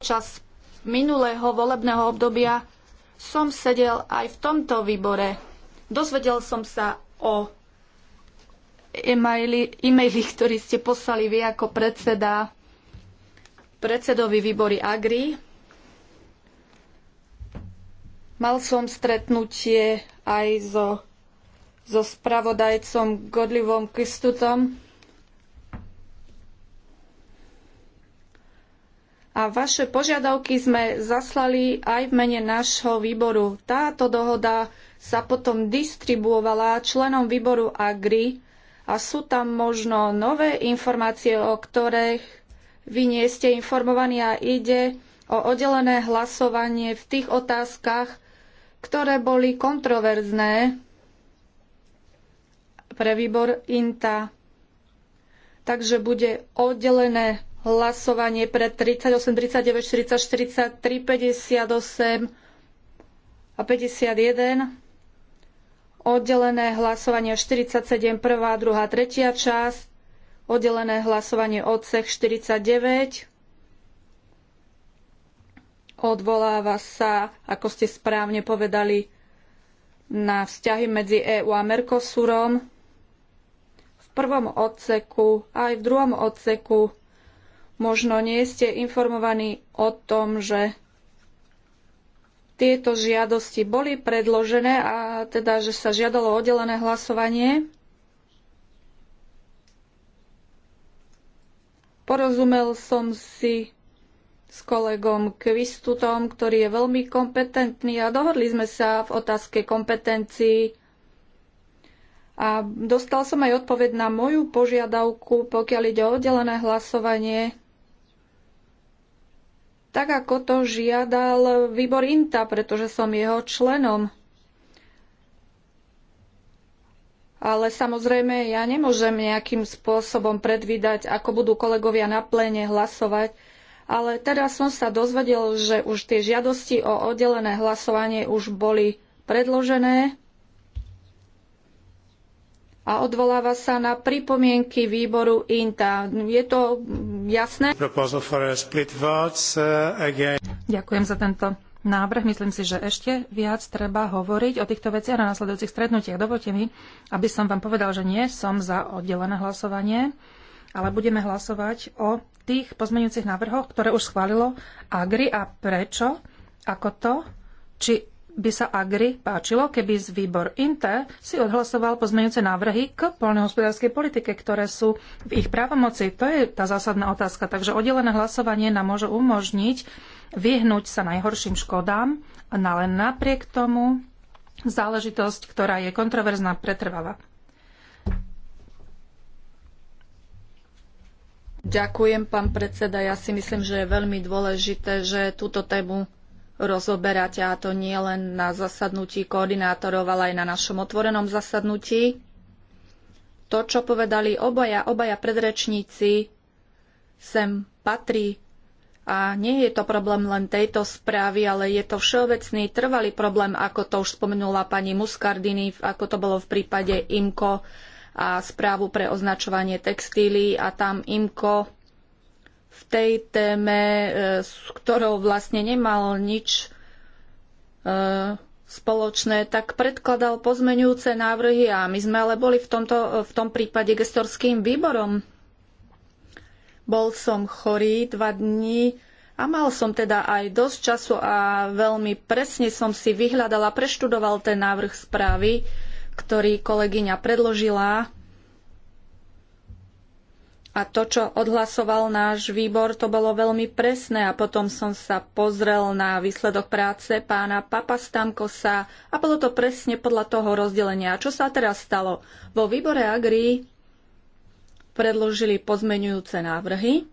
Čas minulého volebného obdobia som sedel aj v tomto výbore. Dozvedel som sa o e-maily, e ktorý ste poslali vy ako predseda predsedovi výbory Agri. Mal som stretnutie aj so, so spravodajcom Godlivom Kristutom a vaše požiadavky sme zaslali aj v mene nášho výboru. Táto dohoda sa potom distribuovala členom výboru AGRI a sú tam možno nové informácie, o ktorých vy nie ste informovaní a ide o oddelené hlasovanie v tých otázkach, ktoré boli kontroverzné pre výbor INTA. Takže bude oddelené hlasovanie pre 38, 39, 40, 43, 58 a 51. Oddelené hlasovanie 47, prvá, druhá, tretia časť. Oddelené hlasovanie odsek 49. Odvoláva sa, ako ste správne povedali, na vzťahy medzi EU a Mercosurom. V prvom odseku aj v druhom odseku Možno nie ste informovaní o tom, že tieto žiadosti boli predložené a teda, že sa žiadalo oddelené hlasovanie. Porozumel som si s kolegom Kvistutom, ktorý je veľmi kompetentný a dohodli sme sa v otázke kompetencií. A dostal som aj odpoveď na moju požiadavku, pokiaľ ide o oddelené hlasovanie tak ako to žiadal výbor INTA, pretože som jeho členom. Ale samozrejme, ja nemôžem nejakým spôsobom predvídať, ako budú kolegovia na pléne hlasovať, ale teraz som sa dozvedel, že už tie žiadosti o oddelené hlasovanie už boli predložené a odvoláva sa na pripomienky výboru INTA. Je to jasné? Uh, Ďakujem za tento návrh. Myslím si, že ešte viac treba hovoriť o týchto veciach na nasledujúcich stretnutiach. Dovolte mi, aby som vám povedal, že nie som za oddelené hlasovanie, ale budeme hlasovať o tých pozmeňujúcich návrhoch, ktoré už schválilo AGRI a prečo, ako to, či by sa Agri páčilo, keby z výbor INTE si odhlasoval pozmeňujúce návrhy k poľnohospodárskej politike, ktoré sú v ich právomoci. To je tá zásadná otázka. Takže oddelené hlasovanie nám môže umožniť vyhnúť sa najhorším škodám, ale napriek tomu záležitosť, ktorá je kontroverzná, pretrváva. Ďakujem, pán predseda. Ja si myslím, že je veľmi dôležité, že túto tému rozoberať a to nie len na zasadnutí koordinátorov, ale aj na našom otvorenom zasadnutí. To, čo povedali obaja, obaja predrečníci, sem patrí a nie je to problém len tejto správy, ale je to všeobecný trvalý problém, ako to už spomenula pani Muscardini, ako to bolo v prípade IMCO a správu pre označovanie textílií a tam IMCO v tej téme, e, s ktorou vlastne nemal nič e, spoločné, tak predkladal pozmenujúce návrhy a my sme ale boli v, tomto, v tom prípade gestorským výborom. Bol som chorý dva dní a mal som teda aj dosť času a veľmi presne som si vyhľadala, preštudoval ten návrh správy, ktorý kolegyňa predložila a to, čo odhlasoval náš výbor, to bolo veľmi presné. A potom som sa pozrel na výsledok práce pána Papastamkosa a bolo to presne podľa toho rozdelenia. A čo sa teraz stalo? Vo výbore Agri predložili pozmenujúce návrhy,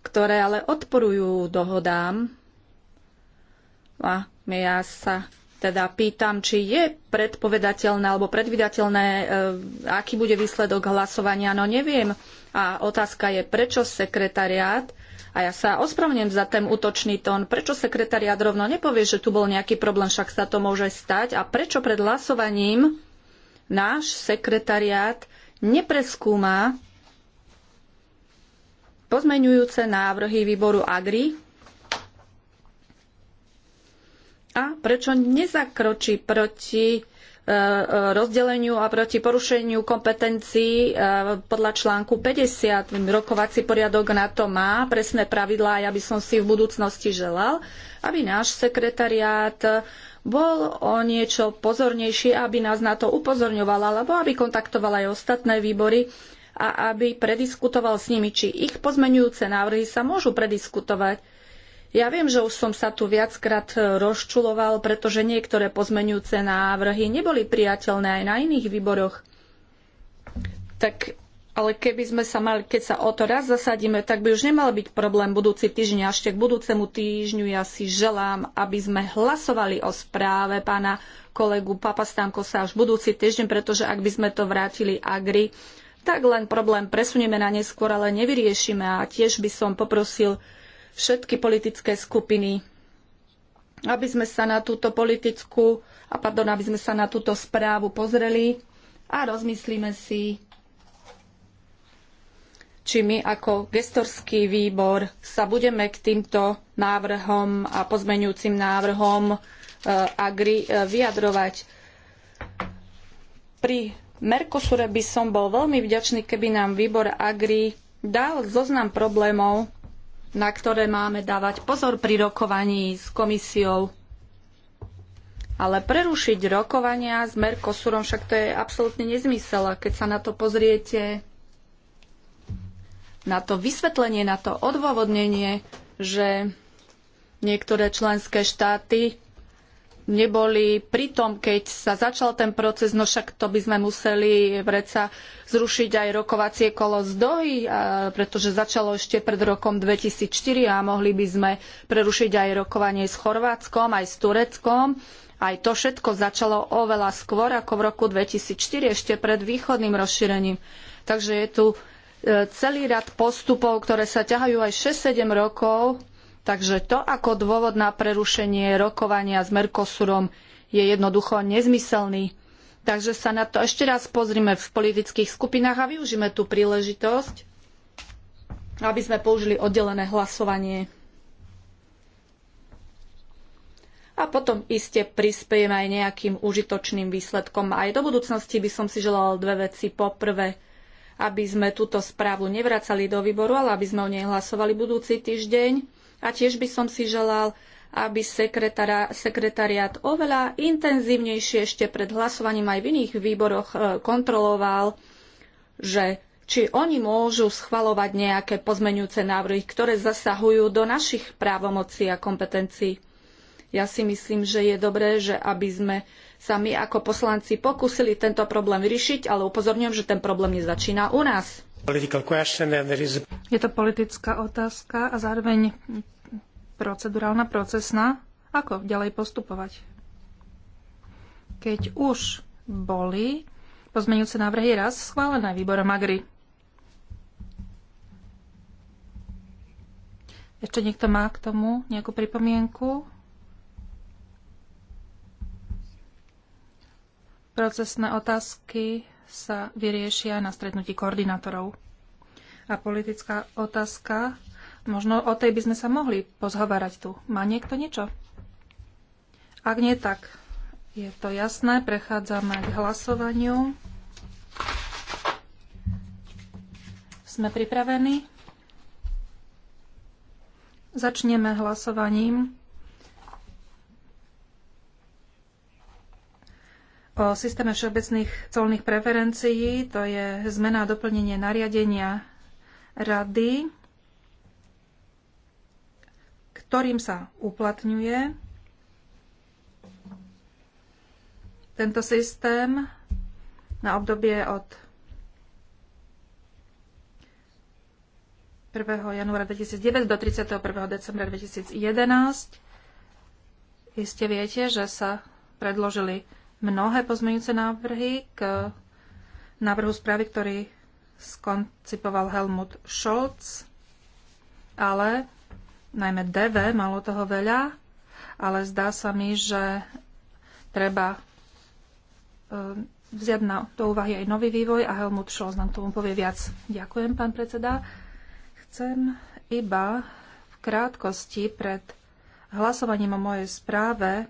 ktoré ale odporujú dohodám. A ja sa teda pýtam, či je predpovedateľné alebo predvydateľné, e, aký bude výsledok hlasovania, no neviem. A otázka je, prečo sekretariát, a ja sa ospravnem za ten útočný tón, prečo sekretariát rovno nepovie, že tu bol nejaký problém, však sa to môže stať, a prečo pred hlasovaním náš sekretariát nepreskúma pozmeňujúce návrhy výboru AGRI, a prečo nezakročí proti e, e, rozdeleniu a proti porušeniu kompetencií e, podľa článku 50. Rokovací poriadok na to má presné pravidlá a ja by som si v budúcnosti želal, aby náš sekretariát bol o niečo pozornejší, aby nás na to upozorňoval, alebo aby kontaktoval aj ostatné výbory a aby prediskutoval s nimi, či ich pozmenujúce návrhy sa môžu prediskutovať ja viem, že už som sa tu viackrát e, rozčuloval, pretože niektoré pozmenujúce návrhy neboli priateľné aj na iných výboroch. Tak ale keby sme sa mali, keď sa o to raz zasadíme, tak by už nemal byť problém budúci týždeň. Až k budúcemu týždňu ja si želám, aby sme hlasovali o správe pána kolegu Papastánko sa až budúci týždeň, pretože ak by sme to vrátili Agri, tak len problém presunieme na neskôr, ale nevyriešime. A tiež by som poprosil všetky politické skupiny, aby sme sa na túto politickú a pardon, aby sme sa na túto správu pozreli a rozmyslíme si, či my ako gestorský výbor sa budeme k týmto návrhom a pozmeňujúcim návrhom e, Agri e, vyjadrovať. Pri Mercosure by som bol veľmi vďačný, keby nám výbor Agri dal zoznam problémov, na ktoré máme dávať pozor pri rokovaní s komisiou. Ale prerušiť rokovania s Mercosurom však to je absolútne nezmysel. A keď sa na to pozriete, na to vysvetlenie, na to odôvodnenie, že niektoré členské štáty neboli pritom, keď sa začal ten proces, no však to by sme museli predsa zrušiť aj rokovacie kolo z Dohy, pretože začalo ešte pred rokom 2004 a mohli by sme prerušiť aj rokovanie s Chorvátskom, aj s Tureckom. Aj to všetko začalo oveľa skôr ako v roku 2004, ešte pred východným rozšírením. Takže je tu e, celý rad postupov, ktoré sa ťahajú aj 6-7 rokov Takže to ako dôvod na prerušenie rokovania s Mercosurom je jednoducho nezmyselný. Takže sa na to ešte raz pozrime v politických skupinách a využíme tú príležitosť, aby sme použili oddelené hlasovanie. A potom iste prispiejem aj nejakým užitočným výsledkom. Aj do budúcnosti by som si želala dve veci. Poprvé, aby sme túto správu nevracali do výboru, ale aby sme o nej hlasovali budúci týždeň a tiež by som si želal, aby sekretariat oveľa intenzívnejšie ešte pred hlasovaním aj v iných výboroch e, kontroloval, že či oni môžu schvalovať nejaké pozmenujúce návrhy, ktoré zasahujú do našich právomocí a kompetencií. Ja si myslím, že je dobré, že aby sme sa my ako poslanci pokúsili tento problém vyriešiť, ale upozorňujem, že ten problém nezačína u nás. Je to politická otázka a zároveň procedurálna, procesná. Ako ďalej postupovať? Keď už boli pozmeňujúce návrhy raz schválené výborom Agri. Ešte niekto má k tomu nejakú pripomienku? Procesné otázky sa vyriešia na stretnutí koordinátorov. A politická otázka, možno o tej by sme sa mohli pozhovárať tu. Má niekto niečo? Ak nie, tak je to jasné. Prechádzame k hlasovaniu. Sme pripravení? Začneme hlasovaním o systéme všeobecných colných preferencií. To je zmena a doplnenie nariadenia rady, ktorým sa uplatňuje tento systém na obdobie od 1. januára 2009 do 31. decembra 2011. Iste viete, že sa predložili mnohé pozmeňujúce návrhy k návrhu správy, ktorý skoncipoval Helmut Scholz, ale najmä DV malo toho veľa, ale zdá sa mi, že treba ehm, vziať na do úvahy aj nový vývoj a Helmut Scholz nám tomu povie viac. Ďakujem, pán predseda. Chcem iba v krátkosti pred hlasovaním o mojej správe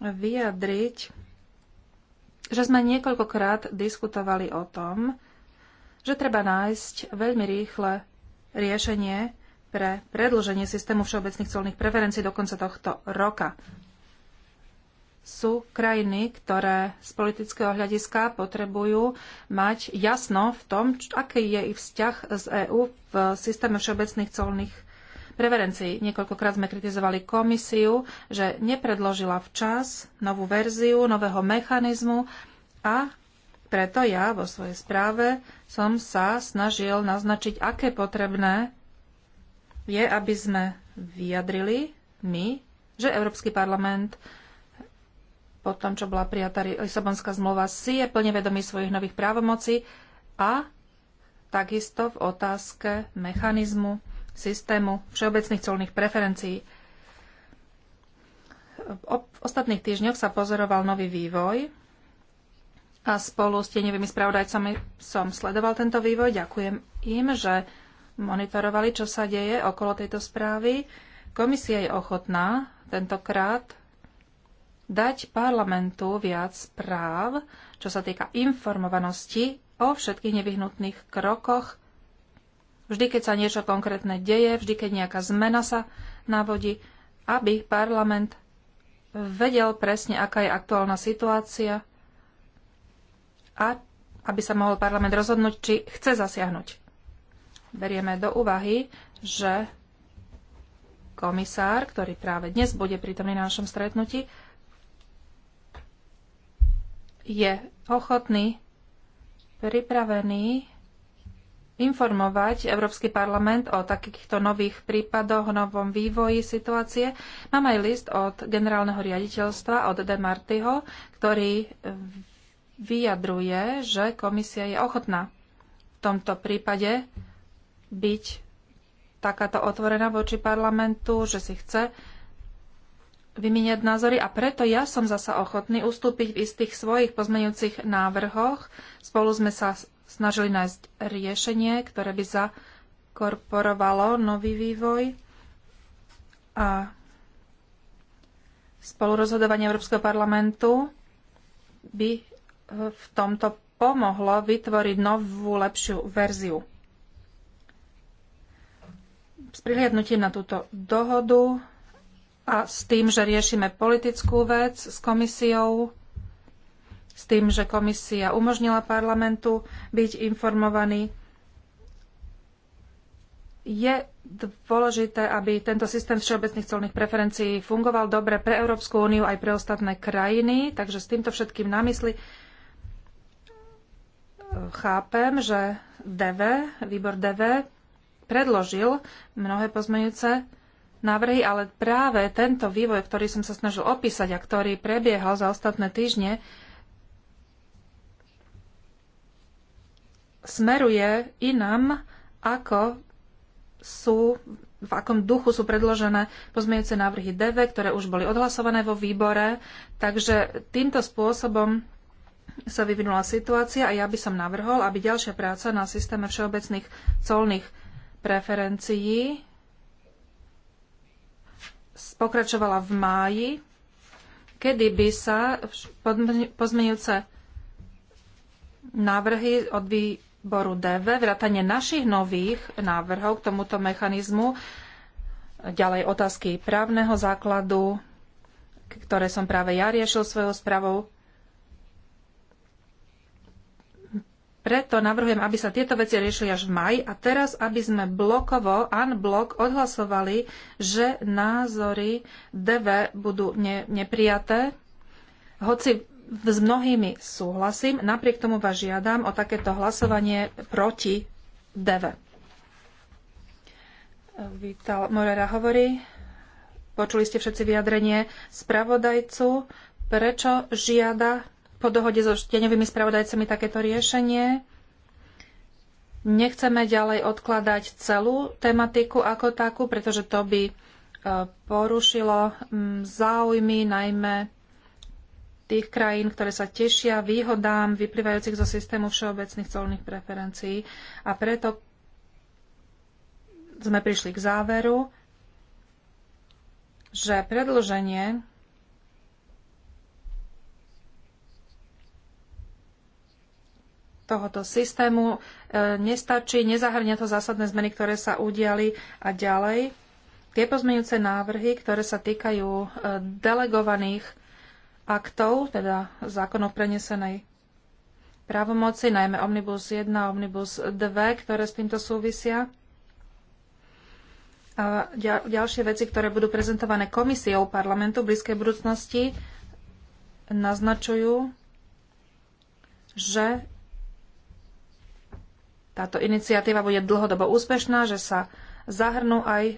vyjadriť že sme niekoľkokrát diskutovali o tom, že treba nájsť veľmi rýchle riešenie pre predlženie systému všeobecných colných preferencií do konca tohto roka. Sú krajiny, ktoré z politického hľadiska potrebujú mať jasno v tom, aký je ich vzťah z EÚ v systéme všeobecných colných preverencií. Niekoľkokrát sme kritizovali komisiu, že nepredložila včas novú verziu, nového mechanizmu a preto ja vo svojej správe som sa snažil naznačiť, aké potrebné je, aby sme vyjadrili my, že Európsky parlament po tom, čo bola prijatá Lisabonská zmluva, si je plne vedomý svojich nových právomocí a takisto v otázke mechanizmu systému všeobecných colných preferencií. V ostatných týždňoch sa pozoroval nový vývoj a spolu s tieňovými spravodajcami som sledoval tento vývoj. Ďakujem im, že monitorovali, čo sa deje okolo tejto správy. Komisia je ochotná tentokrát dať parlamentu viac práv, čo sa týka informovanosti o všetkých nevyhnutných krokoch vždy keď sa niečo konkrétne deje, vždy keď nejaká zmena sa navodí, aby parlament vedel presne, aká je aktuálna situácia a aby sa mohol parlament rozhodnúť, či chce zasiahnuť. Berieme do úvahy, že komisár, ktorý práve dnes bude prítomný na našom stretnutí, je ochotný, pripravený informovať Európsky parlament o takýchto nových prípadoch, novom vývoji situácie. Mám aj list od generálneho riaditeľstva, od De Martyho, ktorý vyjadruje, že komisia je ochotná v tomto prípade byť takáto otvorená voči parlamentu, že si chce vymieňať názory a preto ja som zasa ochotný ustúpiť v istých svojich pozmeňujúcich návrhoch. Spolu sme sa snažili nájsť riešenie, ktoré by zakorporovalo nový vývoj a spolurozhodovanie Európskeho parlamentu by eh, v tomto pomohlo vytvoriť novú, lepšiu verziu. S prihliadnutím na túto dohodu a s tým, že riešime politickú vec s komisiou, s tým, že komisia umožnila parlamentu byť informovaný. Je dôležité, aby tento systém všeobecných colných preferencií fungoval dobre pre Európsku úniu aj pre ostatné krajiny, takže s týmto všetkým na mysli chápem, že DV, výbor DV predložil mnohé pozmeňujúce návrhy, ale práve tento vývoj, ktorý som sa snažil opísať a ktorý prebiehal za ostatné týždne, smeruje inam, ako sú, v akom duchu sú predložené pozmeňujúce návrhy DV, ktoré už boli odhlasované vo výbore. Takže týmto spôsobom sa vyvinula situácia a ja by som navrhol, aby ďalšia práca na systéme všeobecných colných preferencií pokračovala v máji, kedy by sa pozmeňujúce návrhy od výboru DV, vrátanie našich nových návrhov k tomuto mechanizmu, ďalej otázky právneho základu, ktoré som práve ja riešil svojou správou. Preto navrhujem, aby sa tieto veci riešili až v maji a teraz, aby sme blokovo, unblock, odhlasovali, že názory DV budú ne, neprijaté, hoci s mnohými súhlasím, napriek tomu vás žiadam o takéto hlasovanie proti DV. Vítal Morera hovorí, počuli ste všetci vyjadrenie spravodajcu, prečo žiada po dohode so šteňovými spravodajcami takéto riešenie. Nechceme ďalej odkladať celú tematiku ako takú, pretože to by e, porušilo záujmy najmä tých krajín, ktoré sa tešia výhodám vyplývajúcich zo systému všeobecných colných preferencií. A preto sme prišli k záveru, že predlženie tohoto systému e, nestačí, nezahrňa to zásadné zmeny, ktoré sa udiali a ďalej. Tie pozmeňujúce návrhy, ktoré sa týkajú e, delegovaných aktov, teda zákonov prenesenej právomoci, najmä Omnibus 1 a Omnibus 2, ktoré s týmto súvisia. A ďalšie veci, ktoré budú prezentované komisiou parlamentu v blízkej budúcnosti, naznačujú, že táto iniciatíva bude dlhodobo úspešná, že sa zahrnú aj e,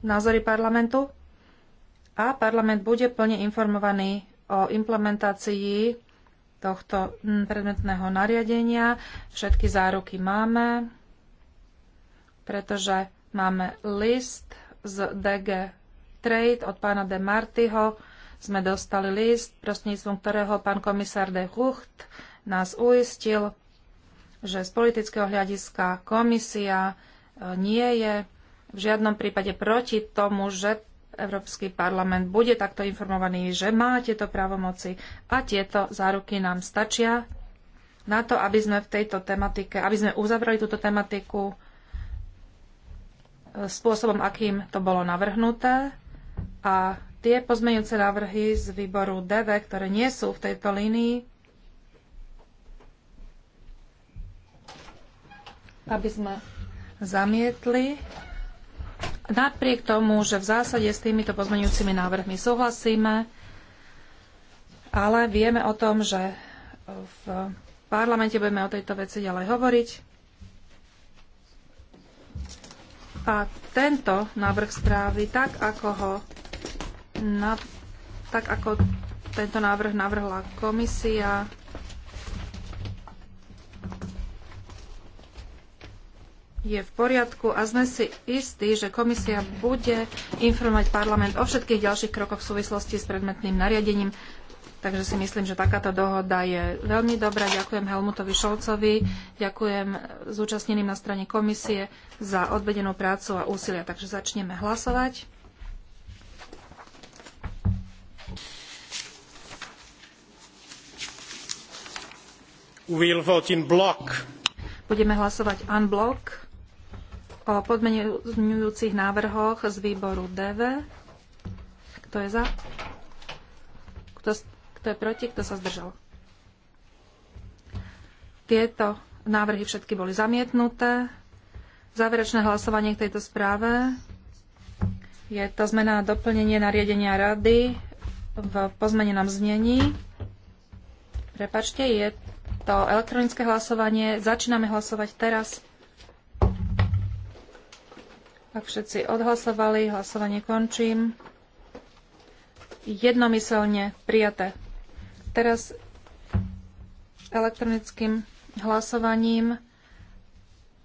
názory parlamentu a parlament bude plne informovaný o implementácii tohto predmetného nariadenia. Všetky záruky máme, pretože máme list z DG Trade od pána De Martyho. Sme dostali list, prostredníctvom ktorého pán komisár De Hucht nás uistil, že z politického hľadiska komisia e, nie je v žiadnom prípade proti tomu, že Európsky parlament bude takto informovaný, že má tieto právomoci a tieto záruky nám stačia na to, aby sme v tejto tematike, aby sme uzavreli túto tematiku e, spôsobom, akým to bolo navrhnuté a tie pozmeňujúce návrhy z výboru DV, ktoré nie sú v tejto línii, aby sme zamietli Napriek tomu, že v zásade s týmito pozmeňujúcimi návrhmi súhlasíme, ale vieme o tom, že v parlamente budeme o tejto veci ďalej hovoriť. A tento návrh správy, tak ako ho na, tak ako tento návrh navrhla komisia, je v poriadku a sme si istí, že komisia bude informovať parlament o všetkých ďalších krokoch v súvislosti s predmetným nariadením. Takže si myslím, že takáto dohoda je veľmi dobrá. Ďakujem Helmutovi Šolcovi, ďakujem zúčastneným na strane komisie za odvedenú prácu a úsilia. Takže začneme hlasovať. We'll vote in block. Budeme hlasovať unblock o podmenujúcich návrhoch z výboru DV. Kto je za? Kto, kto je proti? Kto sa zdržal? Tieto návrhy všetky boli zamietnuté. Záverečné hlasovanie k tejto správe je to zmena a doplnenie nariadenia rady v pozmenenom znení. Prepačte, je to elektronické hlasovanie. Začíname hlasovať teraz. Ak všetci odhlasovali, hlasovanie končím. Jednomyselne prijaté. Teraz elektronickým hlasovaním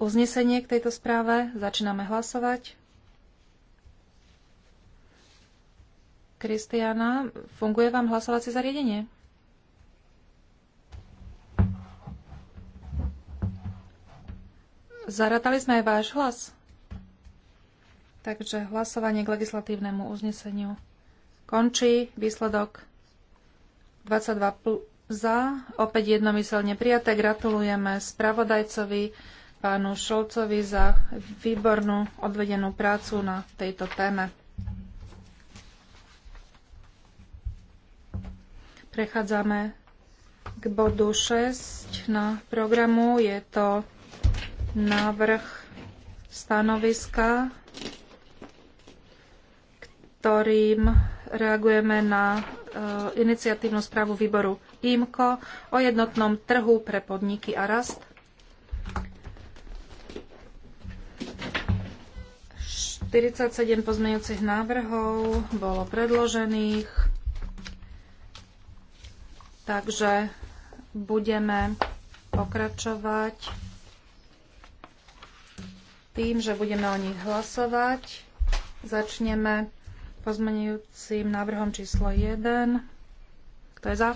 uznesenie k tejto správe. Začíname hlasovať. Kristiana, funguje vám hlasovacie zariadenie? Zaratali sme aj váš hlas. Takže hlasovanie k legislatívnemu uzneseniu končí. Výsledok 22 za, opäť jednomyselne prijaté. Gratulujeme spravodajcovi pánu Šolcovi za výbornú odvedenú prácu na tejto téme. Prechádzame k bodu 6 na programu. Je to návrh stanoviska ktorým reagujeme na eh, iniciatívnu správu výboru IMCO o jednotnom trhu pre podniky a rast. Štyridsaťsedem pozmeňujúcich návrhov bolo predložených, takže budeme pokračovať tým, že budeme o nich hlasovať. Začneme pozmeňujúcim návrhom číslo 1. Kto je za?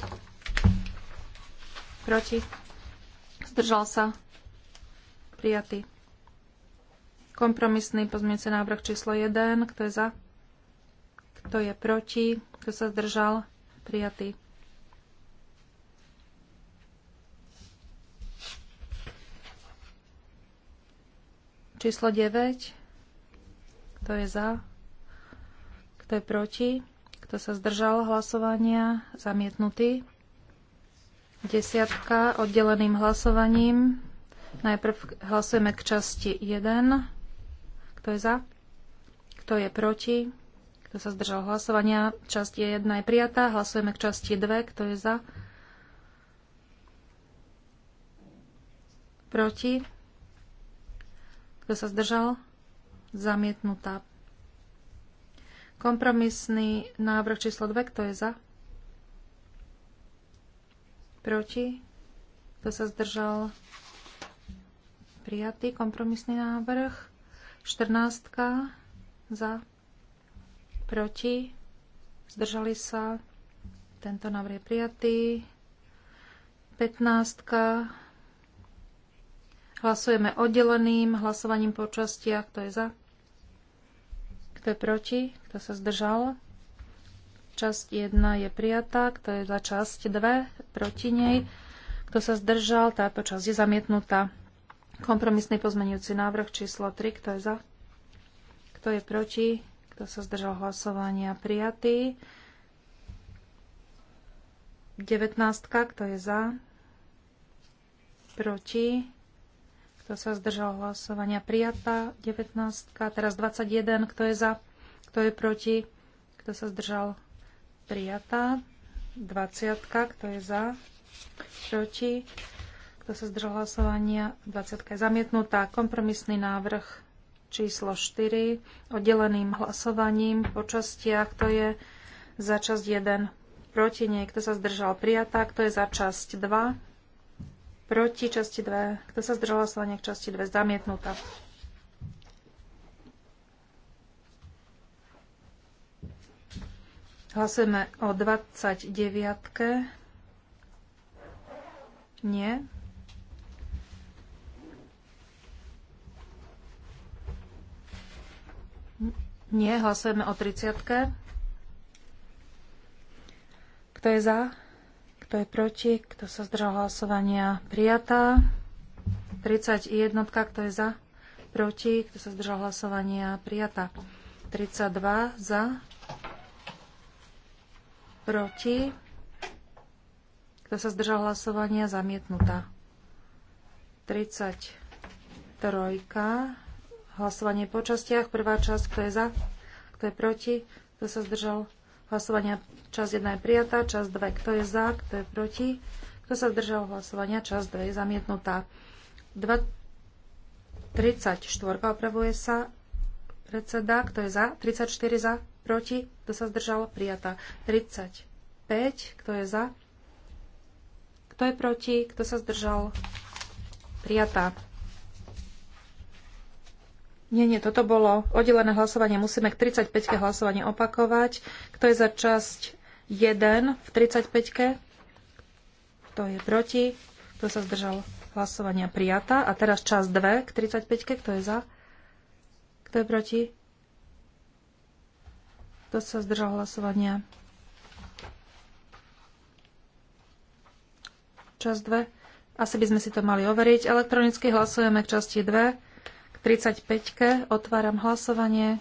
Proti? Zdržal sa? Prijatý. Kompromisný pozmeňujúci návrh číslo 1. Kto je za? Kto je proti? Kto sa zdržal? Prijatý. Číslo 9. Kto je za? Kto je proti? Kto sa zdržal hlasovania? Zamietnutý. Desiatka oddeleným hlasovaním. Najprv hlasujeme k časti 1. Kto je za? Kto je proti? Kto sa zdržal hlasovania? Časť 1 je prijatá. Hlasujeme k časti 2. Kto je za? Proti? Kto sa zdržal? Zamietnutá. Kompromisný návrh číslo 2, kto je za? Proti? Kto sa zdržal? Prijatý kompromisný návrh. 14. Za. Proti. Zdržali sa. Tento návrh je prijatý. 15. Hlasujeme oddeleným hlasovaním po častiach. Kto je za? Kto je proti? Kto sa zdržal? Časť 1 je prijatá. Kto je za časť 2? Proti nej. Kto sa zdržal? Táto časť je zamietnutá. Kompromisný pozmenujúci návrh číslo 3. Kto je za? Kto je proti? Kto sa zdržal hlasovania? Prijatý. 19. Kto je za? Proti? Kto sa zdržal hlasovania? Prijatá 19. Teraz 21. Kto je za? Kto je proti? Kto sa zdržal? Prijatá 20. Kto je za? Proti? Kto sa zdržal hlasovania? 20. je zamietnutá. Kompromisný návrh číslo 4 oddeleným hlasovaním po častiach. Kto je za časť 1? Proti? Niekto sa zdržal? Prijatá. Kto je za časť 2? Proti časti 2. Kto sa zdržal hlasovania k časti 2? Zamietnutá. Hlasujeme o 29. Nie. Nie, hlasujeme o 30. Kto je za? Kto je proti? Kto sa zdržal hlasovania? Prijatá. 31. Kto je za? Proti? Kto sa zdržal hlasovania? Prijatá. 32. Za? Proti? Kto sa zdržal hlasovania? Zamietnutá. 33. Hlasovanie po častiach. Prvá časť. Kto je za? Kto je proti? Kto sa zdržal hlasovania? hlasovania. čas 1 je prijatá, čas 2, kto je za, kto je proti, kto sa zdržal hlasovania, Čas 2 je zamietnutá. 2, 34 opravuje sa predseda, kto je za, 34 za, proti, kto sa zdržal, prijatá. 35, kto je za, kto je proti, kto sa zdržal, prijatá. Nie, nie, toto bolo oddelené hlasovanie. Musíme k 35-ke hlasovanie opakovať. Kto je za časť 1 v 35-ke? Kto je proti? Kto sa zdržal hlasovania prijata? A teraz časť 2 k 35-ke. Kto je za? Kto je proti? Kto sa zdržal hlasovania? Časť 2. Asi by sme si to mali overiť. Elektronicky hlasujeme k časti 2. 35. Otváram hlasovanie.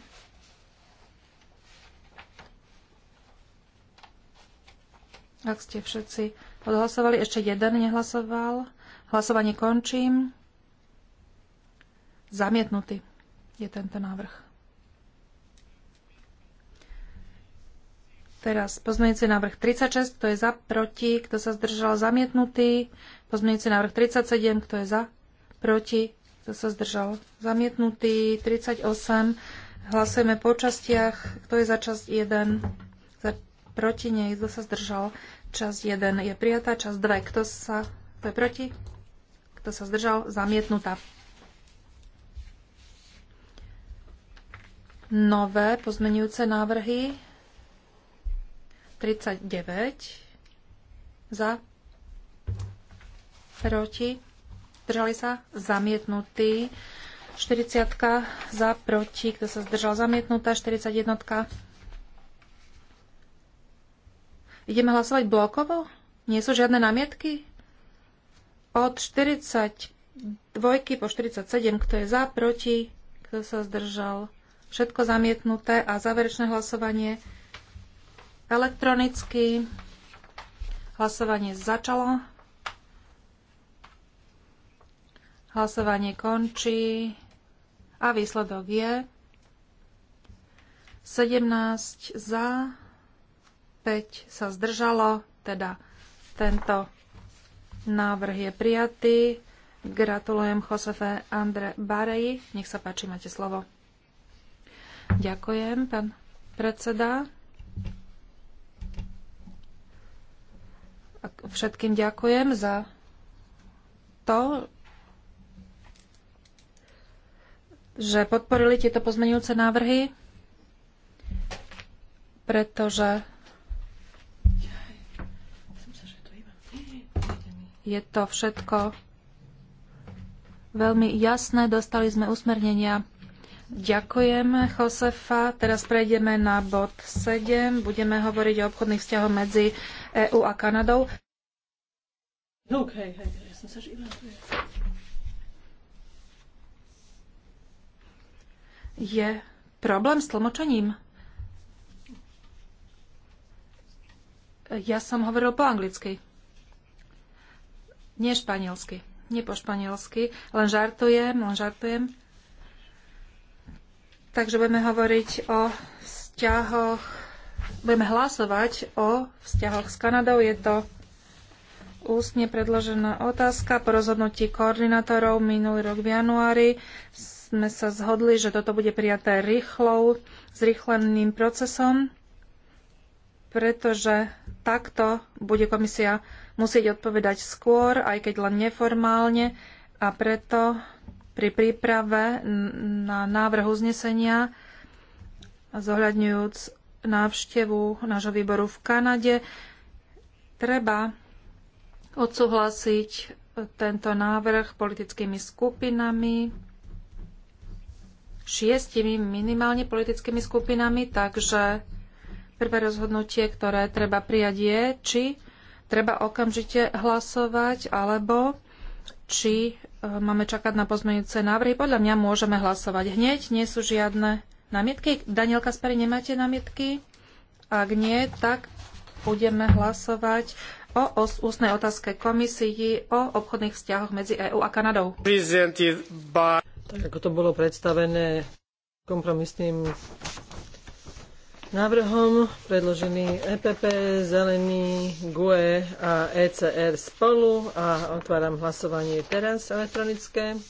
Ak ste všetci odhlasovali, ešte jeden nehlasoval. Hlasovanie končím. Zamietnutý je tento návrh. Teraz pozmeňujúci návrh 36, kto je za, proti, kto sa zdržal, zamietnutý. Pozmeňujúci návrh 37, kto je za, proti, kto sa zdržal? Zamietnutý 38. Hlasujeme po častiach. Kto je za časť 1? Za, proti nej. Kto sa zdržal? Časť 1 je prijatá. Časť 2. Kto sa... Kto je proti? Kto sa zdržal? Zamietnutá. Nové pozmenujúce návrhy. 39. Za. Proti zdržali sa, zamietnutý. 40 za, proti, kto sa zdržal, zamietnutá. 41 Ideme hlasovať blokovo? Nie sú žiadne námietky? Od 42 po 47, kto je za, proti, kto sa zdržal, všetko zamietnuté a záverečné hlasovanie elektronicky. Hlasovanie začalo. Hlasovanie končí a výsledok je 17 za, 5 sa zdržalo, teda tento návrh je prijatý. Gratulujem Josefe Andre Bareji. Nech sa páči, máte slovo. Ďakujem, pán predseda. Všetkým ďakujem za to, že podporili tieto pozmenujúce návrhy, pretože je to všetko veľmi jasné. Dostali sme usmernenia. Ďakujem, Josefa. Teraz prejdeme na bod 7. Budeme hovoriť o obchodných vzťahoch medzi EÚ a Kanadou. Okay, no, hej, hej, Je problém s tlmočením? Ja som hovoril po anglicky. Nie španielsky. Nie po španielsky. Len žartujem, len žartujem. Takže budeme hovoriť o vzťahoch, budeme hlasovať o vzťahoch s Kanadou. Je to ústne predložená otázka po rozhodnutí koordinátorov minulý rok v januári sme sa zhodli, že toto bude prijaté rýchlou, zrýchleným procesom, pretože takto bude komisia musieť odpovedať skôr, aj keď len neformálne, a preto pri príprave na návrh uznesenia zohľadňujúc návštevu nášho výboru v Kanade, treba odsúhlasiť tento návrh politickými skupinami šiestimi minimálne politickými skupinami, takže prvé rozhodnutie, ktoré treba prijať je, či treba okamžite hlasovať, alebo či e, máme čakať na pozmeňujúce návrhy. Podľa mňa môžeme hlasovať hneď, nie sú žiadne námietky. Daniel Kaspari, nemáte námietky? Ak nie, tak budeme hlasovať o, ústnej otázke komisii o obchodných vzťahoch medzi EÚ a Kanadou. By tak ako to bolo predstavené kompromisným návrhom predložený EPP, Zelený, GUE a ECR spolu a otváram hlasovanie teraz elektronické.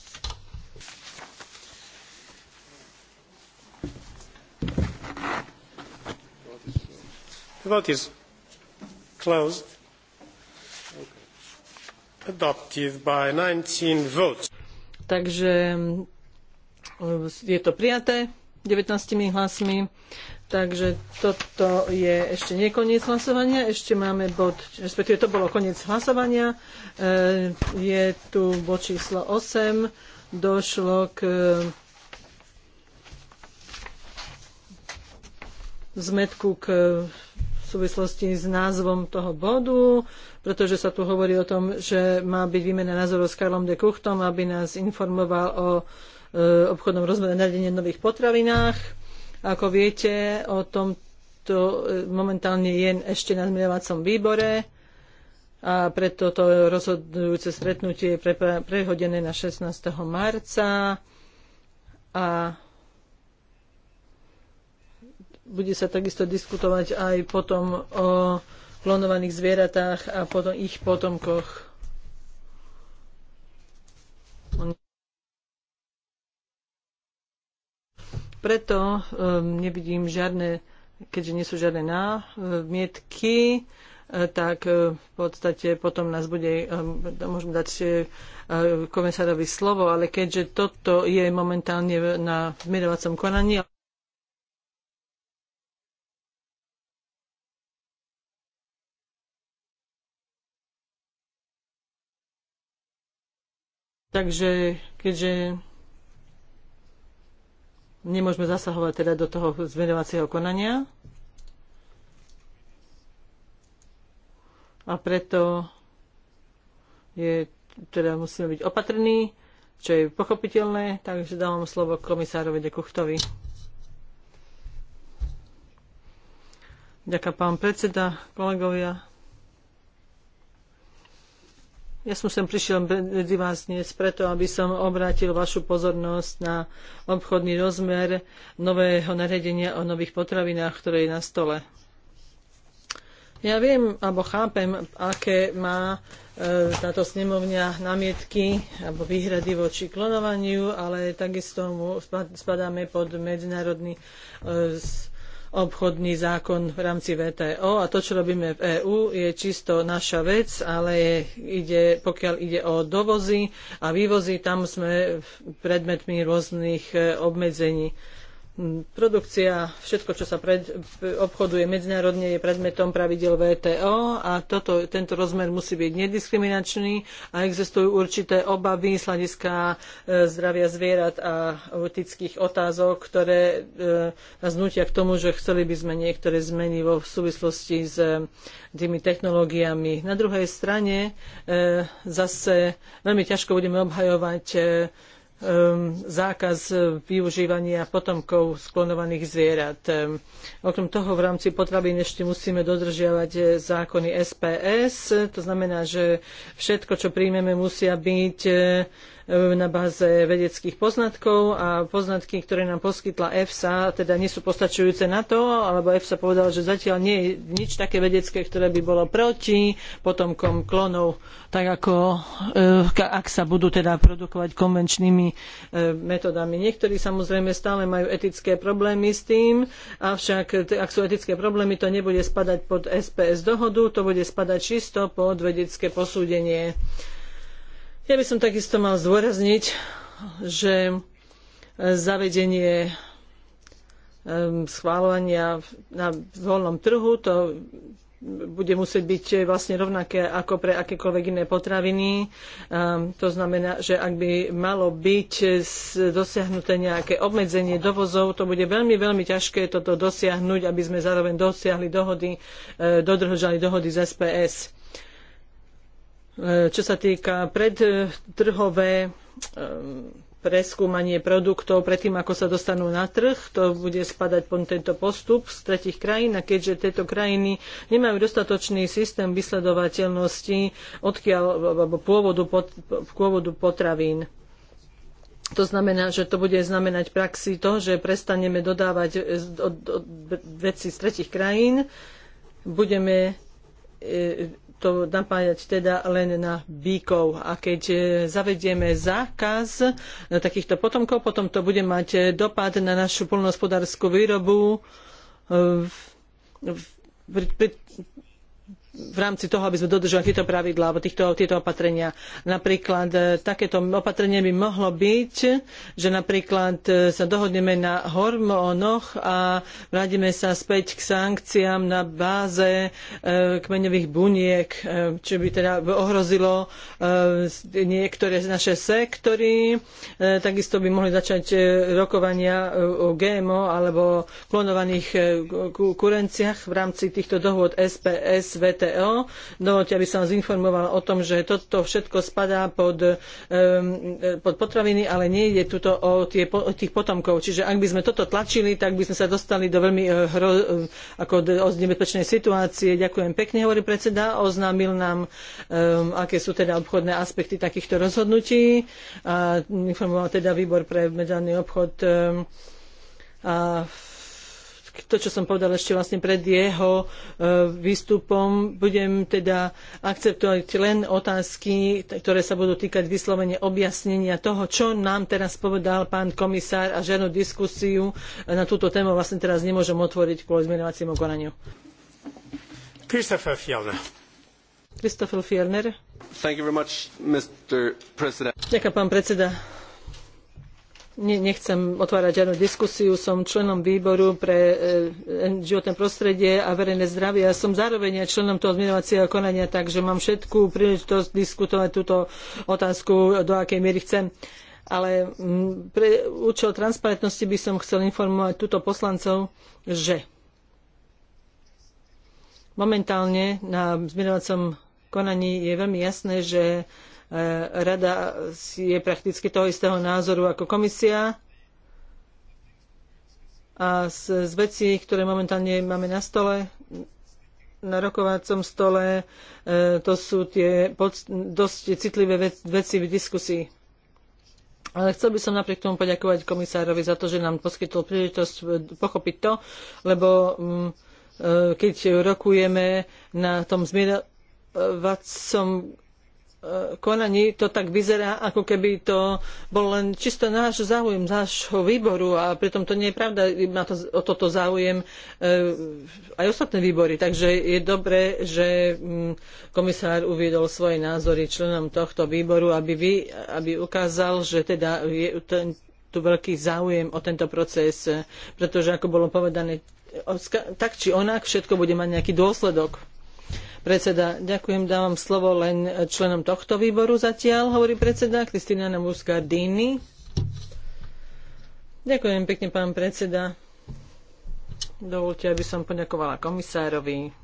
The vote is closed. Adopted by 19 votes. Takže e, je to prijaté 19 hlasmi. Takže toto je ešte nie koniec hlasovania. Ešte máme bod, respektíve to bolo koniec hlasovania. E, je tu bod číslo 8. Došlo k e, zmetku k v súvislosti s názvom toho bodu pretože sa tu hovorí o tom, že má byť výmena názorov s Karlom de Kuchtom, aby nás informoval o e, obchodnom rozmere nariadenia nových potravinách. Ako viete, o tomto e, momentálne je ešte na zmierovacom výbore a preto to rozhodujúce stretnutie je pre, prehodené na 16. marca a bude sa takisto diskutovať aj potom o klonovaných zvieratách a potom ich potomkoch. Preto um, nevidím žiadne, keďže nie sú žiadne námietky, eh, tak eh, v podstate potom nás bude, ehm, môžem dať eh, komisárovi slovo, ale keďže toto je momentálne na zmierovacom konaní, Takže keďže nemôžeme zasahovať teda do toho zmenovacieho konania a preto je, teda musíme byť opatrní, čo je pochopiteľné, takže dávam slovo komisárovi de Kuchtovi. Ďakujem pán predseda, kolegovia. Ja som sem prišiel medzi vás dnes preto, aby som obrátil vašu pozornosť na obchodný rozmer nového nariadenia o nových potravinách, ktoré je na stole. Ja viem, alebo chápem, aké má e, táto snemovňa namietky alebo výhrady voči klonovaniu, ale takisto mu spadáme pod medzinárodný e, obchodný zákon v rámci VTO a to, čo robíme v EÚ, je čisto naša vec, ale ide, pokiaľ ide o dovozy a vývozy, tam sme predmetmi rôznych e, obmedzení. Produkcia, všetko, čo sa pred, obchoduje medzinárodne, je predmetom pravidel VTO a toto, tento rozmer musí byť nediskriminačný a existujú určité obavy z hľadiska e, zdravia zvierat a etických otázok, ktoré e, nás nutia k tomu, že chceli by sme niektoré zmeny vo v súvislosti s e, tými technológiami. Na druhej strane e, zase veľmi ťažko budeme obhajovať e, Ehm, zákaz e, využívania potomkov sklonovaných zvierat. Ehm, okrem toho v rámci potravín ešte musíme dodržiavať e, zákony SPS, to znamená, že všetko, čo príjmeme, musia byť e, E, na báze vedeckých poznatkov a poznatky, ktoré nám poskytla EFSA, teda nie sú postačujúce na to, alebo EFSA povedala, že zatiaľ nie je nič také vedecké, ktoré by bolo proti potomkom klonov, tak ako e, ak sa budú teda produkovať konvenčnými e, metodami. Niektorí samozrejme stále majú etické problémy s tým, avšak ak sú etické problémy, to nebude spadať pod SPS dohodu, to bude spadať čisto pod vedecké posúdenie. Ja by som takisto mal zdôrazniť, že e, zavedenie e, schválovania na voľnom trhu, to bude musieť byť vlastne rovnaké ako pre akékoľvek iné potraviny. E, to znamená, že ak by malo byť dosiahnuté nejaké obmedzenie dovozov, to bude veľmi, veľmi ťažké toto dosiahnuť, aby sme zároveň dosiahli dohody, dodržali dohody z SPS. E, čo sa týka predtrhové e, preskúmanie produktov predtým, ako sa dostanú na trh. To bude spadať pod tento postup z tretich krajín a keďže tieto krajiny nemajú dostatočný systém vysledovateľnosti odkiaľ, alebo pôvodu, pôvodu potravín. To znamená, že to bude znamenať v praxi to, že prestaneme dodávať e, veci z tretich krajín, budeme to napájať teda len na bíkov. A keď e, zavedieme zákaz na e, takýchto potomkov, potom to bude mať e, dopad na našu poľnohospodárskú výrobu. V, v, v, v rámci toho, aby sme dodržali tieto pravidlá alebo týchto, tieto opatrenia. Napríklad e, takéto opatrenie by mohlo byť, že napríklad e, sa dohodneme na hormónoch a vrátime sa späť k sankciám na báze e, kmeňových buniek, e, čo by teda ohrozilo e, niektoré naše sektory. E, takisto by mohli začať rokovania o GMO alebo klonovaných kurenciach v rámci týchto dohôd SPS, VT VTO. Dovolte, no, aby som vás informovala o tom, že toto všetko spadá pod, e, pod potraviny, ale nie ide tuto o, tie, o tých potomkov. Čiže ak by sme toto tlačili, tak by sme sa dostali do veľmi e, hro, ako nebezpečnej situácie. Ďakujem pekne, hovorí predseda. Oznámil nám, aké sú teda obchodné aspekty takýchto rozhodnutí. A informoval teda výbor pre medzinárodný obchod a to, čo som povedal ešte vlastne pred jeho e, výstupom. Budem teda akceptovať len otázky, ktoré sa budú týkať vyslovene objasnenia toho, čo nám teraz povedal pán komisár a žiadnu diskusiu na túto tému vlastne teraz nemôžem otvoriť kvôli zmenovaciemu konaniu. Christopher Christopher Thank you very much, Mr. President. Ďakujem, pán predseda nechcem otvárať žiadnu diskusiu, som členom výboru pre e, e, životné prostredie a verejné zdravie a som zároveň aj členom toho zmenovacieho konania, takže mám všetkú príležitosť diskutovať túto otázku, do akej miery chcem. Ale pre účel transparentnosti by som chcel informovať túto poslancov, že momentálne na zmenovacom konaní je veľmi jasné, že E, rada je prakticky toho istého názoru ako komisia. A z, z vecí, ktoré momentálne máme na stole, na rokovacom stole, e, to sú tie dosť citlivé veci v diskusii. Ale chcel by som napriek tomu poďakovať komisárovi za to, že nám poskytol príležitosť e, pochopiť to, lebo mm, keď rokujeme na tom zmierovacom E, konaní to tak vyzerá, ako keby to bol len čisto náš záujem, nášho výboru a pritom to nie je pravda, má to, o toto záujem e, aj ostatné výbory. Takže je dobré, že mm, komisár uviedol svoje názory členom tohto výboru, aby, vy, aby ukázal, že teda je ten, tu veľký záujem o tento proces, e, pretože ako bolo povedané, tak či onak všetko bude mať nejaký dôsledok. Predseda, ďakujem, dávam slovo len členom tohto výboru zatiaľ, hovorí predseda Kristina Namuskardini. Ďakujem pekne, pán predseda. Dovolte, aby som poďakovala komisárovi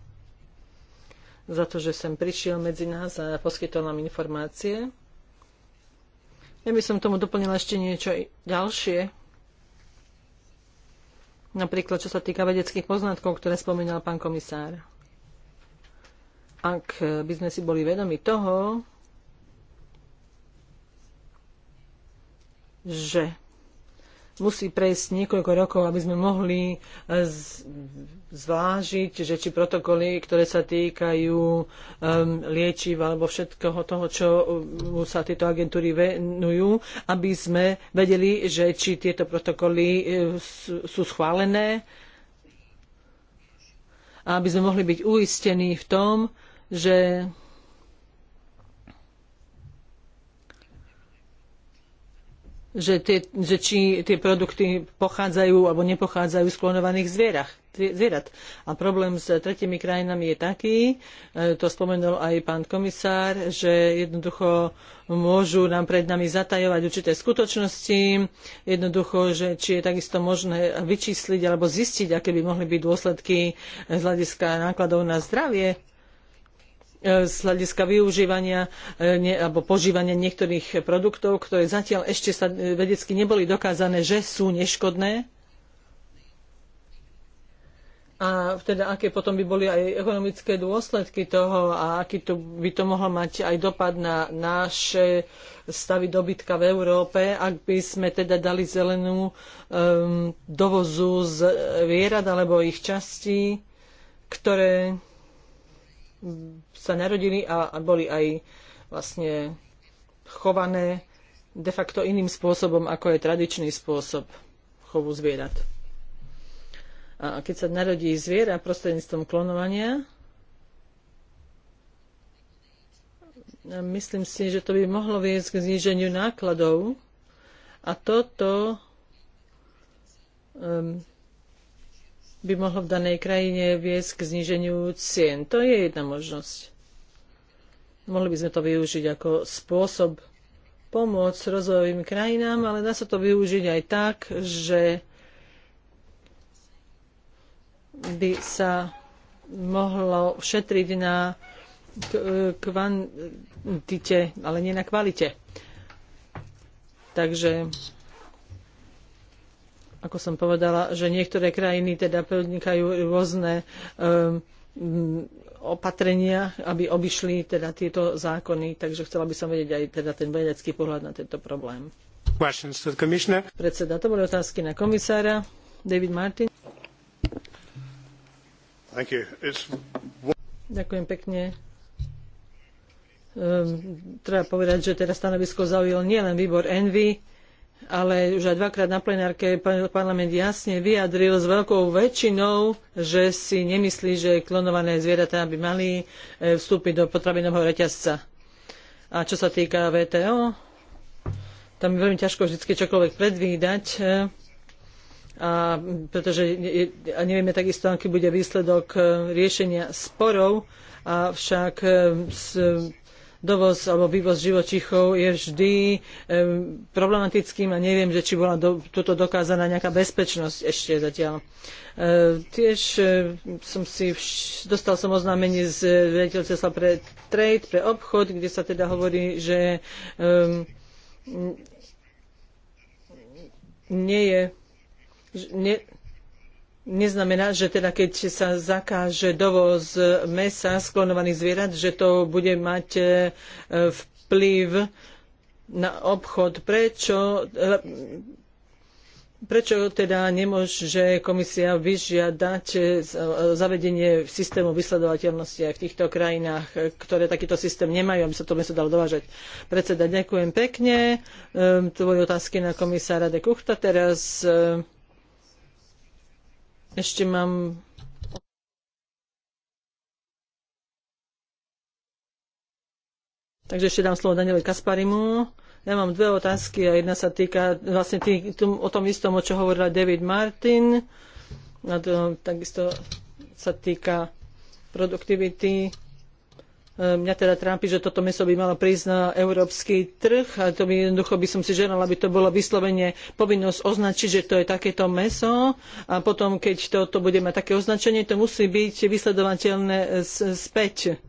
za to, že sem prišiel medzi nás a poskytol nám informácie. Ja by som tomu doplnila ešte niečo ďalšie. Napríklad, čo sa týka vedeckých poznatkov, ktoré spomínal pán komisár ak by sme si boli vedomi toho, že musí prejsť niekoľko rokov, aby sme mohli eh, zvážiť, že či protokoly, ktoré sa týkajú um, liečiv alebo všetkoho toho, čo um, sa tieto agentúry venujú, aby sme vedeli, že či tieto protokoly eh, sú schválené a aby sme mohli byť uistení v tom, že že, tie, že či tie produkty pochádzajú alebo nepochádzajú z klonovaných zvierach, zvierat. A problém s tretimi krajinami je taký, e, to spomenul aj pán komisár, že jednoducho môžu nám pred nami zatajovať určité skutočnosti, jednoducho, že či je takisto možné vyčísliť alebo zistiť, aké by mohli byť dôsledky z hľadiska nákladov na zdravie E, z hľadiska využívania e, ne, alebo požívania niektorých produktov, ktoré zatiaľ ešte sa e, vedecky neboli dokázané, že sú neškodné. A teda aké potom by boli aj ekonomické dôsledky toho a aký to by to mohlo mať aj dopad na naše stavy dobytka v Európe, ak by sme teda dali zelenú um, dovozu z vierad alebo ich častí, ktoré sa narodili a, a boli aj vlastne chované de facto iným spôsobom, ako je tradičný spôsob chovu zvierat. A keď sa narodí zviera prostredníctvom klonovania, myslím si, že to by mohlo viesť k zníženiu nákladov a toto um, by mohlo v danej krajine viesť k zníženiu cien. To je jedna možnosť. Mohli by sme to využiť ako spôsob pomôcť rozvojovým krajinám, ale dá sa to využiť aj tak, že by sa mohlo šetriť na kvantite, ale nie na kvalite. Takže ako som povedala, že niektoré krajiny teda podnikajú rôzne um, opatrenia, aby obišli teda tieto zákony, takže chcela by som vedieť aj teda ten vedecký pohľad na tento problém. to Predseda, to boli otázky na komisára. David Martin. Thank you. It's... Ďakujem pekne. Um, treba povedať, že teda stanovisko zaujal nielen výbor Envy, ale už aj dvakrát na plenárke parlament jasne vyjadril s veľkou väčšinou, že si nemyslí, že klonované zvieratá by mali e, vstúpiť do potravinového reťazca. A čo sa týka VTO, tam je veľmi ťažko vždy čokoľvek predvídať, e, a pretože a nevieme takisto, aký bude výsledok e, riešenia sporov, avšak dovoz alebo vývoz živočichov je vždy problematickým a neviem, že či bola do, toto dokázaná nejaká bezpečnosť ešte zatiaľ. E, tiež e, som si vš- dostal som oznámenie z riaditeľstva pre trade, pre obchod, kde sa teda hovorí, že um, nie je... Ne, neznamená, že teda keď sa zakáže dovoz mesa sklonovaných zvierat, že to bude mať e, vplyv na obchod. Prečo, prečo teda nemôže komisia vyžiadať e, e, zavedenie systému vysledovateľnosti aj v týchto krajinách, ktoré takýto systém nemajú, aby sa to meso dalo dovážať? Predseda, ďakujem pekne. Tvoje otázky na komisára de Kuchta. Teraz ešte mám Takže ešte dám slovo Danielovi Kasparimu. Ja mám dve otázky a jedna sa týka vlastne tý, tým, o tom istom, o čo hovorila David Martin. A to takisto sa týka produktivity Ehm, mňa teda trápi, že toto mäso by malo prísť na európsky trh a to by jednoducho by som si želala, aby to bolo vyslovene povinnosť označiť, že to je takéto mäso a potom, keď toto to bude mať také označenie, to musí byť vysledovateľné späť.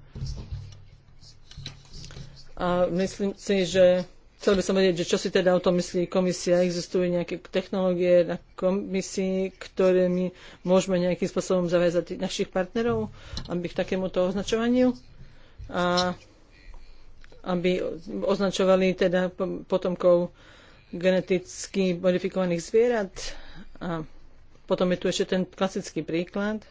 A myslím si, že chcel by som vedieť, že čo si teda o tom myslí komisia. Existujú nejaké technológie na komisii, ktorými môžeme nejakým spôsobom zaviazať našich partnerov aby k takémuto označovaniu? a aby označovali teda potomkov geneticky modifikovaných zvierat. A potom je tu ešte ten klasický príklad,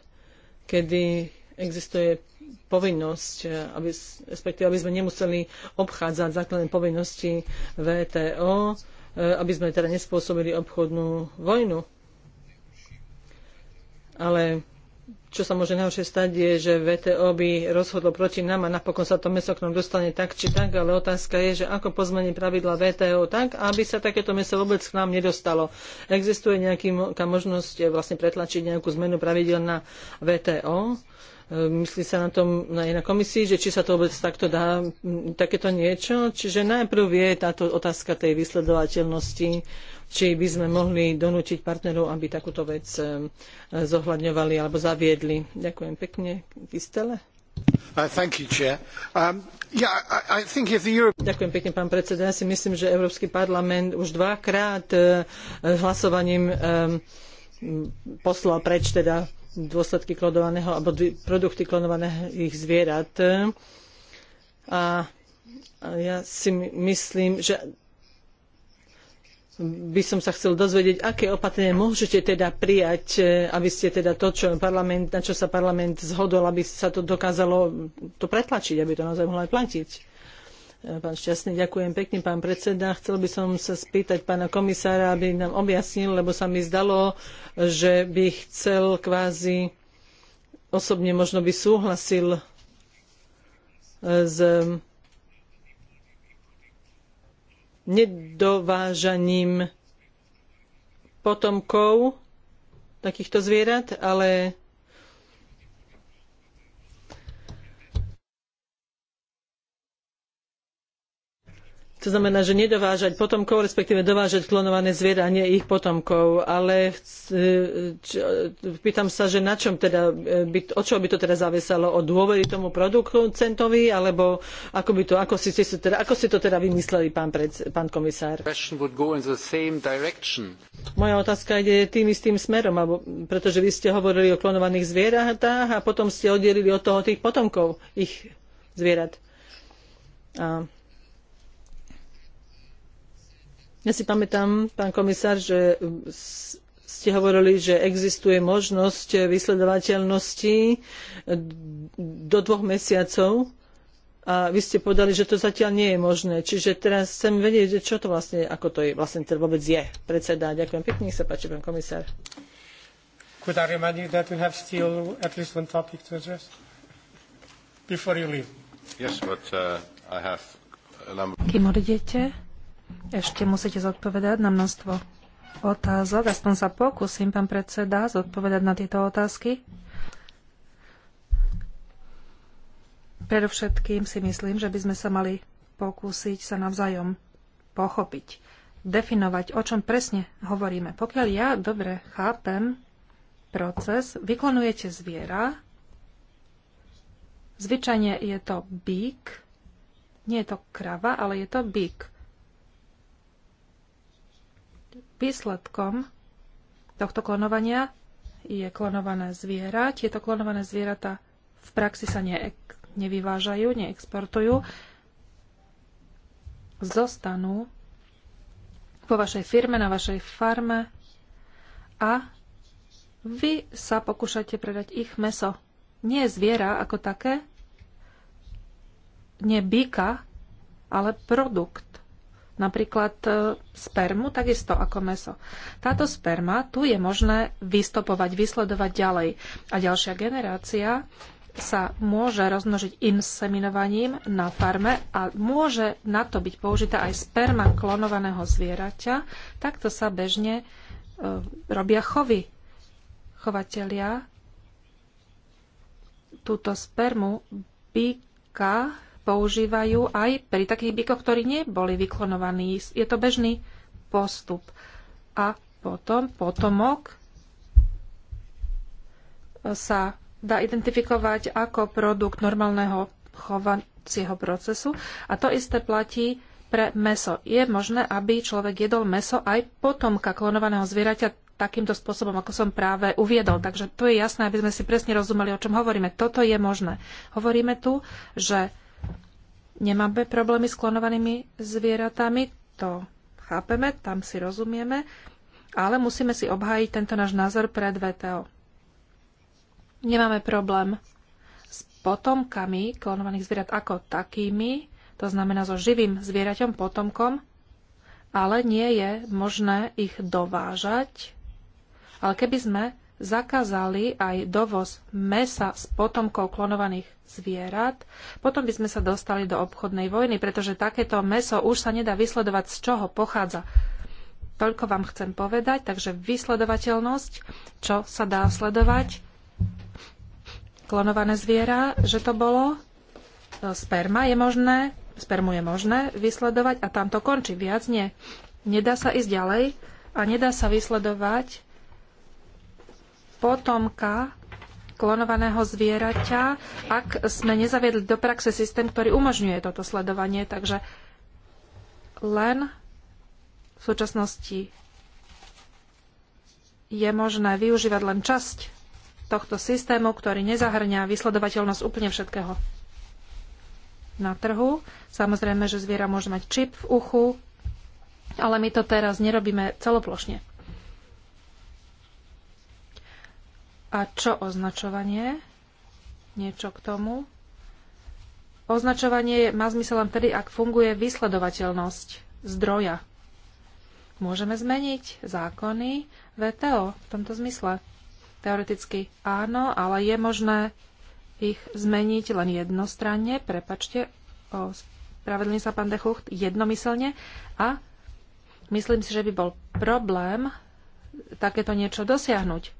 kedy existuje povinnosť, aby, respektíve aby sme nemuseli obchádzať základné povinnosti VTO, e, aby sme teda nespôsobili obchodnú vojnu. Ale čo sa môže najhoršie stať, je, že VTO by rozhodlo proti nám a napokon sa to meso k nám dostane tak či tak, ale otázka je, že ako pozmeniť pravidla VTO tak, aby sa takéto meso vôbec k nám nedostalo. Existuje nejaká možnosť eh, vlastne pretlačiť nejakú zmenu pravidel na VTO? Eh, myslí sa na tom aj na komisii, že či sa to vôbec takto dá, takéto niečo. Čiže najprv je táto otázka tej vysledovateľnosti či by sme mohli donútiť partnerov, aby takúto vec eh, zohľadňovali alebo zaviedli. Ďakujem pekne. Kistele. Uh, um, Ďakujem pekne, pán predseda. Ja si myslím, že Európsky parlament už dvakrát uh, hlasovaním um, poslal preč teda dôsledky klonovaného alebo produkty klonovaných zvierat. A, a ja si myslím, že by som sa chcel dozvedieť, aké opatrenia môžete teda prijať, e, aby ste teda to, čo parlament, na čo sa parlament zhodol, aby sa to dokázalo to pretlačiť, aby to naozaj mohlo aj platiť. E, pán Šťastný, ďakujem pekne, pán predseda. Chcel by som sa spýtať pána komisára, aby nám objasnil, lebo sa mi zdalo, že by chcel kvázi osobne možno by súhlasil e, s nedovážaním potomkov takýchto zvierat, ale to znamená, že nedovážať potomkov, respektíve dovážať klonované zviera, nie ich potomkov. Ale e, e, pýtam sa, že na čom teda, e, by, od čoho by to teda zavesalo, Od dôvery tomu producentovi, alebo ako, by to, ako, si, si, teda, ako si to teda vymysleli, pán, pred, pán komisár? Moja otázka ide tým istým smerom, alebo, pretože vy ste hovorili o klonovaných zvieratách a potom ste oddelili od toho tých potomkov, ich zvierat. A ja si pamätám, pán komisár, že um, ste hovorili, že existuje možnosť vysledovateľnosti eh, do dvoch mesiacov a vy ste povedali, že to zatiaľ nie je možné. Čiže teraz chcem vedieť, čo to vlastne, ako to je, vlastne to vôbec je. Predseda, ďakujem pekne, nech sa páči, pán komisár. Could I remind you that we have still at least one topic to address before you leave? Yes, but uh, I have a number... Kým ešte musíte zodpovedať na množstvo otázok. Aspoň sa pokúsim, pán predseda, zodpovedať na tieto otázky. Predovšetkým si myslím, že by sme sa mali pokúsiť sa navzájom pochopiť, definovať, o čom presne hovoríme. Pokiaľ ja dobre chápem proces, vyklonujete zviera, zvyčajne je to bík, nie je to krava, ale je to bík Výsledkom tohto klonovania je klonované zviera. Tieto klonované zvieratá v praxi sa ne, nevyvážajú, neexportujú. Zostanú vo vašej firme, na vašej farme a vy sa pokúšate predať ich meso. Nie zviera ako také, nie byka, ale produkt napríklad e, spermu, takisto ako meso. Táto sperma tu je možné vystopovať, vysledovať ďalej. A ďalšia generácia sa môže rozmnožiť inseminovaním na farme a môže na to byť použitá aj sperma klonovaného zvieraťa. Takto sa bežne e, robia chovy. Chovatelia túto spermu býka používajú aj pri takých bykoch, ktorí neboli vyklonovaní. Je to bežný postup. A potom potomok sa dá identifikovať ako produkt normálneho chovacieho procesu a to isté platí pre meso. Je možné, aby človek jedol meso aj potomka klonovaného zvieraťa takýmto spôsobom, ako som práve uviedol. Takže to je jasné, aby sme si presne rozumeli, o čom hovoríme. Toto je možné. Hovoríme tu, že Nemáme problémy s klonovanými zvieratami, to chápeme, tam si rozumieme, ale musíme si obhájiť tento náš názor pred VTO. Nemáme problém s potomkami klonovaných zvierat ako takými, to znamená so živým zvieraťom, potomkom, ale nie je možné ich dovážať. Ale keby sme zakázali aj dovoz mesa z potomkov klonovaných zvierat, potom by sme sa dostali do obchodnej vojny, pretože takéto meso už sa nedá vysledovať, z čoho pochádza. Toľko vám chcem povedať, takže vysledovateľnosť, čo sa dá sledovať, klonované zviera, že to bolo, e, sperma je možné, spermu je možné vysledovať a tam to končí, viac nie. Nedá sa ísť ďalej a nedá sa vysledovať potomka klonovaného zvieraťa, ak sme nezaviedli do praxe systém, ktorý umožňuje toto sledovanie. Takže len v súčasnosti je možné využívať len časť tohto systému, ktorý nezahrňa vysledovateľnosť úplne všetkého na trhu. Samozrejme, že zviera môže mať čip v uchu, ale my to teraz nerobíme celoplošne. A čo označovanie? Niečo k tomu? Označovanie má zmysel len tedy, ak funguje vysledovateľnosť zdroja. Môžeme zmeniť zákony VTO v tomto zmysle. Teoreticky áno, ale je možné ich zmeniť len jednostranne, prepačte, spravedlní sa pán Dechucht, jednomyselne a myslím si, že by bol problém takéto niečo dosiahnuť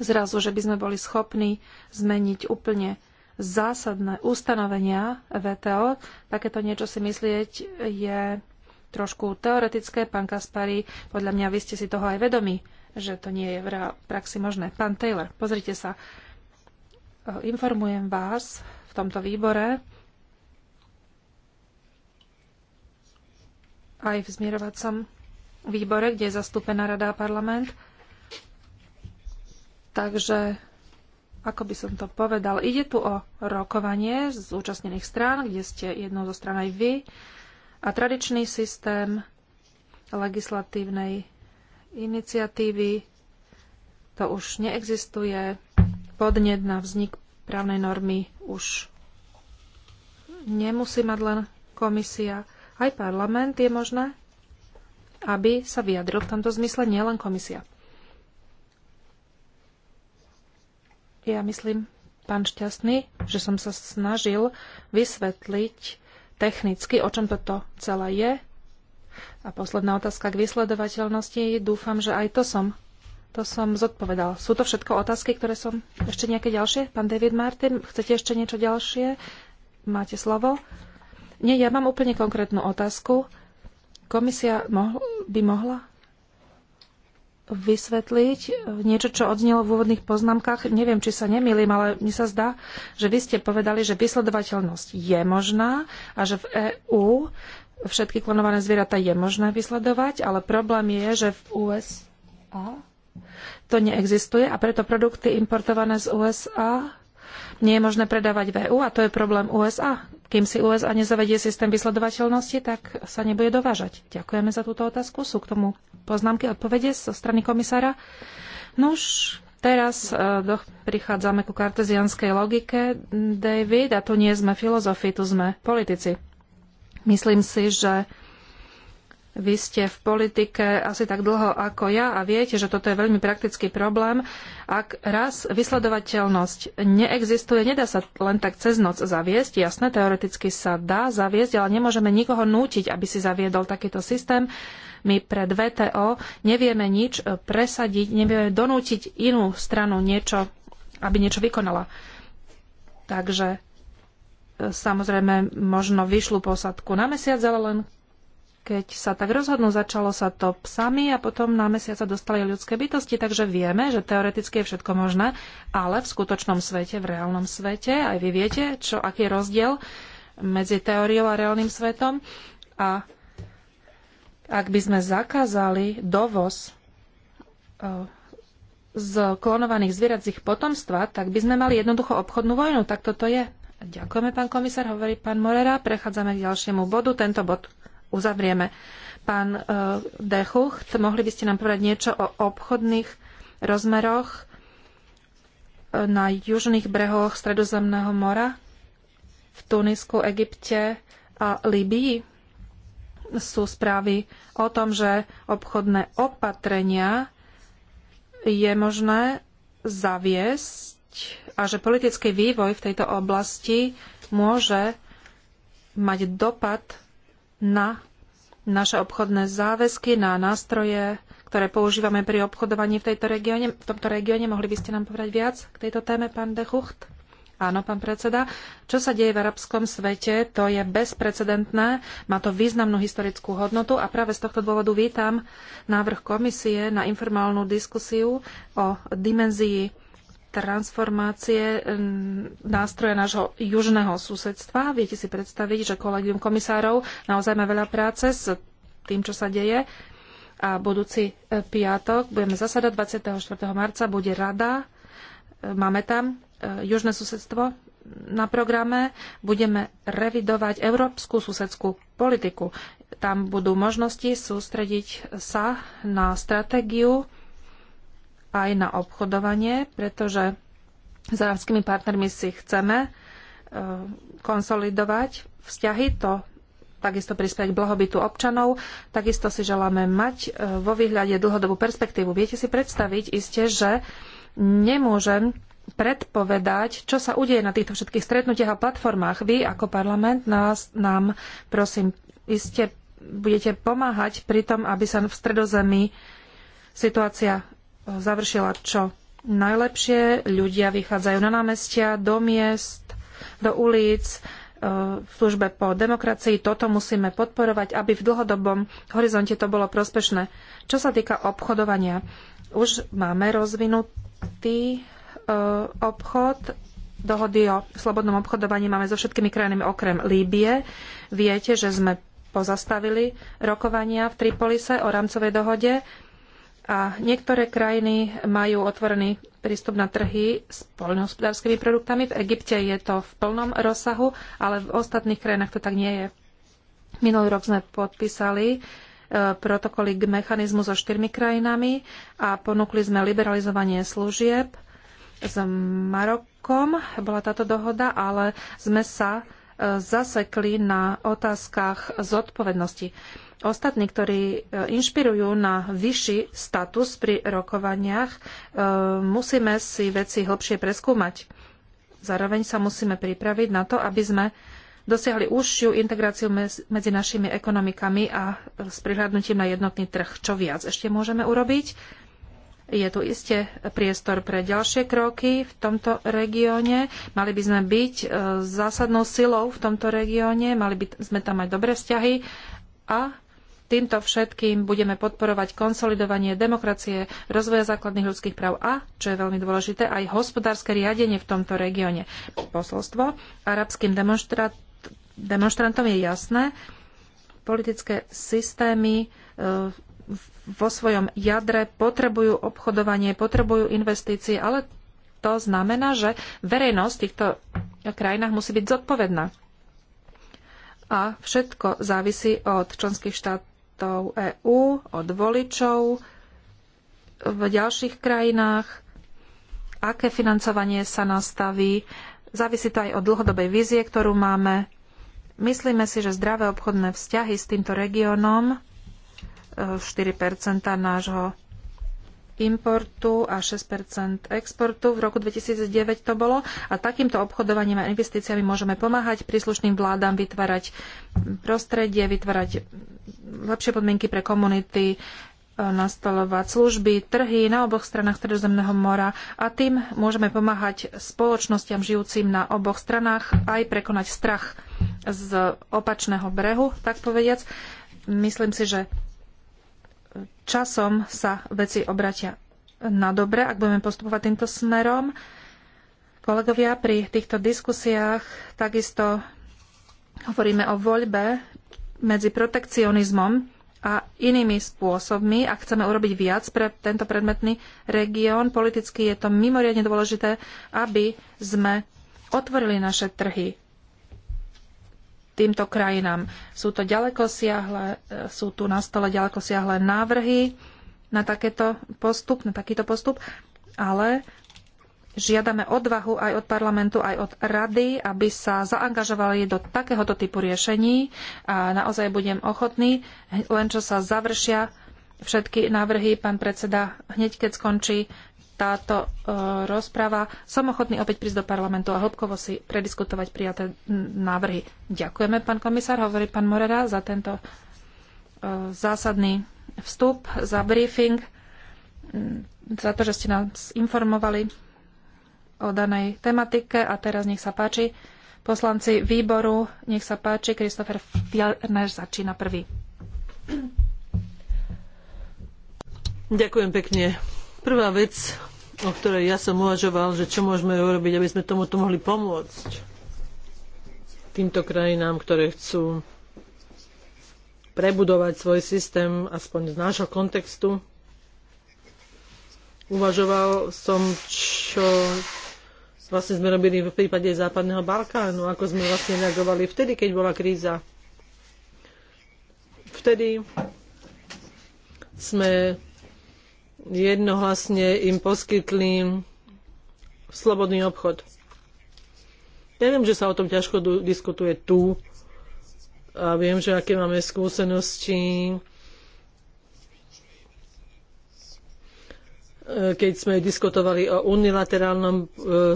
zrazu, že by sme boli schopní zmeniť úplne zásadné ustanovenia VTO. Takéto niečo si myslieť je trošku teoretické. Pán Kaspari, podľa mňa vy ste si toho aj vedomi, že to nie je v praxi možné. Pán Taylor, pozrite sa. Informujem vás v tomto výbore aj v zmierovacom výbore, kde je zastúpená Rada a parlament, Takže, ako by som to povedal, ide tu o rokovanie z účastnených strán, kde ste jednou zo stran aj vy. A tradičný systém legislatívnej iniciatívy to už neexistuje. Podnet na vznik právnej normy už nemusí mať len komisia, aj parlament je možné, aby sa vyjadril v tomto zmysle nielen komisia. Ja myslím, pán Šťastný, že som sa snažil vysvetliť technicky, o čom toto celé je. A posledná otázka k vysledovateľnosti. Dúfam, že aj to som to som zodpovedal. Sú to všetko otázky, ktoré som... Ešte nejaké ďalšie? Pán David Martin, chcete ešte niečo ďalšie? Máte slovo? Nie, ja mám úplne konkrétnu otázku. Komisia mo- by mohla vysvetliť e, niečo, čo odznelo v úvodných poznámkach. Neviem, či sa nemýlim, ale mi sa zdá, že vy ste povedali, že vysledovateľnosť je možná a že v EÚ všetky klonované zvieratá je možné vysledovať, ale problém je, že v USA to neexistuje a preto produkty importované z USA nie je možné predávať v EÚ a to je problém USA. Kým si USA nezavedie systém vysledovateľnosti, tak sa nebude dovážať. Ďakujeme za túto otázku. Sú k tomu poznámky, odpovede zo strany komisára? Nuž, teraz e, do, prichádzame ku kartezianskej logike. David, a tu nie sme filozofi, tu sme politici. Myslím si, že vy ste v politike asi tak dlho ako ja a viete, že toto je veľmi praktický problém. Ak raz vysledovateľnosť neexistuje, nedá sa len tak cez noc zaviesť. Jasné, teoreticky sa dá zaviesť, ale nemôžeme nikoho nútiť, aby si zaviedol takýto systém. My pred VTO nevieme nič presadiť, nevieme donútiť inú stranu niečo, aby niečo vykonala. Takže e, samozrejme možno vyšlu posadku na mesiac, ale len keď sa tak rozhodnú, začalo sa to psami a potom na mesiaca dostali ľudské bytosti, takže vieme, že teoreticky je všetko možné, ale v skutočnom svete, v reálnom svete, aj vy viete, čo, aký je rozdiel medzi teóriou a reálnym svetom. A ak by sme zakázali dovoz e, z klonovaných zvieracích potomstva, tak by sme mali jednoducho obchodnú vojnu. Tak toto je. Ďakujeme, pán komisár, hovorí pán Morera. Prechádzame k ďalšiemu bodu. Tento bod uzavrieme. Pán eh, Dechuch, mohli by ste nám povedať niečo o obchodných rozmeroch eh, na južných brehoch Stredozemného mora v Tunisku, Egypte a Libii? Sú správy o tom, že obchodné opatrenia je možné zaviesť a že politický vývoj v tejto oblasti môže mať dopad na naše obchodné záväzky, na nástroje, ktoré používame pri obchodovaní v, tejto regióne, v tomto regióne. Mohli by ste nám povedať viac k tejto téme, pán Dechucht? Áno, pán predseda. Čo sa deje v arabskom svete, to je bezprecedentné, má to významnú historickú hodnotu a práve z tohto dôvodu vítam návrh komisie na informálnu diskusiu o dimenzii transformácie nástroja nášho južného susedstva. Viete si predstaviť, že kolegium komisárov naozaj má veľa práce s tým, čo sa deje. A budúci e, piatok budeme zasadať 24. marca, bude rada. E, máme tam e, južné susedstvo na programe. Budeme revidovať európsku susedskú politiku. Tam budú možnosti sústrediť sa na stratégiu aj na obchodovanie, pretože s arabskými partnermi si chceme e, konsolidovať vzťahy, to takisto prispieť k blahobytu občanov, takisto si želáme mať e, vo výhľade dlhodobú perspektívu. Viete si predstaviť iste, že nemôžem predpovedať, čo sa udeje na týchto všetkých stretnutiach a platformách. Vy ako parlament nás, nám, prosím, iste budete pomáhať pri tom, aby sa v stredozemi situácia završila čo najlepšie. Ľudia vychádzajú na námestia, do miest, do ulic, e, v službe po demokracii. Toto musíme podporovať, aby v dlhodobom horizonte to bolo prospešné. Čo sa týka obchodovania, už máme rozvinutý e, obchod, dohody o slobodnom obchodovaní máme so všetkými krajinami okrem Líbie. Viete, že sme pozastavili rokovania v Tripolise o rámcovej dohode. A niektoré krajiny majú otvorený prístup na trhy s poľnohospodárskymi produktami. V Egypte je to v plnom rozsahu, ale v ostatných krajinách to tak nie je. Minulý rok sme podpísali e, protokoly k mechanizmu so štyrmi krajinami a ponúkli sme liberalizovanie služieb s Marokom. Bola táto dohoda, ale sme sa e, zasekli na otázkach zodpovednosti ostatní, ktorí e, inšpirujú na vyšší status pri rokovaniach, e, musíme si veci hlbšie preskúmať. Zároveň sa musíme pripraviť na to, aby sme dosiahli užšiu integráciu medzi našimi ekonomikami a e, s prihľadnutím na jednotný trh. Čo viac ešte môžeme urobiť? Je tu iste priestor pre ďalšie kroky v tomto regióne. Mali by sme byť zásadnou silou v tomto regióne, mali by sme tam mať dobré vzťahy a Týmto všetkým budeme podporovať konsolidovanie demokracie, rozvoja základných ľudských práv a, čo je veľmi dôležité, aj hospodárske riadenie v tomto regióne. Posolstvo arabským demonstrat- demonstrantom je jasné, politické systémy e, vo svojom jadre potrebujú obchodovanie, potrebujú investície, ale to znamená, že verejnosť v týchto krajinách musí byť zodpovedná. A všetko závisí od členských štátov štátov EÚ, od voličov v ďalších krajinách, aké financovanie sa nastaví. Závisí to aj od dlhodobej vízie, ktorú máme. Myslíme si, že zdravé obchodné vzťahy s týmto regiónom 4 e, nášho importu a 6 exportu. V roku 2009 to bolo. A takýmto obchodovaním a investíciami môžeme pomáhať príslušným vládám vytvárať prostredie, vytvárať lepšie podmienky pre komunity, e, nastolovať služby, trhy na oboch stranách Stredozemného mora a tým môžeme pomáhať spoločnostiam žijúcim na oboch stranách aj prekonať strach z opačného brehu, tak povediac. Myslím si, že časom sa veci obratia na dobre, ak budeme postupovať týmto smerom. Kolegovia, pri týchto diskusiách takisto hovoríme o voľbe medzi protekcionizmom a inými spôsobmi. Ak chceme urobiť viac pre tento predmetný región, politicky je to mimoriadne dôležité, aby sme otvorili naše trhy týmto krajinám. Sú to ďaleko siahle, sú tu na stole ďaleko siahle návrhy na, takéto postup, na takýto postup, ale žiadame odvahu aj od parlamentu, aj od rady, aby sa zaangažovali do takéhoto typu riešení a naozaj budem ochotný, len čo sa završia všetky návrhy, pán predseda, hneď keď skončí táto e, rozprava. Som ochotný opäť prísť do parlamentu a hĺbkovo si prediskutovať prijaté návrhy. Ďakujeme, pán komisár, hovorí pán Morera, za tento e, zásadný vstup, za briefing, za to, že ste nás informovali o danej tematike a teraz nech sa páči. Poslanci výboru, nech sa páči, Kristofer Fjellner začína prvý. Ďakujem pekne Prvá vec, o ktorej ja som uvažoval, že čo môžeme urobiť, aby sme tomuto mohli pomôcť týmto krajinám, ktoré chcú prebudovať svoj systém, aspoň z nášho kontextu. Uvažoval som, čo vlastne sme robili v prípade Západného Balkánu, ako sme vlastne reagovali vtedy, keď bola kríza. Vtedy sme jednohlasne im poskytli slobodný obchod. Ja viem, že sa o tom ťažko diskutuje tu a viem, že aké máme skúsenosti, e, keď sme diskutovali o unilaterálnom e,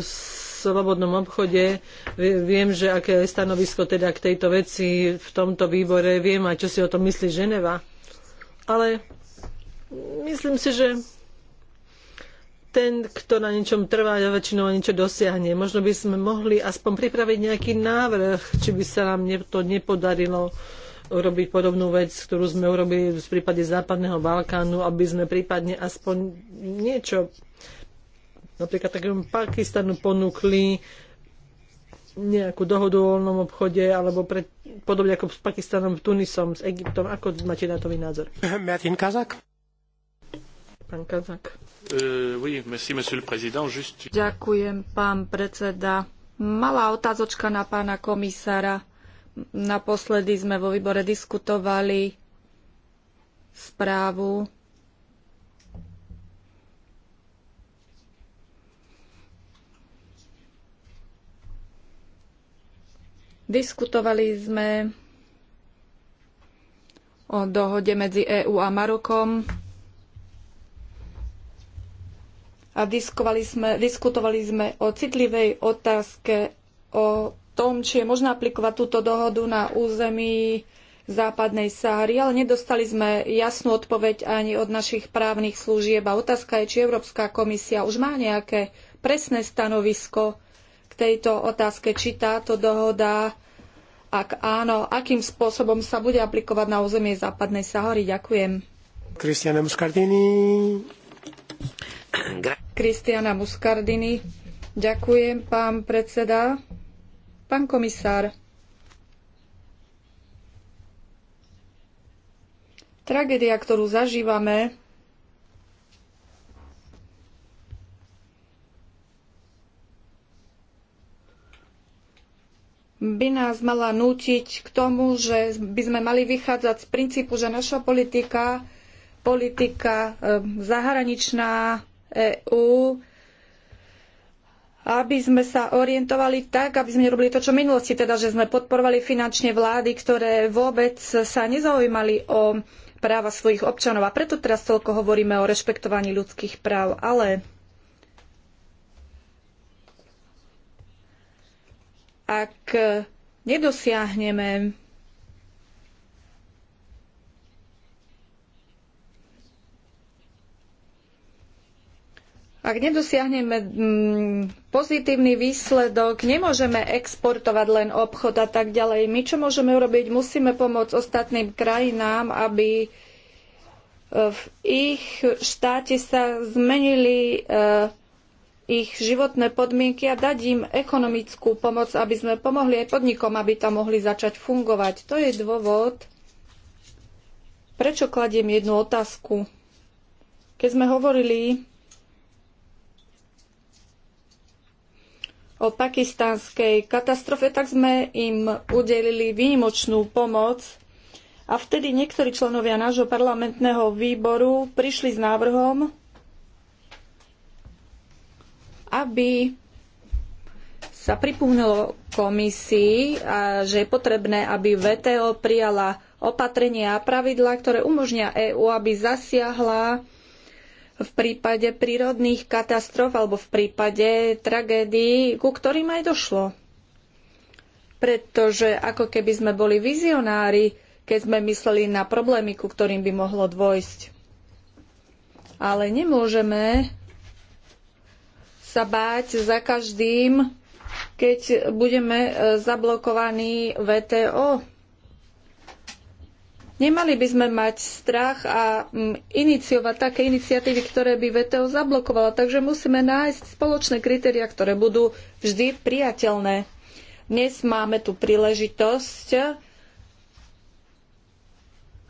slobodnom obchode. Viem, že aké je stanovisko teda k tejto veci v tomto výbore. Viem aj, čo si o tom myslí Ženeva. Ale Myslím si, že ten, kto na niečom trvá, väčšinou niečo dosiahne. Možno by sme mohli aspoň pripraviť nejaký návrh, či by sa nám to nepodarilo urobiť podobnú vec, ktorú sme urobili v prípade Západného Balkánu, aby sme prípadne aspoň niečo napríklad takému Pakistanu ponúkli nejakú dohodu o voľnom obchode alebo pre, podobne ako s Pakistanom, Tunisom, s Egyptom. Ako máte na to vy názor? Martin Kazak. Pán Kazak. Uh, oui, merci, Ďakujem, pán predseda. Malá otázočka na pána komisára. Naposledy sme vo výbore diskutovali správu Diskutovali sme o dohode medzi EÚ a Marokom a sme, diskutovali sme o citlivej otázke, o tom, či je možné aplikovať túto dohodu na území západnej Sahary, ale nedostali sme jasnú odpoveď ani od našich právnych služieb. A otázka je, či Európska komisia už má nejaké presné stanovisko k tejto otázke, či táto dohoda, ak áno, akým spôsobom sa bude aplikovať na územie západnej Sahary. Ďakujem. Muscardini. Kristiana Muscardini. Ďakujem, pán predseda. Pán komisár. Tragédia, ktorú zažívame, by nás mala nútiť k tomu, že by sme mali vychádzať z princípu, že naša politika, politika eh, zahraničná, EÚ, aby sme sa orientovali tak, aby sme robili to, čo v minulosti, teda že sme podporovali finančne vlády, ktoré vôbec sa nezaujímali o práva svojich občanov. A preto teraz toľko hovoríme o rešpektovaní ľudských práv. Ale ak nedosiahneme Ak nedosiahneme mm, pozitívny výsledok, nemôžeme exportovať len obchod a tak ďalej. My čo môžeme urobiť? Musíme pomôcť ostatným krajinám, aby e, v ich štáte sa zmenili e, ich životné podmienky a dať im ekonomickú pomoc, aby sme pomohli aj podnikom, aby tam mohli začať fungovať. To je dôvod, prečo kladiem jednu otázku. Keď sme hovorili o pakistánskej katastrofe, tak sme im udelili výnimočnú pomoc a vtedy niektorí členovia nášho parlamentného výboru prišli s návrhom, aby sa pripúhnilo komisii, a že je potrebné, aby VTO prijala opatrenia a pravidlá, ktoré umožnia EÚ, aby zasiahla v prípade prírodných katastrof alebo v prípade tragédií, ku ktorým aj došlo. Pretože ako keby sme boli vizionári, keď sme mysleli na problémy, ku ktorým by mohlo dôjsť. Ale nemôžeme sa báť za každým, keď budeme e, zablokovaní VTO. Nemali by sme mať strach a mm, iniciovať také iniciatívy, ktoré by VTO zablokovala. Takže musíme nájsť spoločné kritéria, ktoré budú vždy priateľné. Dnes máme tu príležitosť,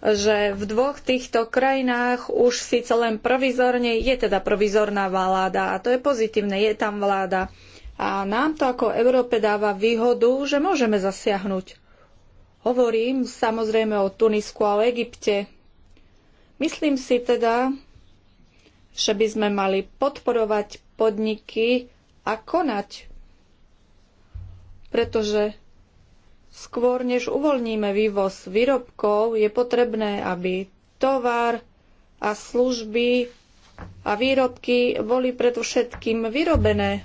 že v dvoch týchto krajinách už síce len provizorne je teda provizorná vláda a to je pozitívne, je tam vláda. A nám to ako Európe dáva výhodu, že môžeme zasiahnuť. Hovorím samozrejme o Tunisku a o Egypte. Myslím si teda, že by sme mali podporovať podniky a konať, pretože skôr než uvoľníme vývoz výrobkov, je potrebné, aby tovar a služby a výrobky boli predovšetkým vyrobené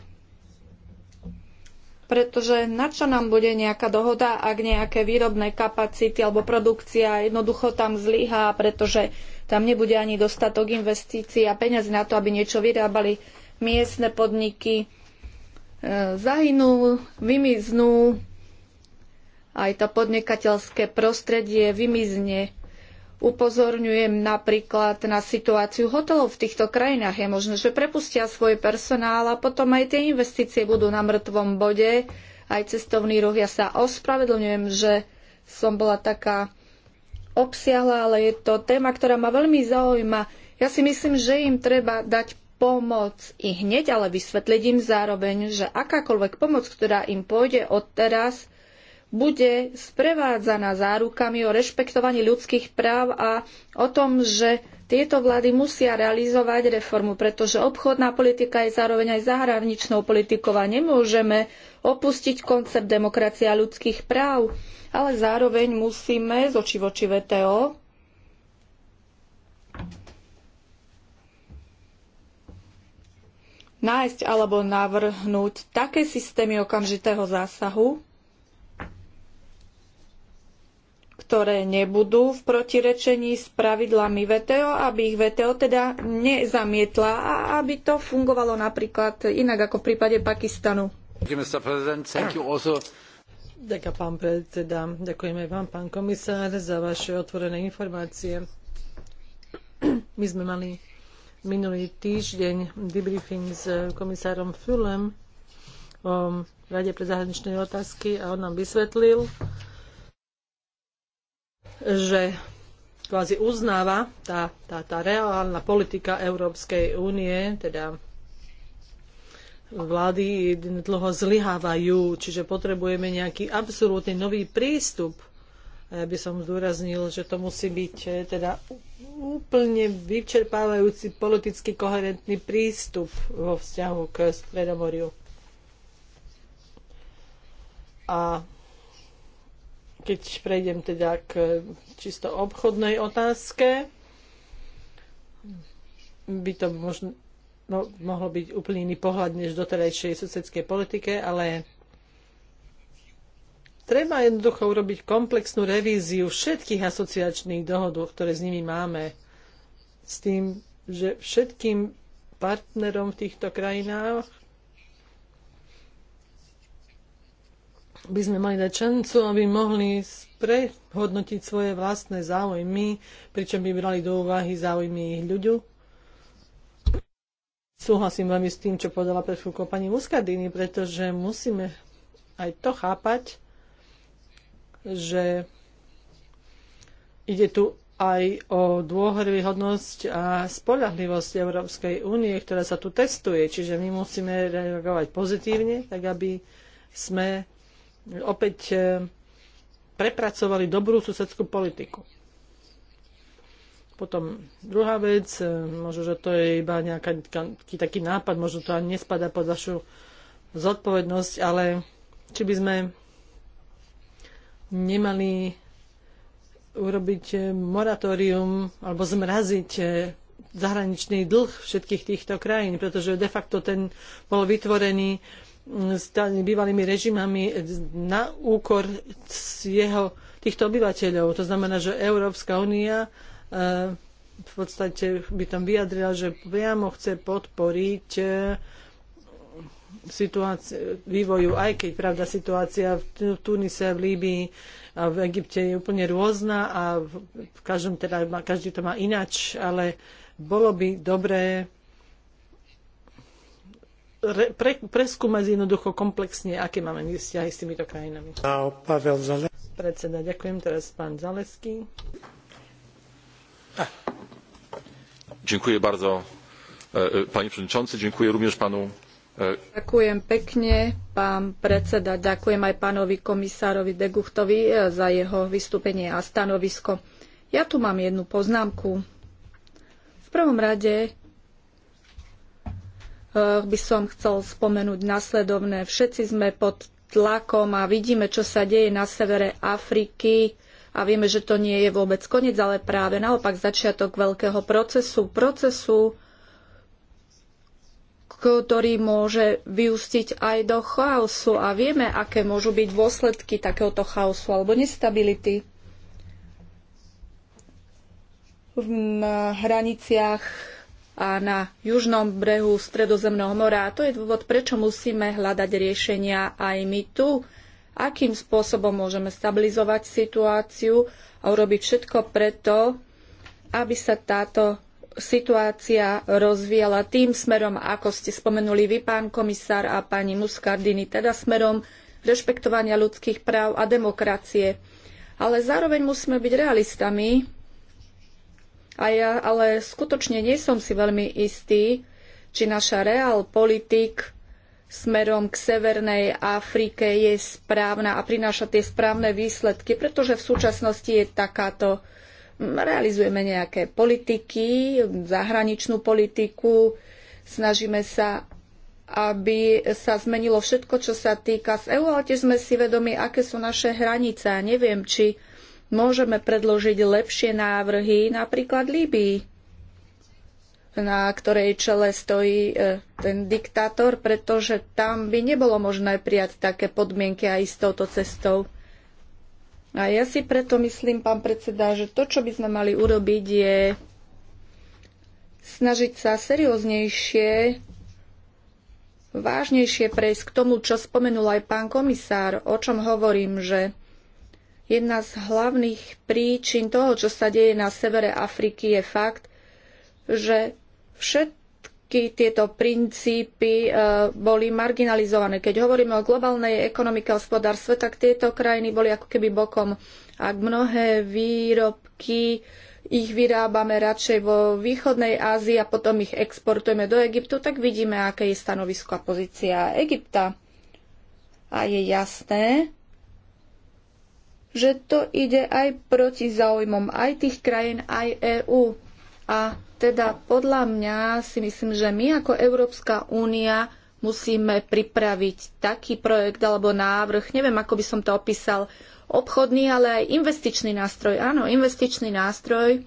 pretože na čo nám bude nejaká dohoda, ak nejaké výrobné kapacity alebo produkcia jednoducho tam zlyhá, pretože tam nebude ani dostatok investícií a peňazí na to, aby niečo vyrábali miestne podniky, e, zahynú, vymiznú, aj to podnikateľské prostredie vymizne. Upozorňujem napríklad na situáciu hotelov v týchto krajinách. Je možné, že prepustia svoj personál a potom aj tie investície budú na mŕtvom bode, aj cestovný ruch. Ja sa ospravedlňujem, že som bola taká obsiahla, ale je to téma, ktorá ma veľmi zaujíma. Ja si myslím, že im treba dať pomoc i hneď, ale vysvetliť im zároveň, že akákoľvek pomoc, ktorá im pôjde od teraz, bude sprevádzaná zárukami o rešpektovaní ľudských práv a o tom, že tieto vlády musia realizovať reformu, pretože obchodná politika je zároveň aj zahraničnou politikou a nemôžeme opustiť koncept demokracie a ľudských práv, ale zároveň musíme z oči voči VTO nájsť alebo navrhnúť také systémy okamžitého zásahu, ktoré nebudú v protirečení s pravidlami VTO, aby ich VTO teda nezamietla a aby to fungovalo napríklad inak ako v prípade Pakistanu. Ďakujem, pán predseda. Ďakujeme vám, pán komisár, za vaše otvorené informácie. My sme mali minulý týždeň debriefing s komisárom Fulem o Rade pre zahraničné otázky a on nám vysvetlil, že kvázi uznáva tá, tá, tá reálna politika Európskej únie, teda vlády dlho zlyhávajú, čiže potrebujeme nejaký absolútny nový prístup. Ja by som zdôraznil, že to musí byť e, teda úplne vyčerpávajúci politicky koherentný prístup vo vzťahu k Stredomoriu. A keď prejdem teda k eh, čisto obchodnej otázke, by to možno, no, mohlo byť úplne iný pohľad než doterajšej susedskej politike, ale treba jednoducho urobiť komplexnú revíziu všetkých asociačných dohodov, ktoré s nimi máme, s tým, že všetkým partnerom v týchto krajinách by sme mali dať šancu, aby mohli prehodnotiť svoje vlastné záujmy, pričom by brali do úvahy záujmy ich ľuďu. Súhlasím veľmi s tým, čo povedala pred chvíľkou pani Muskadini, pretože musíme aj to chápať, že ide tu aj o dôhrvýhodnosť a spolahlivosť Európskej únie, ktorá sa tu testuje. Čiže my musíme reagovať pozitívne, tak aby sme opäť e, prepracovali dobrú susedskú politiku. Potom druhá vec, e, možno, že to je iba nejaký taký nápad, možno to ani nespada pod vašu zodpovednosť, ale či by sme nemali urobiť e, moratórium alebo zmraziť zahraničný dlh všetkých týchto krajín, pretože de facto ten bol vytvorený Mm, s bývalými režimami na úkor jeho, týchto obyvateľov. To znamená, že Európska únia eh, v podstate by tam vyjadrila, že priamo chce podporiť eh, situáciu, vývoju, aj keď pravda situácia v Tunise, v Líbii a v Egypte je úplne rôzna a v každom teda, každý to má inač, ale bolo by dobré re, pre, preskúmať jednoducho komplexne, aké máme vzťahy s týmito krajinami. Pavel Zale. Predseda, ďakujem teraz pán ah. bardzo e, e, przewodniczący, dziękuję również panu e, Ďakujem pekne, pán predseda. Ďakujem aj pánovi komisárovi Deguchtovi za jeho vystúpenie a stanovisko. Ja tu mám jednu poznámku. V prvom rade Eh, by som chcel spomenúť nasledovné. Všetci sme pod tlakom a vidíme, čo sa deje na severe Afriky a vieme, že to nie je vôbec koniec, ale práve naopak začiatok veľkého procesu, procesu, ktorý môže vyústiť aj do chaosu a vieme, aké môžu byť dôsledky takéhoto chaosu alebo nestability v hraniciach a na južnom brehu Stredozemného mora. A to je dôvod, prečo musíme hľadať riešenia aj my tu, akým spôsobom môžeme stabilizovať situáciu a urobiť všetko preto, aby sa táto situácia rozvíjala tým smerom, ako ste spomenuli vy, pán komisár a pani Muscardini, teda smerom rešpektovania ľudských práv a demokracie. Ale zároveň musíme byť realistami, a ja ale skutočne nie som si veľmi istý, či naša reál politik smerom k Severnej Afrike je správna a prináša tie správne výsledky, pretože v súčasnosti je takáto realizujeme nejaké politiky, zahraničnú politiku, snažíme sa, aby sa zmenilo všetko, čo sa týka z EU, ale tiež sme si vedomi, aké sú naše hranice. A neviem, či môžeme predložiť lepšie návrhy napríklad Líbii, na ktorej čele stojí e, ten diktátor, pretože tam by nebolo možné prijať také podmienky aj s touto cestou. A ja si preto myslím, pán predseda, že to, čo by sme mali urobiť, je snažiť sa serióznejšie, vážnejšie prejsť k tomu, čo spomenul aj pán komisár, o čom hovorím, že Jedna z hlavných príčin toho, čo sa deje na severe Afriky, je fakt, že všetky tieto princípy e, boli marginalizované. Keď hovoríme o globálnej ekonomike a hospodárstve, tak tieto krajiny boli ako keby bokom. Ak mnohé výrobky ich vyrábame radšej vo východnej Ázii a potom ich exportujeme do Egyptu, tak vidíme, aké je stanovisko a pozícia Egypta. A je jasné, že to ide aj proti záujmom aj tých krajín, aj EÚ. A teda podľa mňa si myslím, že my ako Európska únia musíme pripraviť taký projekt alebo návrh, neviem ako by som to opísal, obchodný, ale aj investičný nástroj. Áno, investičný nástroj,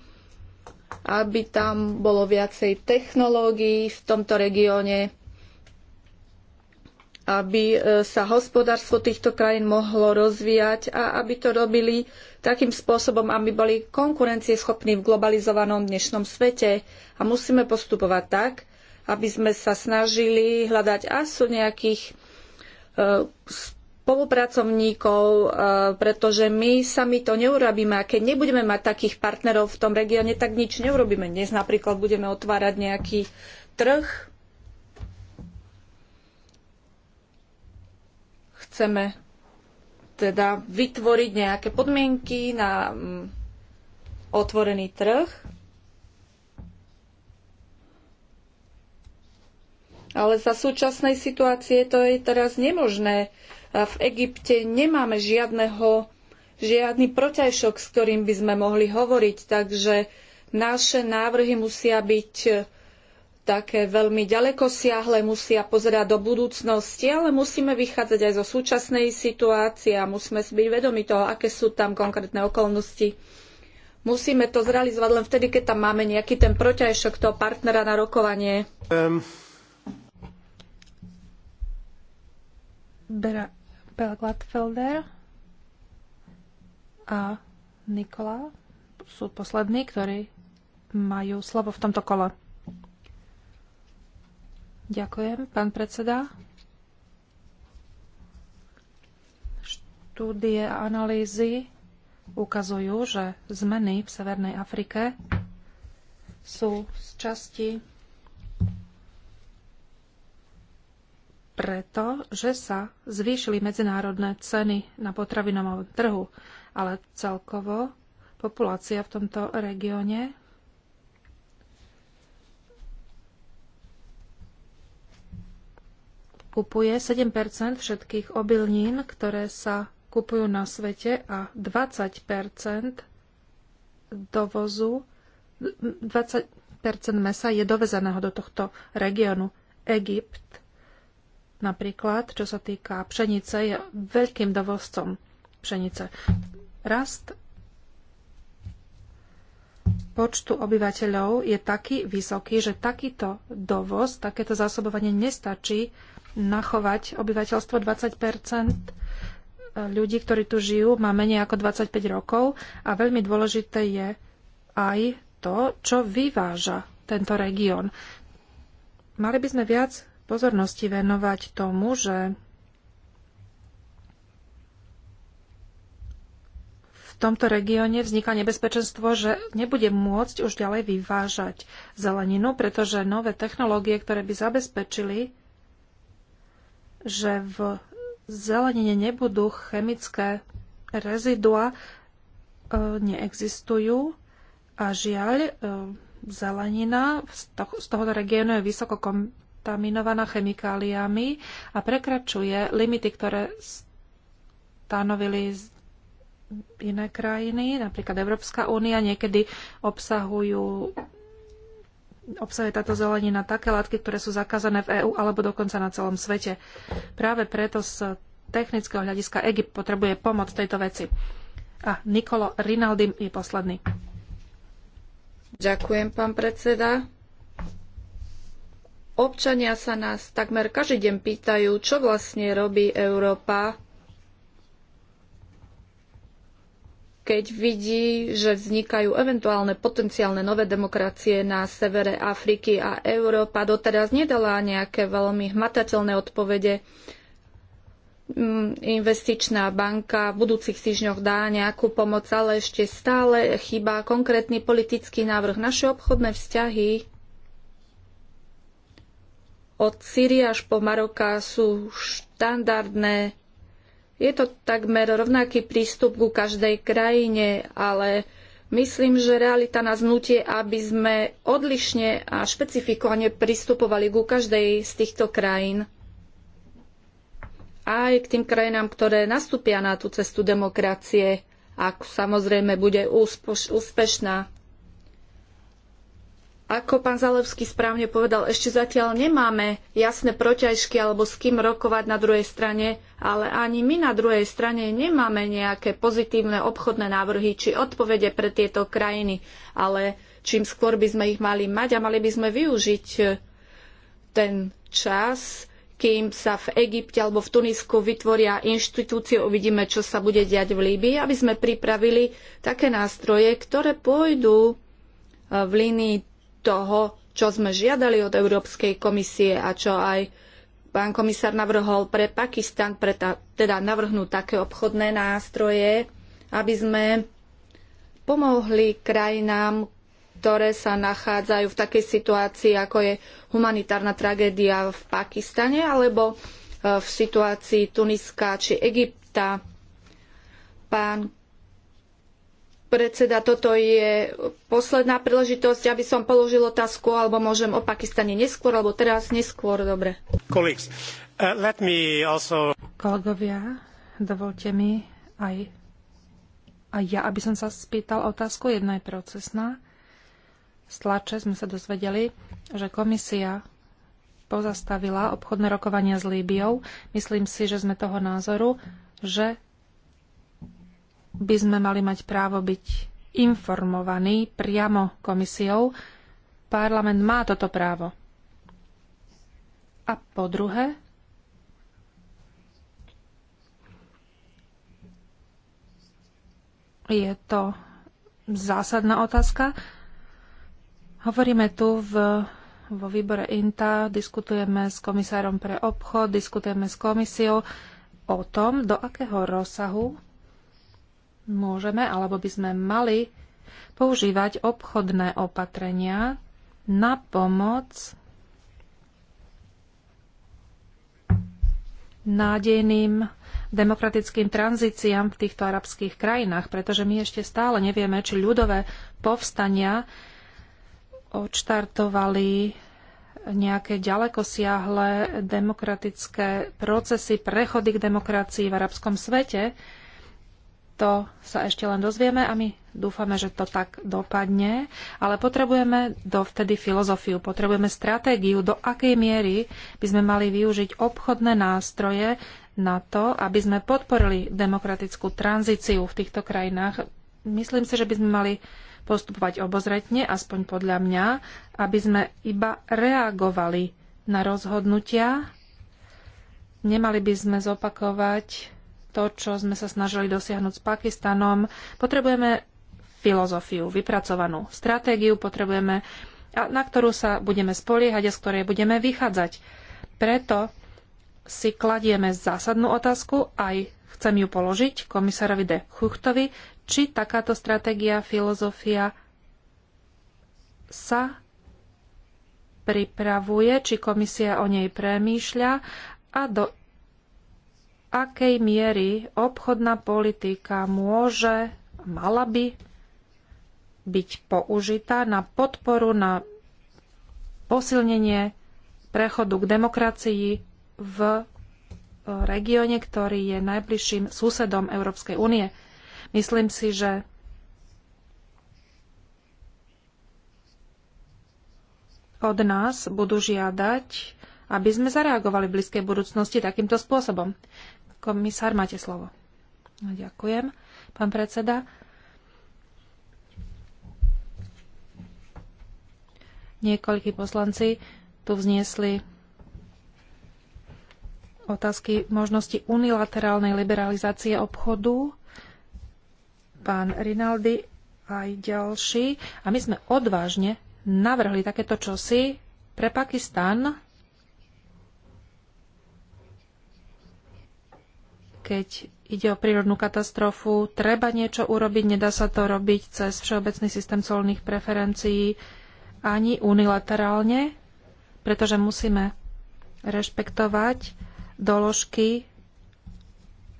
aby tam bolo viacej technológií v tomto regióne, aby e, sa hospodárstvo týchto krajín mohlo rozvíjať a aby to robili takým spôsobom, aby boli konkurencieschopní v globalizovanom dnešnom svete. A musíme postupovať tak, aby sme sa snažili hľadať asu nejakých e, spolupracovníkov, e, pretože my sami to neurobíme. A keď nebudeme mať takých partnerov v tom regióne, tak nič neurobíme. Dnes napríklad budeme otvárať nejaký trh Chceme teda vytvoriť nejaké podmienky na mm, otvorený trh. Ale za súčasnej situácie to je teraz nemožné. V Egypte nemáme žiadneho, žiadny protiažok, s ktorým by sme mohli hovoriť, takže naše návrhy musia byť také veľmi ďaleko siahle, musia pozerať do budúcnosti, ale musíme vychádzať aj zo súčasnej situácie a musíme si byť vedomi toho, aké sú tam konkrétne okolnosti. Musíme to zrealizovať len vtedy, keď tam máme nejaký ten protiajšok toho partnera na rokovanie. Um. Bera, Bela Gladfelder a Nikola sú poslední, ktorí majú slovo v tomto kole. Ďakujem, pán predseda. Štúdie a analýzy ukazujú, že zmeny v Severnej Afrike sú z časti preto, že sa zvýšili medzinárodné ceny na potravinovom trhu, ale celkovo populácia v tomto regióne kupuje 7 všetkých obilnín, ktoré sa kupujú na svete a 20 dovozu 20 mesa je dovezeného do tohto regiónu. Egypt napríklad, čo sa týka pšenice, je veľkým dovozcom pšenice. Rast počtu obyvateľov je taký vysoký, že takýto dovoz, takéto zásobovanie nestačí nachovať obyvateľstvo 20 ľudí, ktorí tu žijú, má menej ako 25 rokov a veľmi dôležité je aj to, čo vyváža tento región. Mali by sme viac pozornosti venovať tomu, že v tomto regióne vzniká nebezpečenstvo, že nebude môcť už ďalej vyvážať zeleninu, pretože nové technológie, ktoré by zabezpečili že v zelenine nebudú chemické rezidua, e, neexistujú a žiaľ, e, zelenina z tohoto regiónu je vysoko kontaminovaná chemikáliami a prekračuje limity, ktoré stanovili iné krajiny, napríklad Európska únia, niekedy obsahujú obsahuje táto zelenina také látky, ktoré sú zakázané v EÚ alebo dokonca na celom svete. Práve preto z technického hľadiska Egypt potrebuje pomoc v tejto veci. A Nikolo Rinaldi je posledný. Ďakujem, pán predseda. Občania sa nás takmer každý deň pýtajú, čo vlastne robí Európa keď vidí, že vznikajú eventuálne potenciálne nové demokracie na severe Afriky a Európa doteraz nedala nejaké veľmi hmatateľné odpovede. Mm, investičná banka v budúcich týždňoch dá nejakú pomoc, ale ešte stále chýba konkrétny politický návrh. Naše obchodné vzťahy od Syrie až po Maroka sú štandardné je to takmer rovnaký prístup ku každej krajine, ale Myslím, že realita nás nutie, aby sme odlišne a špecifikovane pristupovali ku každej z týchto krajín. Aj k tým krajinám, ktoré nastúpia na tú cestu demokracie, ak samozrejme bude úspešná. Ako pán Zalevský správne povedal, ešte zatiaľ nemáme jasné protiažky alebo s kým rokovať na druhej strane, ale ani my na druhej strane nemáme nejaké pozitívne obchodné návrhy či odpovede pre tieto krajiny, ale čím skôr by sme ich mali mať a mali by sme využiť eh, ten čas, kým sa v Egypte alebo v Tunisku vytvoria inštitúcie, uvidíme, čo sa bude diať v Líbii, aby sme pripravili také nástroje, ktoré pôjdu eh, v línii toho, čo sme žiadali od Európskej komisie a čo aj pán komisár navrhol pre Pakistan, pre ta, teda navrhnúť také obchodné nástroje, aby sme pomohli krajinám, ktoré sa nachádzajú v takej situácii, ako je humanitárna tragédia v Pakistane alebo eh, v situácii Tuniska či Egypta. Pán predseda, toto je posledná príležitosť, aby som položil otázku, alebo môžem o Pakistane neskôr, alebo teraz neskôr, dobre. Uh, Kolegovia, dovolte mi aj, aj ja, aby som sa spýtal otázku. Jedna je procesná. Z tlače sme sa dozvedeli, že komisia pozastavila obchodné rokovania s Líbiou. Myslím si, že sme toho názoru, že by sme mali mať právo byť informovaní priamo komisiou. Parlament má toto právo. A po druhé, je to zásadná otázka. Hovoríme tu v, vo výbore INTA, diskutujeme s komisárom pre obchod, diskutujeme s komisiou o tom, do akého rozsahu môžeme alebo by sme mali používať obchodné opatrenia na pomoc nádejným demokratickým tranzíciám v týchto arabských krajinách, pretože my ešte stále nevieme, či ľudové povstania odštartovali nejaké ďalekosiahle demokratické procesy, prechody k demokracii v arabskom svete, to sa ešte len dozvieme a my dúfame, že to tak dopadne, ale potrebujeme dovtedy filozofiu, potrebujeme stratégiu, do akej miery by sme mali využiť obchodné nástroje na to, aby sme podporili demokratickú tranzíciu v týchto krajinách. Myslím si, že by sme mali postupovať obozretne, aspoň podľa mňa, aby sme iba reagovali na rozhodnutia. Nemali by sme zopakovať to, čo sme sa snažili dosiahnuť s Pakistanom. Potrebujeme filozofiu, vypracovanú stratégiu, potrebujeme, na ktorú sa budeme spoliehať a z ktorej budeme vychádzať. Preto si kladieme zásadnú otázku, aj chcem ju položiť komisárovi de Chuchtovi, či takáto stratégia, filozofia sa pripravuje, či komisia o nej premýšľa a do akej miery obchodná politika môže, mala by byť použitá na podporu, na posilnenie prechodu k demokracii v e, regióne, ktorý je najbližším susedom Európskej únie. Myslím si, že od nás budú žiadať aby sme zareagovali v blízkej budúcnosti takýmto spôsobom. Komisár, máte slovo. No, ďakujem, pán predseda. Niekoľkí poslanci tu vzniesli otázky možnosti unilaterálnej liberalizácie obchodu. Pán Rinaldi aj ďalší. A my sme odvážne navrhli takéto čosi pre Pakistan keď ide o prírodnú katastrofu, treba niečo urobiť, nedá sa to robiť cez všeobecný systém colných preferencií ani unilaterálne, pretože musíme rešpektovať doložky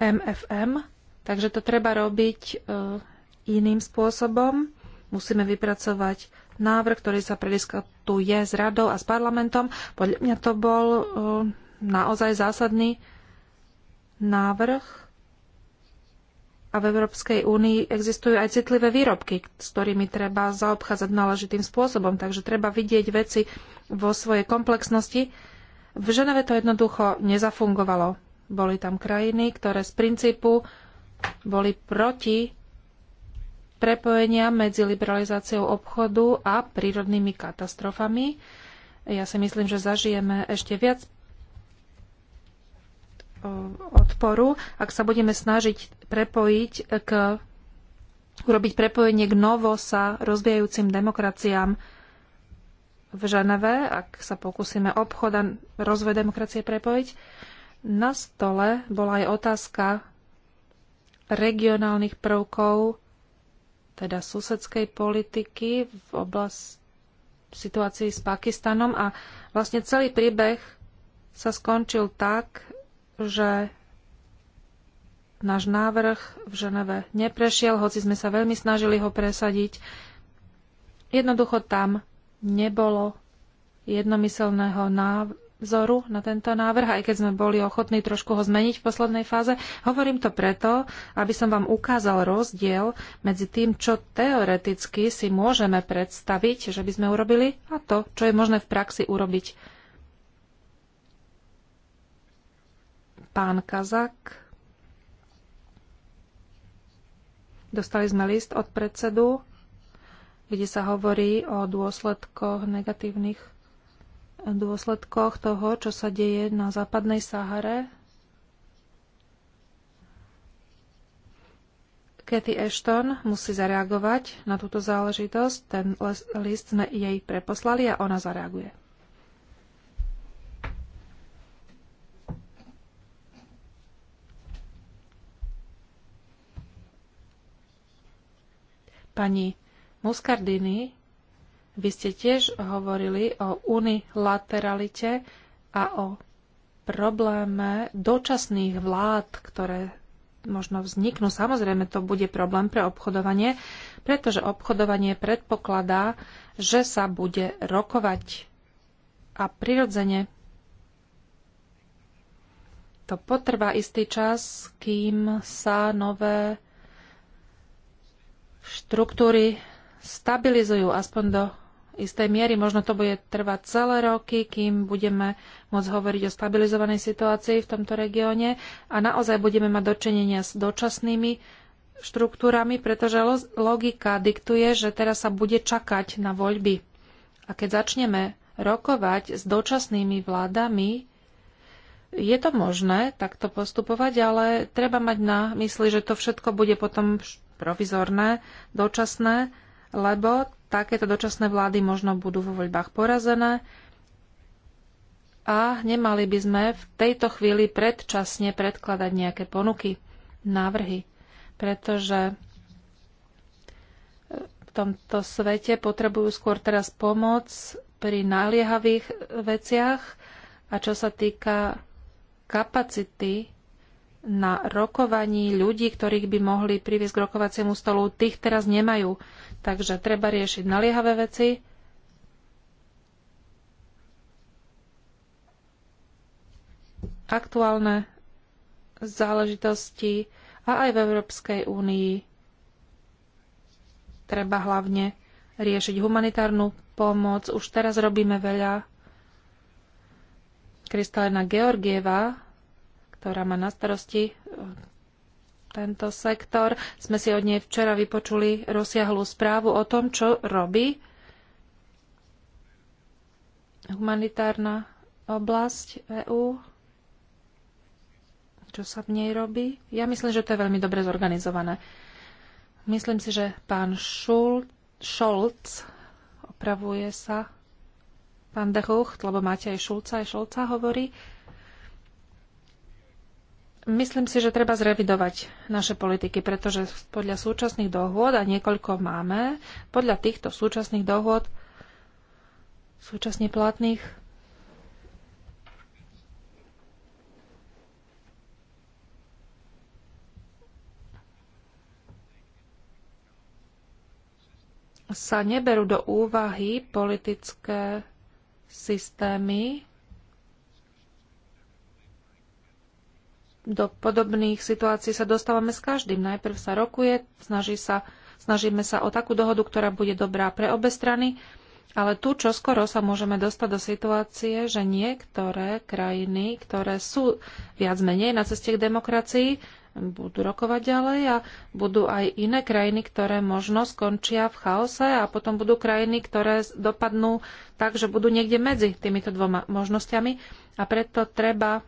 MFM, takže to treba robiť e, iným spôsobom. Musíme vypracovať návrh, ktorý sa prediskutuje s radou a s parlamentom. Podľa mňa to bol e, naozaj zásadný návrh a v Európskej únii existujú aj citlivé výrobky, s ktorými treba zaobchádzať náležitým spôsobom. Takže treba vidieť veci vo svojej komplexnosti. V Ženeve to jednoducho nezafungovalo. Boli tam krajiny, ktoré z princípu boli proti prepojenia medzi liberalizáciou obchodu a prírodnými katastrofami. Ja si myslím, že zažijeme ešte viac Eh, odporu, ak sa budeme snažiť prepojiť k urobiť prepojenie k novo sa rozvíjajúcim demokraciám v Ženeve, ak sa pokúsime obchod a rozvoj demokracie prepojiť. Na stole bola aj otázka regionálnych prvkov, teda susedskej politiky v oblasti situácii s Pakistanom a vlastne celý príbeh sa skončil tak, že náš návrh v Ženeve neprešiel, hoci sme sa veľmi snažili ho presadiť. Jednoducho tam nebolo jednomyselného názoru na tento návrh, aj keď sme boli ochotní trošku ho zmeniť v poslednej fáze. Hovorím to preto, aby som vám ukázal rozdiel medzi tým, čo teoreticky si môžeme predstaviť, že by sme urobili, a to, čo je možné v praxi urobiť Pán Kazak. Dostali sme list od predsedu, kde sa hovorí o dôsledkoch negatívnych dôsledkoch toho, čo sa deje na západnej Sahare. Kathy Ashton musí zareagovať na túto záležitosť. Ten list sme jej preposlali a ona zareaguje. Pani Muscardini, vy ste tiež hovorili o unilateralite a o probléme dočasných vlád, ktoré možno vzniknú. Samozrejme, to bude problém pre obchodovanie, pretože obchodovanie predpokladá, že sa bude rokovať. A prirodzene to potrvá istý čas, kým sa nové štruktúry stabilizujú aspoň do istej miery. Možno to bude trvať celé roky, kým budeme môcť hovoriť o stabilizovanej situácii v tomto regióne a naozaj budeme mať dočinenia s dočasnými štruktúrami, pretože logika diktuje, že teraz sa bude čakať na voľby. A keď začneme rokovať s dočasnými vládami, je to možné takto postupovať, ale treba mať na mysli, že to všetko bude potom provizorné, dočasné, lebo takéto dočasné vlády možno budú vo voľbách porazené a nemali by sme v tejto chvíli predčasne predkladať nejaké ponuky, návrhy, pretože e, v tomto svete potrebujú skôr teraz pomoc pri naliehavých veciach a čo sa týka kapacity na rokovaní ľudí, ktorých by mohli priviesť k rokovaciemu stolu, tých teraz nemajú. Takže treba riešiť naliehavé veci. Aktuálne záležitosti a aj v Európskej únii treba hlavne riešiť humanitárnu pomoc. Už teraz robíme veľa. Kristalina Georgieva ktorá má na starosti e, tento sektor. Sme si od nej včera vypočuli rozsiahlú správu o tom, čo robí humanitárna oblasť EÚ, čo sa v nej robí. Ja myslím, že to je veľmi dobre zorganizované. Myslím si, že pán Šul, Šolc, opravuje sa pán Dehucht, lebo máte aj Šulca, aj Šolca hovorí, Myslím si, že treba zrevidovať naše politiky, pretože podľa súčasných dohôd, a niekoľko máme, podľa týchto súčasných dohôd, súčasne platných, sa neberú do úvahy politické systémy do podobných situácií sa dostávame s každým. Najprv sa rokuje, snaží sa, snažíme sa o takú dohodu, ktorá bude dobrá pre obe strany, ale tu čoskoro sa môžeme dostať do situácie, že niektoré krajiny, ktoré sú viac menej na ceste k demokracii, budú rokovať ďalej a budú aj iné krajiny, ktoré možno skončia v chaose a potom budú krajiny, ktoré dopadnú tak, že budú niekde medzi týmito dvoma možnosťami a preto treba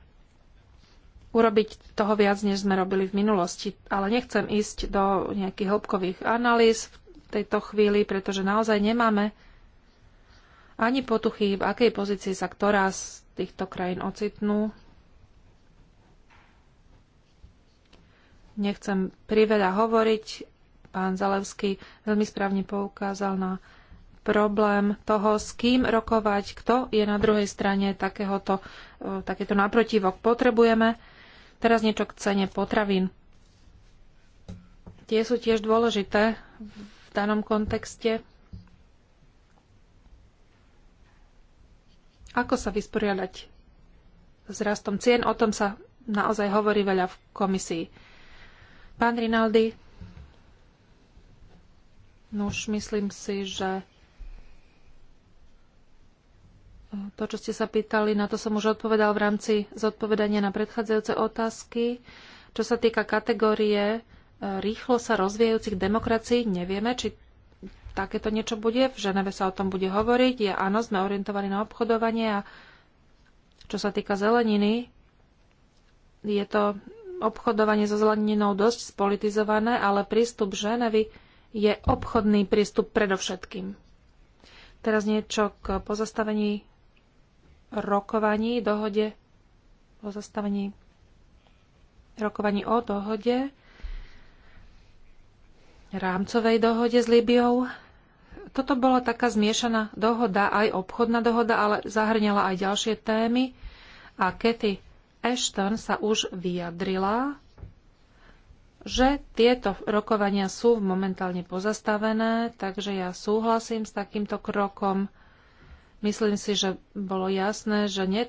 urobiť toho viac, než sme robili v minulosti. Ale nechcem ísť do nejakých hĺbkových analýz v tejto chvíli, pretože naozaj nemáme ani potuchy, v akej pozícii sa ktorá z týchto krajín ocitnú. Nechcem priveľa hovoriť. Pán Zalevský veľmi správne poukázal na problém toho, s kým rokovať, kto je na druhej strane takéhoto, eh, takéto naprotivok. Potrebujeme Teraz niečo k cene potravín. Tie sú tiež dôležité v danom kontexte. Ako sa vysporiadať s rastom cien? O tom sa naozaj hovorí veľa v komisii. Pán Rinaldi, no už myslím si, že to, čo ste sa pýtali, na to som už odpovedal v rámci zodpovedania na predchádzajúce otázky. Čo sa týka kategórie e, rýchlo sa rozvíjajúcich demokracií, nevieme, či takéto niečo bude. V Ženeve sa o tom bude hovoriť. Ja, áno, sme orientovaní na obchodovanie a čo sa týka zeleniny, je to obchodovanie so zeleninou dosť spolitizované, ale prístup Ženevy je obchodný prístup predovšetkým. Teraz niečo k pozastavení rokovaní, dohode o zastavení rokovaní o dohode, rámcovej dohode s Libiou. Toto bola taká zmiešaná dohoda, aj obchodná dohoda, ale zahrňala aj ďalšie témy. A Kathy Ashton sa už vyjadrila, že tieto rokovania sú momentálne pozastavené, takže ja súhlasím s takýmto krokom Myslím si, že bolo jasné, že ne,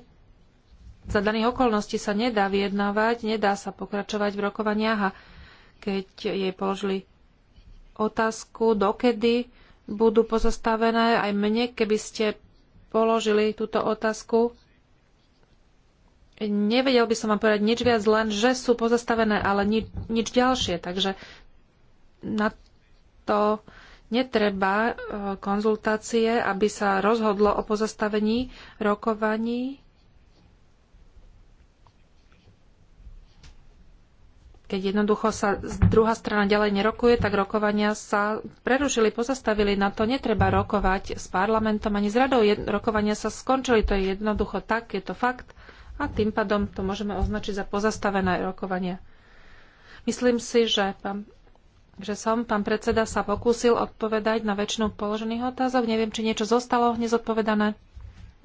za daných okolností sa nedá vyjednávať, nedá sa pokračovať v rokovaniach a keď jej položili otázku, dokedy budú pozostavené, aj mne, keby ste položili túto otázku, nevedel by som vám povedať nič viac, len že sú pozastavené, ale ni- nič ďalšie. Takže na to netreba e, konzultácie, aby sa rozhodlo o pozastavení rokovaní, keď jednoducho sa druhá strana ďalej nerokuje, tak rokovania sa prerušili, pozastavili. Na to netreba rokovať s parlamentom ani s radou. Rokovania sa skončili, to je jednoducho tak, je to fakt. A tým pádom to môžeme označiť za pozastavené rokovania. Myslím si, že pán že som, pán predseda, sa pokúsil odpovedať na väčšinu položených otázok. Neviem, či niečo zostalo nezodpovedané.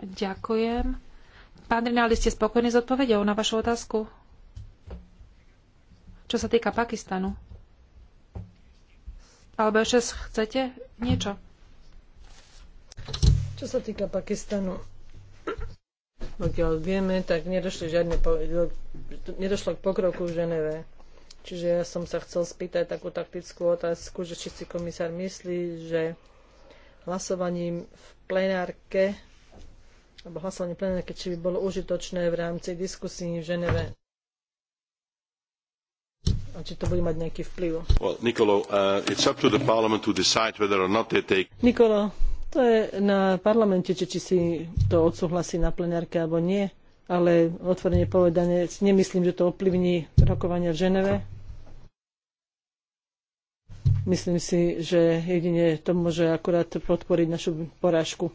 Ďakujem. Pán Rinaldi, ste spokojní s odpovedou na vašu otázku? Čo sa týka Pakistanu. Alebo ešte chcete niečo? Čo sa týka Pakistanu, pokiaľ vieme, tak nedošlo, žiadne, nedošlo k pokroku v Ženeve Čiže ja som sa chcel spýtať takú taktickú otázku, že či si komisár myslí, že hlasovaním v plenárke alebo hlasovanie v plenárke, či by bolo užitočné v rámci diskusí v Ženeve. A či to bude mať nejaký vplyv. Well, Nikolo, uh, it's up to the parliament to decide whether or not they take... Nicolo, to je na parlamente, či, či si to odsúhlasí na plenárke alebo nie ale otvorene povedané nemyslím, že to ovplyvní rokovania v Ženeve. Myslím si, že jedine to môže akurát podporiť našu porážku.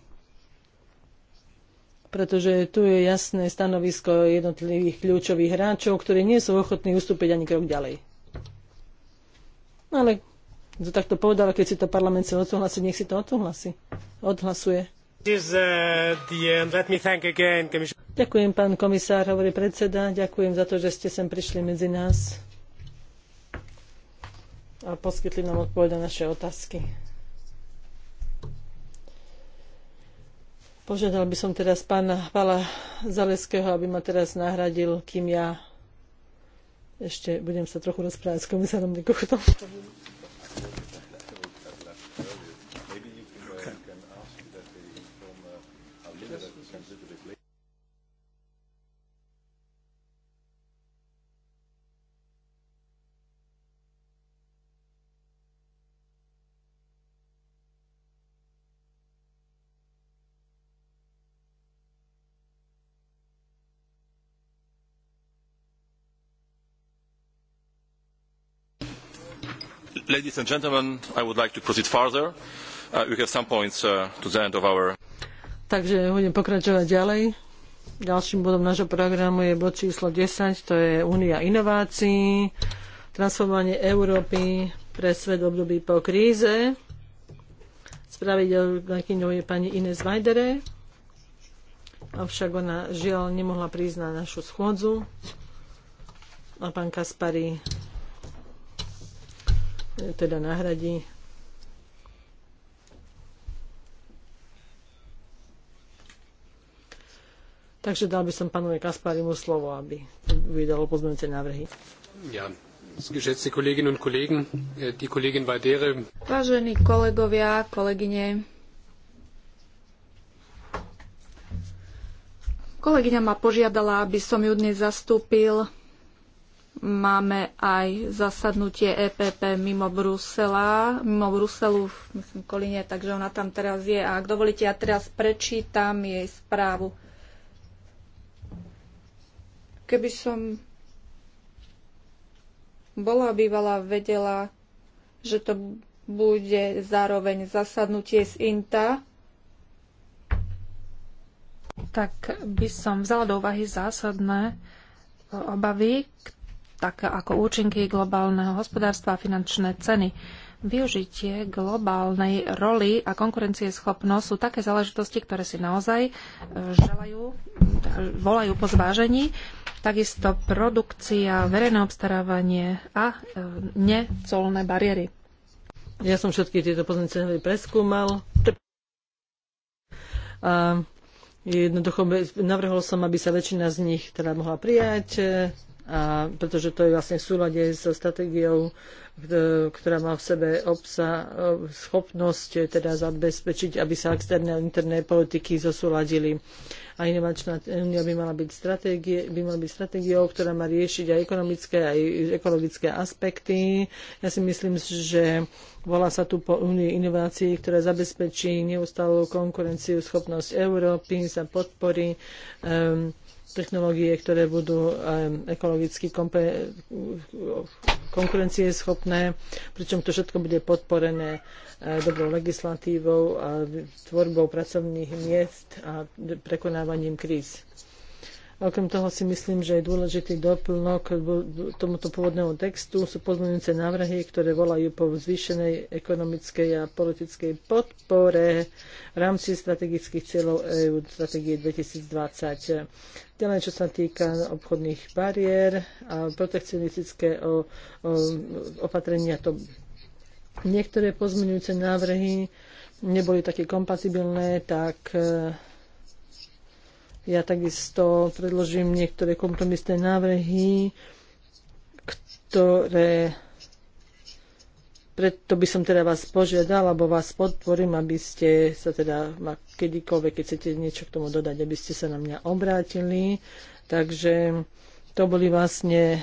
Pretože tu je jasné stanovisko jednotlivých kľúčových hráčov, ktorí nie sú ochotní ustúpiť ani krok ďalej. Ale to takto povedala, keď si to parlament chce odsúhlasiť, nech si to odsúhlasí. Odhlasuje. Is, uh, the, Ďakujem, pán komisár, hovorí predseda. Ďakujem za to, že ste sem prišli medzi nás a poskytli nám odpoveď na naše otázky. Požiadal by som teraz pána Pala Zaleského, aby ma teraz nahradil, kým ja ešte budem sa trochu rozprávať s komisárom Nikochtom. Ladies and gentlemen, I would like to proceed further. Uh, we have some points uh, to the end of our... Takže budem pokračovať ďalej. Ďalším bodom nášho programu je bod číslo 10, to je Únia inovácií, transformovanie Európy pre svet v období po kríze. Spravidelkyňou je pani Ines Vajdere, avšak ona žiaľ nemohla prísť na našu schôdzu. A pán Kaspari E, teda nahradí Takže dal by som pánovi Kasparimu slovo, aby vydalo pozmeňujúce návrhy. Ja. Geschätzte Kolleginnen und Kollegen, äh, die Kollegin Vadere. Vážení kolegovia, kolegyne. Kolegyňa ma požiadala, aby som ju dnes zastúpil Máme aj zasadnutie EPP mimo Brusela, mimo Bruselu, myslím, Koline, takže ona tam teraz je. A ak dovolíte, ja teraz prečítam jej správu. Keby som bola bývala vedela, že to bude zároveň zasadnutie z INTA, tak by som vzala do úvahy zásadné obavy, tak ako účinky globálneho hospodárstva a finančné ceny. Využitie globálnej roli a konkurencieschopnosť sú také záležitosti, ktoré si naozaj e, želajú, volajú po zvážení. Takisto produkcia, verejné obstarávanie a e, necolné bariéry. Ja som všetky tieto pozície preskúmal. A jednoducho navrhol som, aby sa väčšina z nich teda mohla prijať a pretože to je vlastne v súlade so stratégiou, e, ktorá má v sebe obsa e, schopnosť e, teda zabezpečiť, aby sa externé a interné politiky zosúladili. A inovačná únia by mala byť, stratégie, by mala byť stratégiou, ktorá má riešiť aj ekonomické, aj ekologické aspekty. Ja si myslím, že volá sa tu po únii inovácií, ktorá zabezpečí neustálú konkurenciu, schopnosť Európy, sa podporí um, technológie, ktoré budú ekologicky konkurencieschopné, pričom to všetko bude podporené eh, dobrou legislatívou a tvorbou pracovných miest a prekonávaním kríz. Okrem toho si myslím, že je dôležitý doplnok tomuto pôvodného textu sú pozmeňujúce návrhy, ktoré volajú po zvýšenej ekonomickej a politickej podpore v rámci strategických cieľov EU strategie 2020. Ďalej, čo sa týka obchodných bariér a protekcionistické opatrenia, to niektoré pozmeňujúce návrhy neboli také kompatibilné, tak ja takisto predložím niektoré kompromisné návrhy, ktoré preto by som teda vás požiadal, alebo vás podporím, aby ste sa teda kedykoľvek, keď chcete niečo k tomu dodať, aby ste sa na mňa obrátili. Takže to boli vlastne,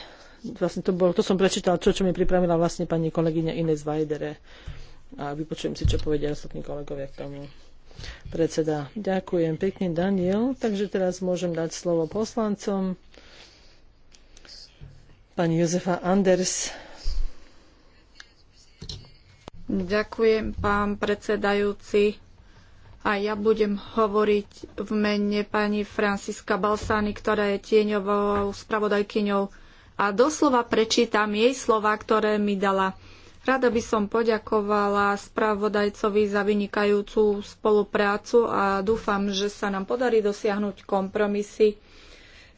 vlastne to, bol, to som prečítal, čo, čo mi pripravila vlastne pani kolegyňa Ines Vajdere. A vypočujem si, čo povedia ostatní kolegovia k tomu predseda. Ďakujem pekne, Daniel. Takže teraz môžem dať slovo poslancom. Pani Jozefa Anders. Ďakujem, pán predsedajúci. A ja budem hovoriť v mene pani Franciska Balsány, ktorá je tieňovou spravodajkyňou. A doslova prečítam jej slova, ktoré mi dala. Rada by som poďakovala spravodajcovi za vynikajúcu spoluprácu a dúfam, že sa nám podarí dosiahnuť kompromisy.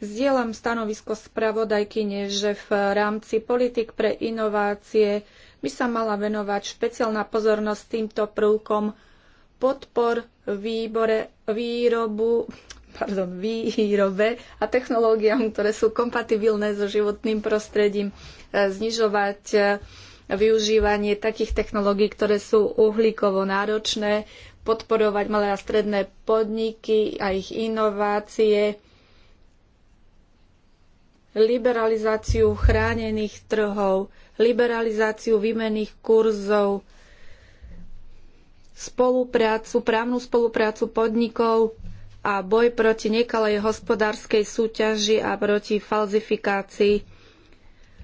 Zdieľam stanovisko spravodajkyne, že v rámci politik pre inovácie by sa mala venovať špeciálna pozornosť týmto prvkom podpor výbore, výrobu, pardon, výrobe a technológiám, ktoré sú kompatibilné so životným prostredím, e, znižovať e, využívanie takých technológií, ktoré sú uhlíkovo náročné, podporovať malé a stredné podniky a ich inovácie, liberalizáciu chránených trhov, liberalizáciu výmených kurzov, spoluprácu, právnu spoluprácu podnikov a boj proti nekalej hospodárskej súťaži a proti falzifikácii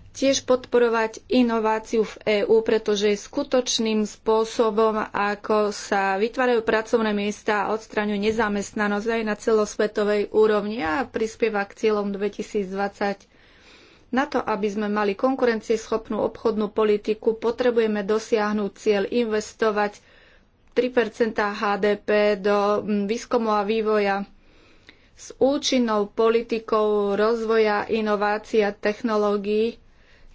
tiež podporovať inováciu v EÚ, pretože je skutočným spôsobom, ako sa vytvárajú pracovné miesta a odstraňujú nezamestnanosť aj na celosvetovej úrovni a prispieva k cieľom 2020. Na to, aby sme mali konkurencieschopnú obchodnú politiku, potrebujeme dosiahnuť cieľ investovať 3 HDP do mm, výskumu a vývoja s účinnou politikou rozvoja inovácií a technológií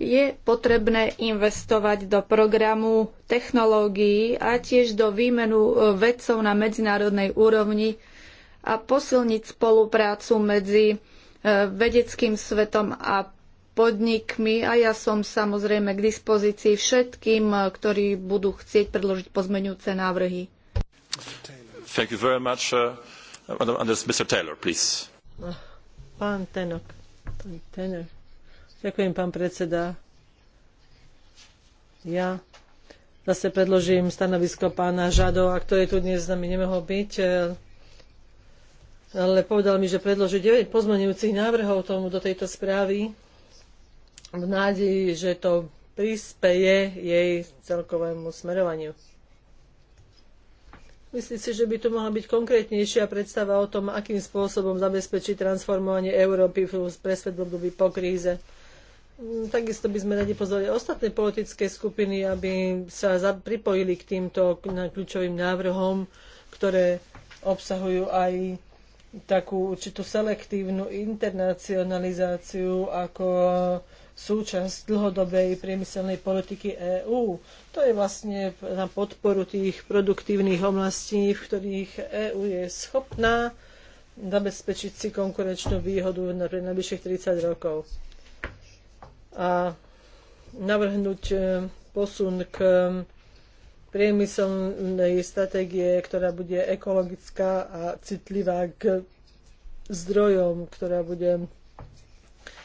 je potrebné investovať do programu technológií a tiež do výmenu e, vedcov na medzinárodnej úrovni a posilniť spoluprácu medzi e, vedeckým svetom a podnikmi. A ja som samozrejme k dispozícii všetkým, e, ktorí budú chcieť predložiť pozmeňujúce návrhy. Thank you very much. Uh, Mr. Taylor, please. Pán Tenok. Ďakujem, pán predseda. Ja zase predložím stanovisko pána Žado, a ktorý tu dnes s nami nemohol byť, eh, ale povedal mi, že predloží 9 pozmenujúcich návrhov tomu do tejto správy v nádeji, že to prispeje jej celkovému smerovaniu. Myslím si, že by tu mohla byť konkrétnejšia predstava o tom, akým spôsobom zabezpečiť transformovanie Európy v presvedobdobí po kríze. Mm, takisto by sme radi pozvali ostatné politické skupiny, aby sa pripojili k týmto kľúčovým návrhom, ktoré obsahujú aj takú určitú selektívnu internacionalizáciu ako súčasť dlhodobej priemyselnej politiky EÚ. To je vlastne na podporu tých produktívnych oblastí, v ktorých EÚ je schopná zabezpečiť si konkurenčnú výhodu na najbližších 30 rokov a navrhnúť e, posun k e, priemyselnej stratégie, ktorá bude ekologická a citlivá k zdrojom, ktorá bude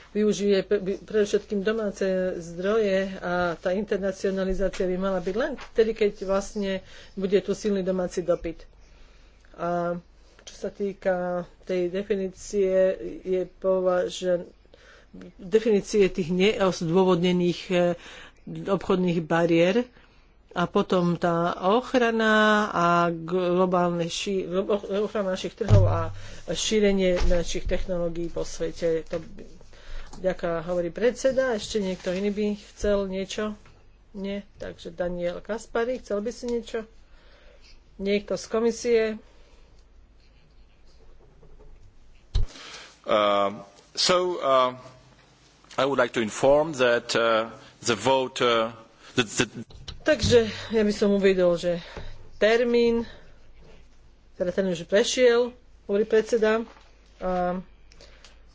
využije pre všetkým domáce zdroje a tá internacionalizácia by mala byť len vtedy, keď vlastne bude tu silný domáci dopyt. A čo sa týka tej definície, je považen, definície tých neozdôvodnených e, obchodných bariér a potom tá ochrana a globálne ší, ochrana našich trhov a šírenie našich technológií po svete. To by, ďaká, hovorí predseda. Ešte niekto iný by chcel niečo? Nie? Takže Daniel Kaspary, chcel by si niečo? Niekto z komisie? Uh, so, uh... I would like to inform that uh, the vote... Uh, the, the... Takže ja by som uvedol, že termín, teda termín už prešiel, hovorí predseda, a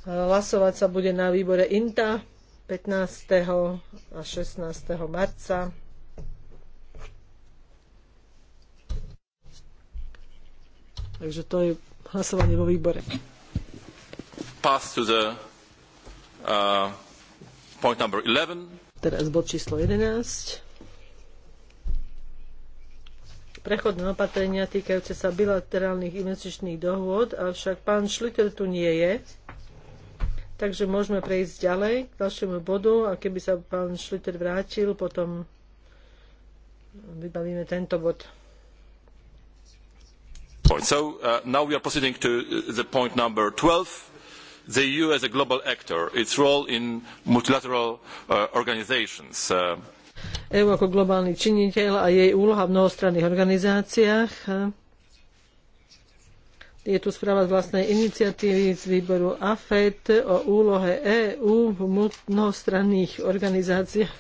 hlasovať sa bude na výbore INTA 15. a 16. marca. Takže to je hlasovanie vo výbore. Pass to the uh, Point number 11. Teraz bod číslo 11. Prechodné opatrenia týkajúce sa bilaterálnych investičných dohôd, avšak pán Šliter tu nie je. Takže môžeme prejsť ďalej k ďalšiemu bodu a keby sa pán Šliter vrátil, potom vybavíme tento bod. So, uh, now we are proceeding to the point number 12 the EU as a global actor, its role in multilateral uh, organizations. Uh, EU ako globálny činiteľ a jej úloha v mnohostranných organizáciách. Je tu správa z vlastnej iniciatívy z výboru AFET o úlohe EÚ v mnohostranných organizáciách,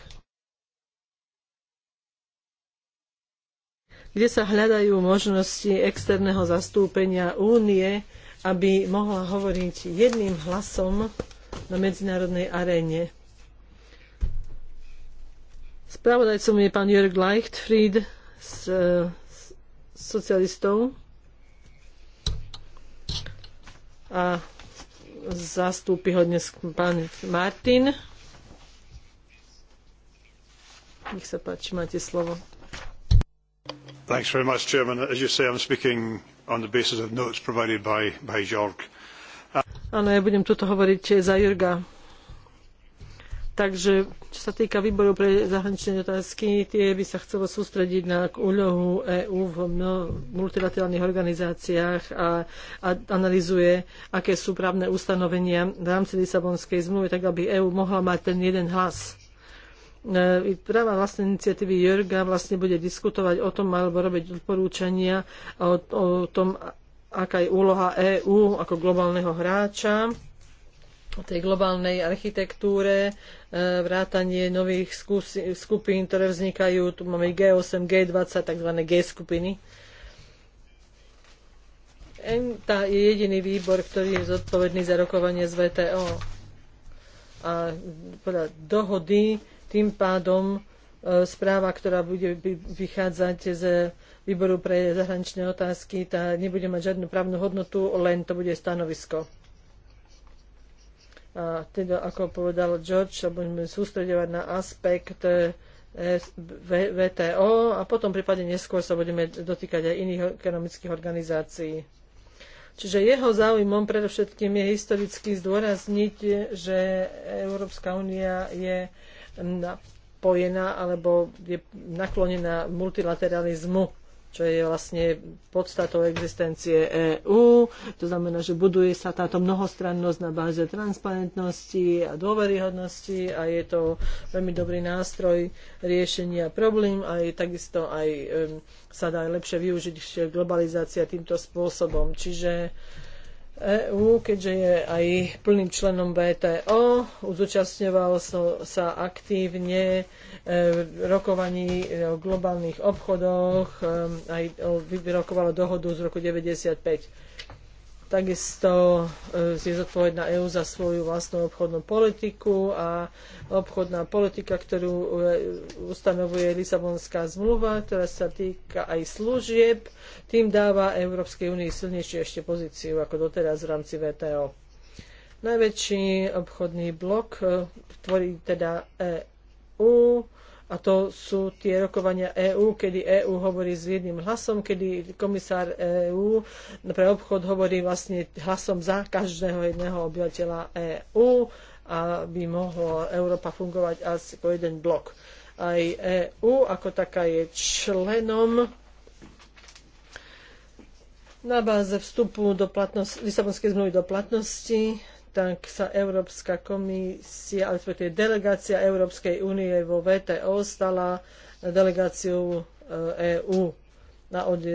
kde sa hľadajú možnosti externého zastúpenia únie aby mohla hovoriť jedným hlasom na medzinárodnej aréne. Spravodajcom je pán Jörg Leichtfried s, s socialistov a zastúpi ho dnes pán Martin. Nech sa páči, máte slovo. Thanks very much, Chairman. As you say, I'm speaking Áno, ja budem tuto hovoriť za Jurga. Takže, čo sa týka výboru pre zahraničné otázky, tie by sa chcelo sústrediť na úlohu EÚ v multilaterálnych organizáciách a, analyzuje, aké sú právne ustanovenia v rámci Lisabonskej zmluvy, tak aby EÚ mohla mať ten jeden hlas E, práva vlastnej iniciatívy Jörga vlastne bude diskutovať o tom alebo robiť odporúčania o, o tom, aká je úloha EÚ ako globálneho hráča o tej globálnej architektúre, e, vrátanie nových skupín, ktoré vznikajú. Tu máme G8, G20, tzv. G skupiny. ENTA je jediný výbor, ktorý je zodpovedný za rokovanie z VTO. A podľa dohody tým pádom e, správa, ktorá bude vychádzať z výboru pre zahraničné otázky, tá nebude mať žiadnu právnu hodnotu, len to bude stanovisko. A teda, ako povedal George, sa budeme sústredovať na aspekt e, VTO a potom prípadne neskôr sa budeme dotýkať aj iných ekonomických organizácií. Čiže jeho záujmom predovšetkým je historicky zdôrazniť, že Európska únia je napojená alebo je naklonená multilateralizmu čo je vlastne podstatou existencie EÚ. To znamená, že buduje sa táto mnohostrannosť na báze transparentnosti a dôveryhodnosti a je to veľmi dobrý nástroj riešenia problém a je takisto aj um, sa dá lepšie využiť globalizácia týmto spôsobom. Čiže EÚ, keďže je aj plným členom BTO, uzúčastňoval so, sa aktívne e, v rokovaní o globálnych obchodoch, e, aj vyrokovalo dohodu z roku 1995. Takisto je zodpovedná EÚ za svoju vlastnú obchodnú politiku a obchodná politika, ktorú e, ustanovuje Lisabonská zmluva, ktorá sa týka aj služieb, tým dáva Európskej únii silnejšiu ešte pozíciu ako doteraz v rámci VTO. Najväčší obchodný blok e, tvorí teda EÚ a to sú tie rokovania EÚ, kedy EÚ hovorí s jedným hlasom, kedy komisár EÚ pre obchod hovorí vlastne hlasom za každého jedného obyvateľa EÚ, aby mohla Európa fungovať ako jeden blok. Aj EÚ ako taká je členom na báze vstupu do platnosti, Lisabonskej zmluvy do platnosti tak sa Európska komisia, respektíve delegácia Európskej únie vo VTO stala delegáciou EÚ. E a od e,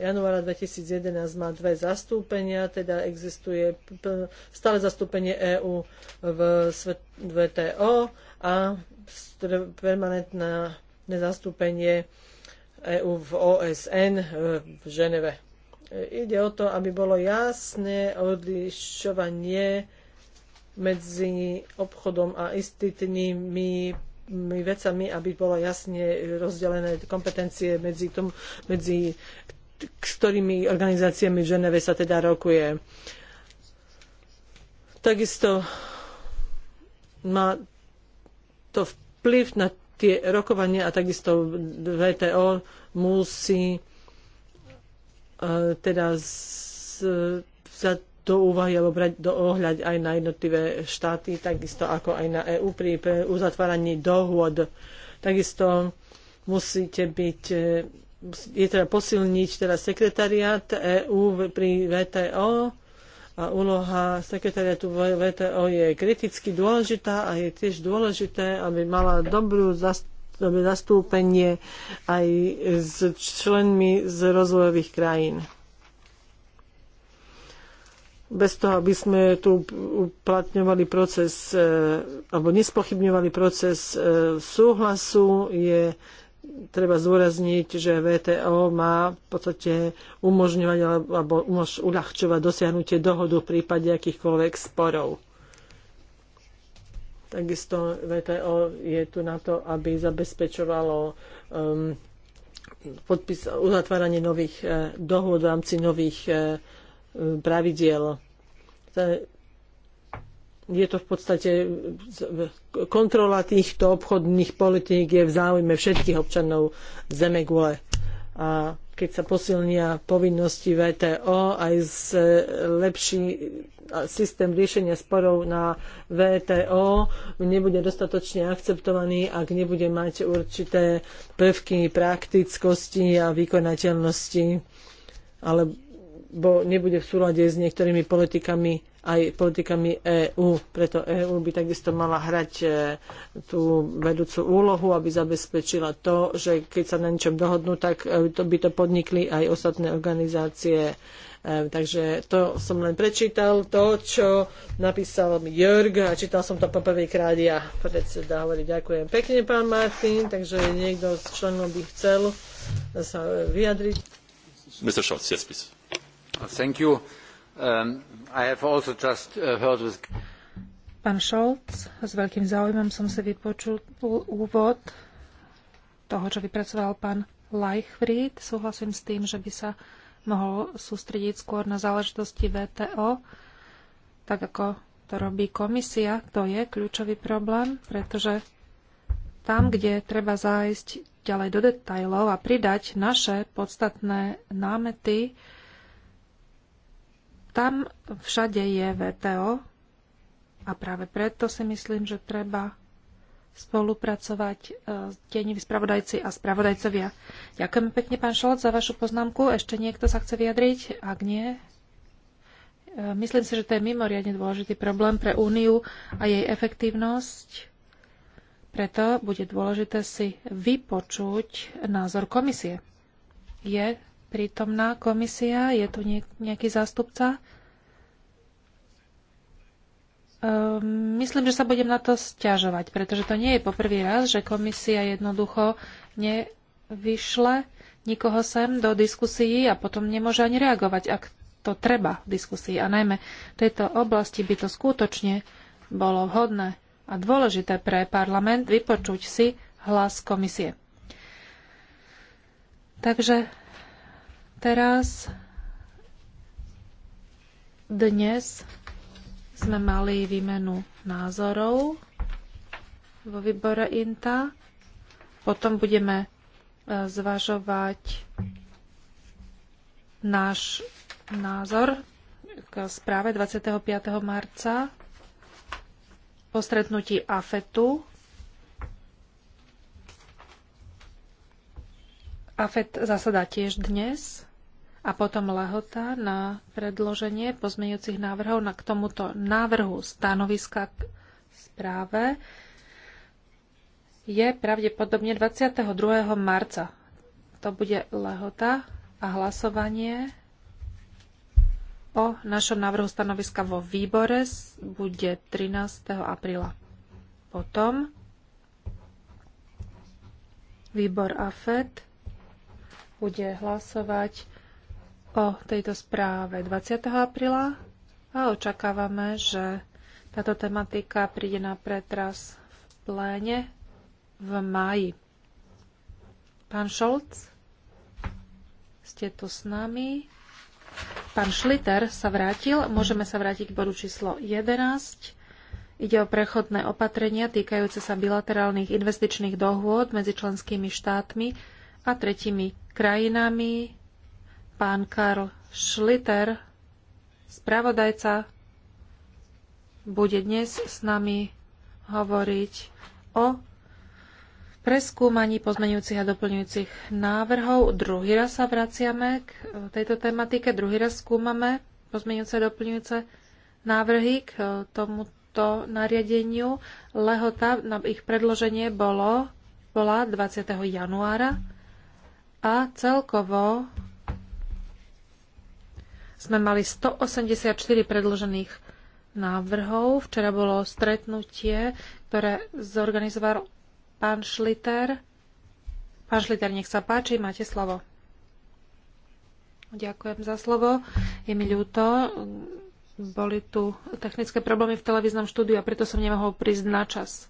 januára 2011 má dve zastúpenia, teda existuje stále zastúpenie EÚ v VTO a permanentné zastúpenie EÚ v OSN e, v Ženeve ide o to, aby bolo jasné odlišovanie medzi obchodom a istitnými vecami, aby bolo jasne rozdelené kompetencie medzi, tom, medzi s ktorými organizáciami v Ženeve sa teda rokuje. Takisto má to vplyv na tie rokovania a takisto VTO musí e, teda z, za do úvahy alebo brať do ohľad aj na jednotlivé štáty, takisto ako aj na EÚ pri e, uzatváraní dohôd. Takisto musíte byť e, je treba posilniť teda sekretariát EÚ pri VTO a úloha sekretariatu VTO je kriticky dôležitá a je tiež dôležité, aby mala dobrú zastúpenie aj s členmi z rozvojových krajín bez toho, aby sme tu uplatňovali proces e, alebo nespochybňovali proces e, súhlasu, je treba zdôrazniť, že VTO má v podstate umožňovať alebo umož, uľahčovať dosiahnutie dohodu v prípade akýchkoľvek sporov. Takisto VTO je tu na to, aby zabezpečovalo um, podpis, uzatváranie nových uh, e, dohod v rámci nových uh, E, pravidiel. Je to v podstate kontrola týchto obchodných politík je v záujme všetkých občanov Gule. A keď sa posilnia povinnosti VTO, aj e, lepší systém riešenia sporov na VTO nebude dostatočne akceptovaný, ak nebude mať určité prvky praktickosti a vykonateľnosti ale bo nebude v súlade s niektorými politikami aj politikami EÚ. Preto EÚ by takisto mala hrať e, tú vedúcu úlohu, aby zabezpečila to, že keď sa na niečom dohodnú, tak e, to by to podnikli aj ostatné organizácie. E, takže to som len prečítal to, čo napísal mi Jörg a čítal som to po prvýkrát ja. Predseda hovorí, ďakujem pekne, pán Martin, takže niekto z členov by chcel sa vyjadriť. Mr. Schultz, yes, please. Um, uh, pán Scholz, s veľkým záujmom som si vypočul úvod toho, čo vypracoval pán Leichfried. Súhlasím s tým, že by sa mohol sústrediť skôr na záležitosti VTO, tak ako to robí komisia, to je kľúčový problém, pretože tam, kde treba zájsť ďalej do detajlov a pridať naše podstatné námety, tam všade je VTO a práve preto si myslím, že treba spolupracovať s e, tieňmi spravodajci a spravodajcovia. Ďakujem pekne, pán Šolc, za vašu poznámku. Ešte niekto sa chce vyjadriť? Ak nie, e, myslím si, že to je mimoriadne dôležitý problém pre Úniu a jej efektívnosť. Preto bude dôležité si vypočuť názor komisie. Je prítomná komisia? Je tu nejaký zástupca? Ehm, myslím, že sa budem na to stiažovať, pretože to nie je poprvý raz, že komisia jednoducho nevyšle nikoho sem do diskusií a potom nemôže ani reagovať, ak to treba v diskusii. A najmä v tejto oblasti by to skutočne bolo vhodné a dôležité pre parlament vypočuť si hlas komisie. Takže Teraz dnes sme mali výmenu názorov vo výbore INTA. Potom budeme e, zvažovať náš názor k správe 25. marca po stretnutí AFETu. AFET zasada tiež dnes a potom lehota na predloženie pozmeňujúcich návrhov na k tomuto návrhu stanoviska k správe je pravdepodobne 22. marca. To bude lehota a hlasovanie o našom návrhu stanoviska vo výbore bude 13. apríla. Potom výbor AFED bude hlasovať o tejto správe 20. apríla a očakávame, že táto tematika príde na pretras v pléne v máji. Pán Šolc, ste tu s nami. Pán Šliter sa vrátil. Môžeme sa vrátiť k bodu číslo 11. Ide o prechodné opatrenia týkajúce sa bilaterálnych investičných dohôd medzi členskými štátmi a tretimi krajinami Pán Karl Schlitter, spravodajca, bude dnes s nami hovoriť o preskúmaní pozmenujúcich a doplňujúcich návrhov. Druhý raz sa vraciame k e, tejto tematike, druhý raz skúmame pozmenujúce a doplňujúce návrhy k e, tomuto nariadeniu. Lehota na ich predloženie bolo, bola 20. januára a celkovo sme mali 184 predložených návrhov. Včera bolo stretnutie, ktoré zorganizoval pán Šliter. Pán Šliter, nech sa páči, máte slovo. Ďakujem za slovo. Je mi ľúto. Boli tu technické problémy v televíznom štúdiu a preto som nemohol prísť na čas.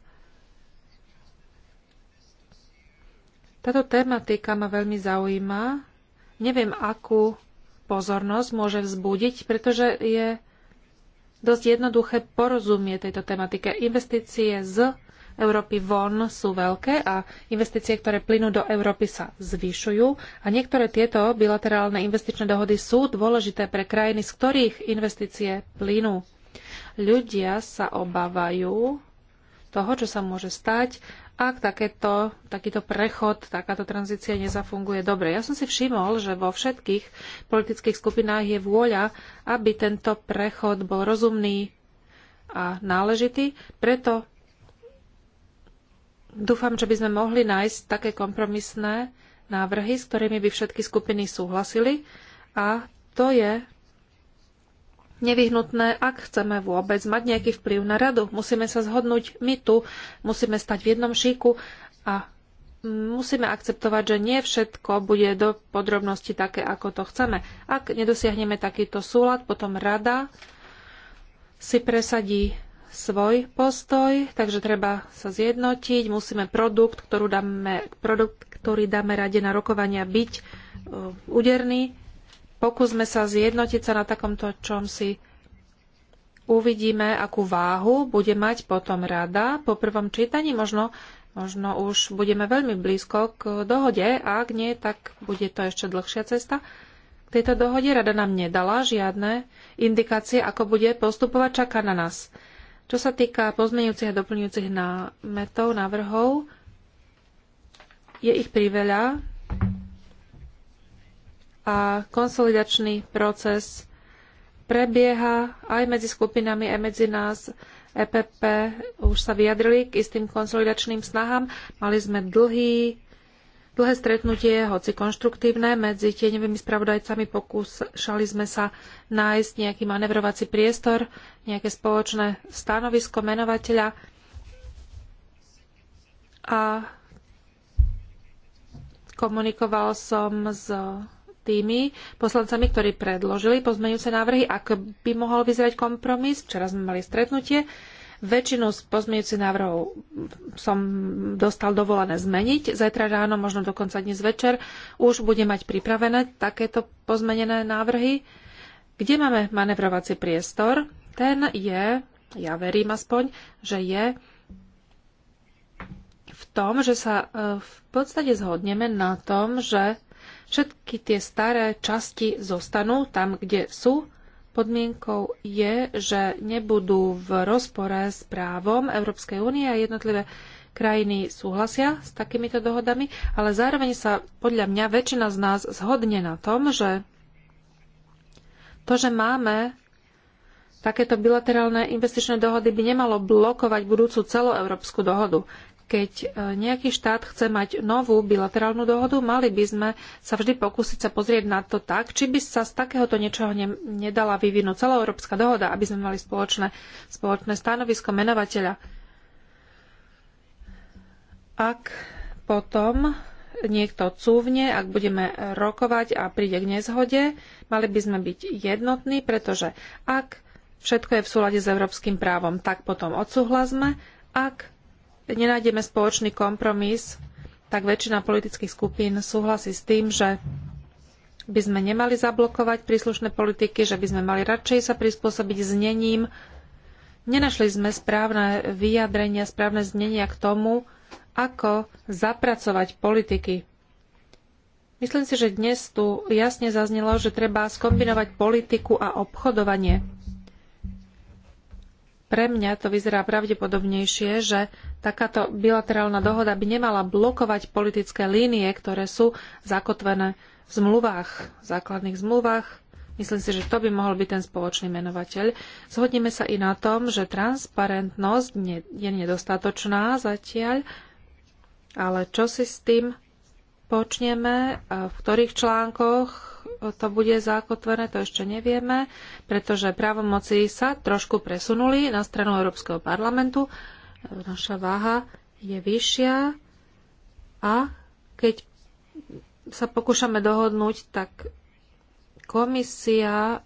Táto tematika ma veľmi zaujíma. Neviem, akú pozornosť môže vzbudiť, pretože je dosť jednoduché porozumieť tejto tematike. Investície z Európy von sú veľké a investície, ktoré plynú do Európy, sa zvyšujú a niektoré tieto bilaterálne investičné dohody sú dôležité pre krajiny, z ktorých investície plynú. Ľudia sa obávajú toho, čo sa môže stať, ak takéto, takýto prechod, takáto tranzícia nezafunguje dobre. Ja som si všimol, že vo všetkých politických skupinách je vôľa, aby tento prechod bol rozumný a náležitý. Preto dúfam, že by sme mohli nájsť také kompromisné návrhy, s ktorými by všetky skupiny súhlasili. A to je nevyhnutné, ak chceme vôbec mať nejaký vplyv na radu. Musíme sa zhodnúť my tu, musíme stať v jednom šíku a musíme akceptovať, že nie všetko bude do podrobnosti také, ako to chceme. Ak nedosiahneme takýto súlad, potom rada si presadí svoj postoj, takže treba sa zjednotiť, musíme produkt, ktorú dáme, produkt, ktorý dáme rade na rokovania byť e, úderný. Pokúsme sa zjednotiť sa na takomto čomsi. Uvidíme, akú váhu bude mať potom rada. Po prvom čítaní možno, možno už budeme veľmi blízko k dohode. A ak nie, tak bude to ešte dlhšia cesta. K tejto dohode rada nám nedala žiadne indikácie, ako bude postupovať, čaká na nás. Čo sa týka pozmeňujúcich a doplňujúcich námetov, návrhov, je ich priveľa a konsolidačný proces prebieha aj medzi skupinami, aj medzi nás. EPP už sa vyjadrili k istým konsolidačným snahám. Mali sme dlhý, dlhé stretnutie, hoci konštruktívne, medzi tieňovými spravodajcami pokúšali sme sa nájsť nejaký manevrovací priestor, nejaké spoločné stanovisko menovateľa. A komunikoval som s tými poslancami, ktorí predložili pozmeňujúce návrhy, ako by mohol vyzerať kompromis. Včera sme mali stretnutie. Väčšinu z pozmeňujúcich návrhov som dostal dovolené zmeniť. Zajtra ráno, možno dokonca dnes večer, už bude mať pripravené takéto pozmenené návrhy. Kde máme manevrovací priestor? Ten je, ja verím aspoň, že je v tom, že sa e, v podstate zhodneme na tom, že Všetky tie staré časti zostanú tam, kde sú. Podmienkou je, že nebudú v rozpore s právom Európskej únie a jednotlivé krajiny súhlasia s takýmito dohodami, ale zároveň sa podľa mňa väčšina z nás zhodne na tom, že to, že máme takéto bilaterálne investičné dohody, by nemalo blokovať budúcu celoeurópsku dohodu keď e, nejaký štát chce mať novú bilaterálnu dohodu, mali by sme sa vždy pokúsiť sa pozrieť na to tak, či by sa z takéhoto niečoho ne, nedala vyvinúť celoeurópska dohoda, aby sme mali spoločné, spoločné stanovisko menovateľa. Ak potom niekto cúvne, ak budeme rokovať a príde k nezhode, mali by sme byť jednotní, pretože ak všetko je v súlade s európskym právom, tak potom odsúhlasme, ak nenájdeme spoločný kompromis, tak väčšina politických skupín súhlasí s tým, že by sme nemali zablokovať príslušné politiky, že by sme mali radšej sa prispôsobiť znením. Nenašli sme správne vyjadrenia, správne znenia k tomu, ako zapracovať politiky. Myslím si, že dnes tu jasne zaznelo, že treba skombinovať politiku a obchodovanie. Pre mňa to vyzerá pravdepodobnejšie, že takáto bilaterálna dohoda by nemala blokovať politické línie, ktoré sú zakotvené v zmluvách, v základných zmluvách. Myslím si, že to by mohol byť ten spoločný menovateľ. Zhodneme sa i na tom, že transparentnosť je nedostatočná zatiaľ, ale čo si s tým počneme, v ktorých článkoch to bude zakotvené, to ešte nevieme, pretože právomoci sa trošku presunuli na stranu Európskeho parlamentu. Naša váha je vyššia a keď sa pokúšame dohodnúť, tak komisia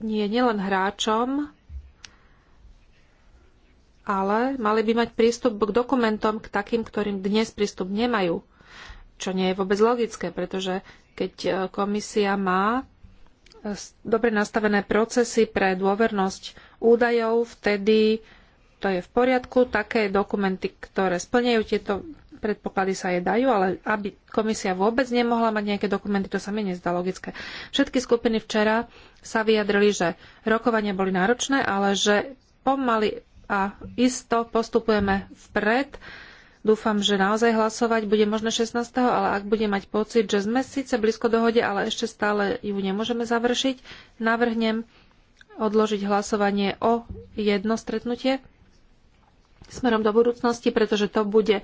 nie je nielen hráčom, ale mali by mať prístup k dokumentom, k takým, ktorým dnes prístup nemajú. Čo nie je vôbec logické, pretože keď e, komisia má e, dobre nastavené procesy pre dôvernosť údajov, vtedy to je v poriadku. Také dokumenty, ktoré splňajú tieto predpoklady sa je dajú, ale aby komisia vôbec nemohla mať nejaké dokumenty, to sa mi nezdá logické. Všetky skupiny včera sa vyjadrili, že rokovania boli náročné, ale že pomaly a isto postupujeme vpred Dúfam, že naozaj hlasovať bude možno 16., ale ak bude mať pocit, že sme síce blízko dohode, ale ešte stále ju nemôžeme završiť, navrhnem odložiť hlasovanie o jedno stretnutie smerom do budúcnosti, pretože to bude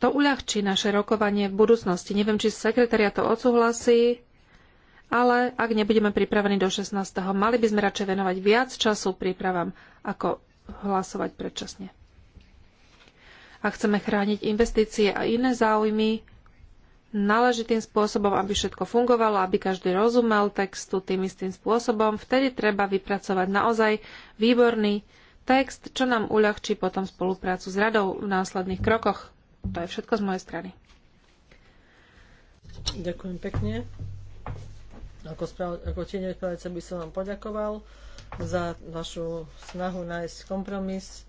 to uľahčí naše rokovanie v budúcnosti. Neviem, či sekretariat to odsúhlasí, ale ak nebudeme pripravení do 16. mali by sme radšej venovať viac času prípravám, ako hlasovať predčasne a chceme chrániť investície a iné záujmy náležitým spôsobom, aby všetko fungovalo, aby každý rozumel textu tým istým spôsobom, vtedy treba vypracovať naozaj výborný text, čo nám uľahčí potom spoluprácu s radou v následných krokoch. To je všetko z mojej strany. Ďakujem pekne. Ako, správ, ako tieňový by som vám poďakoval za vašu snahu nájsť kompromis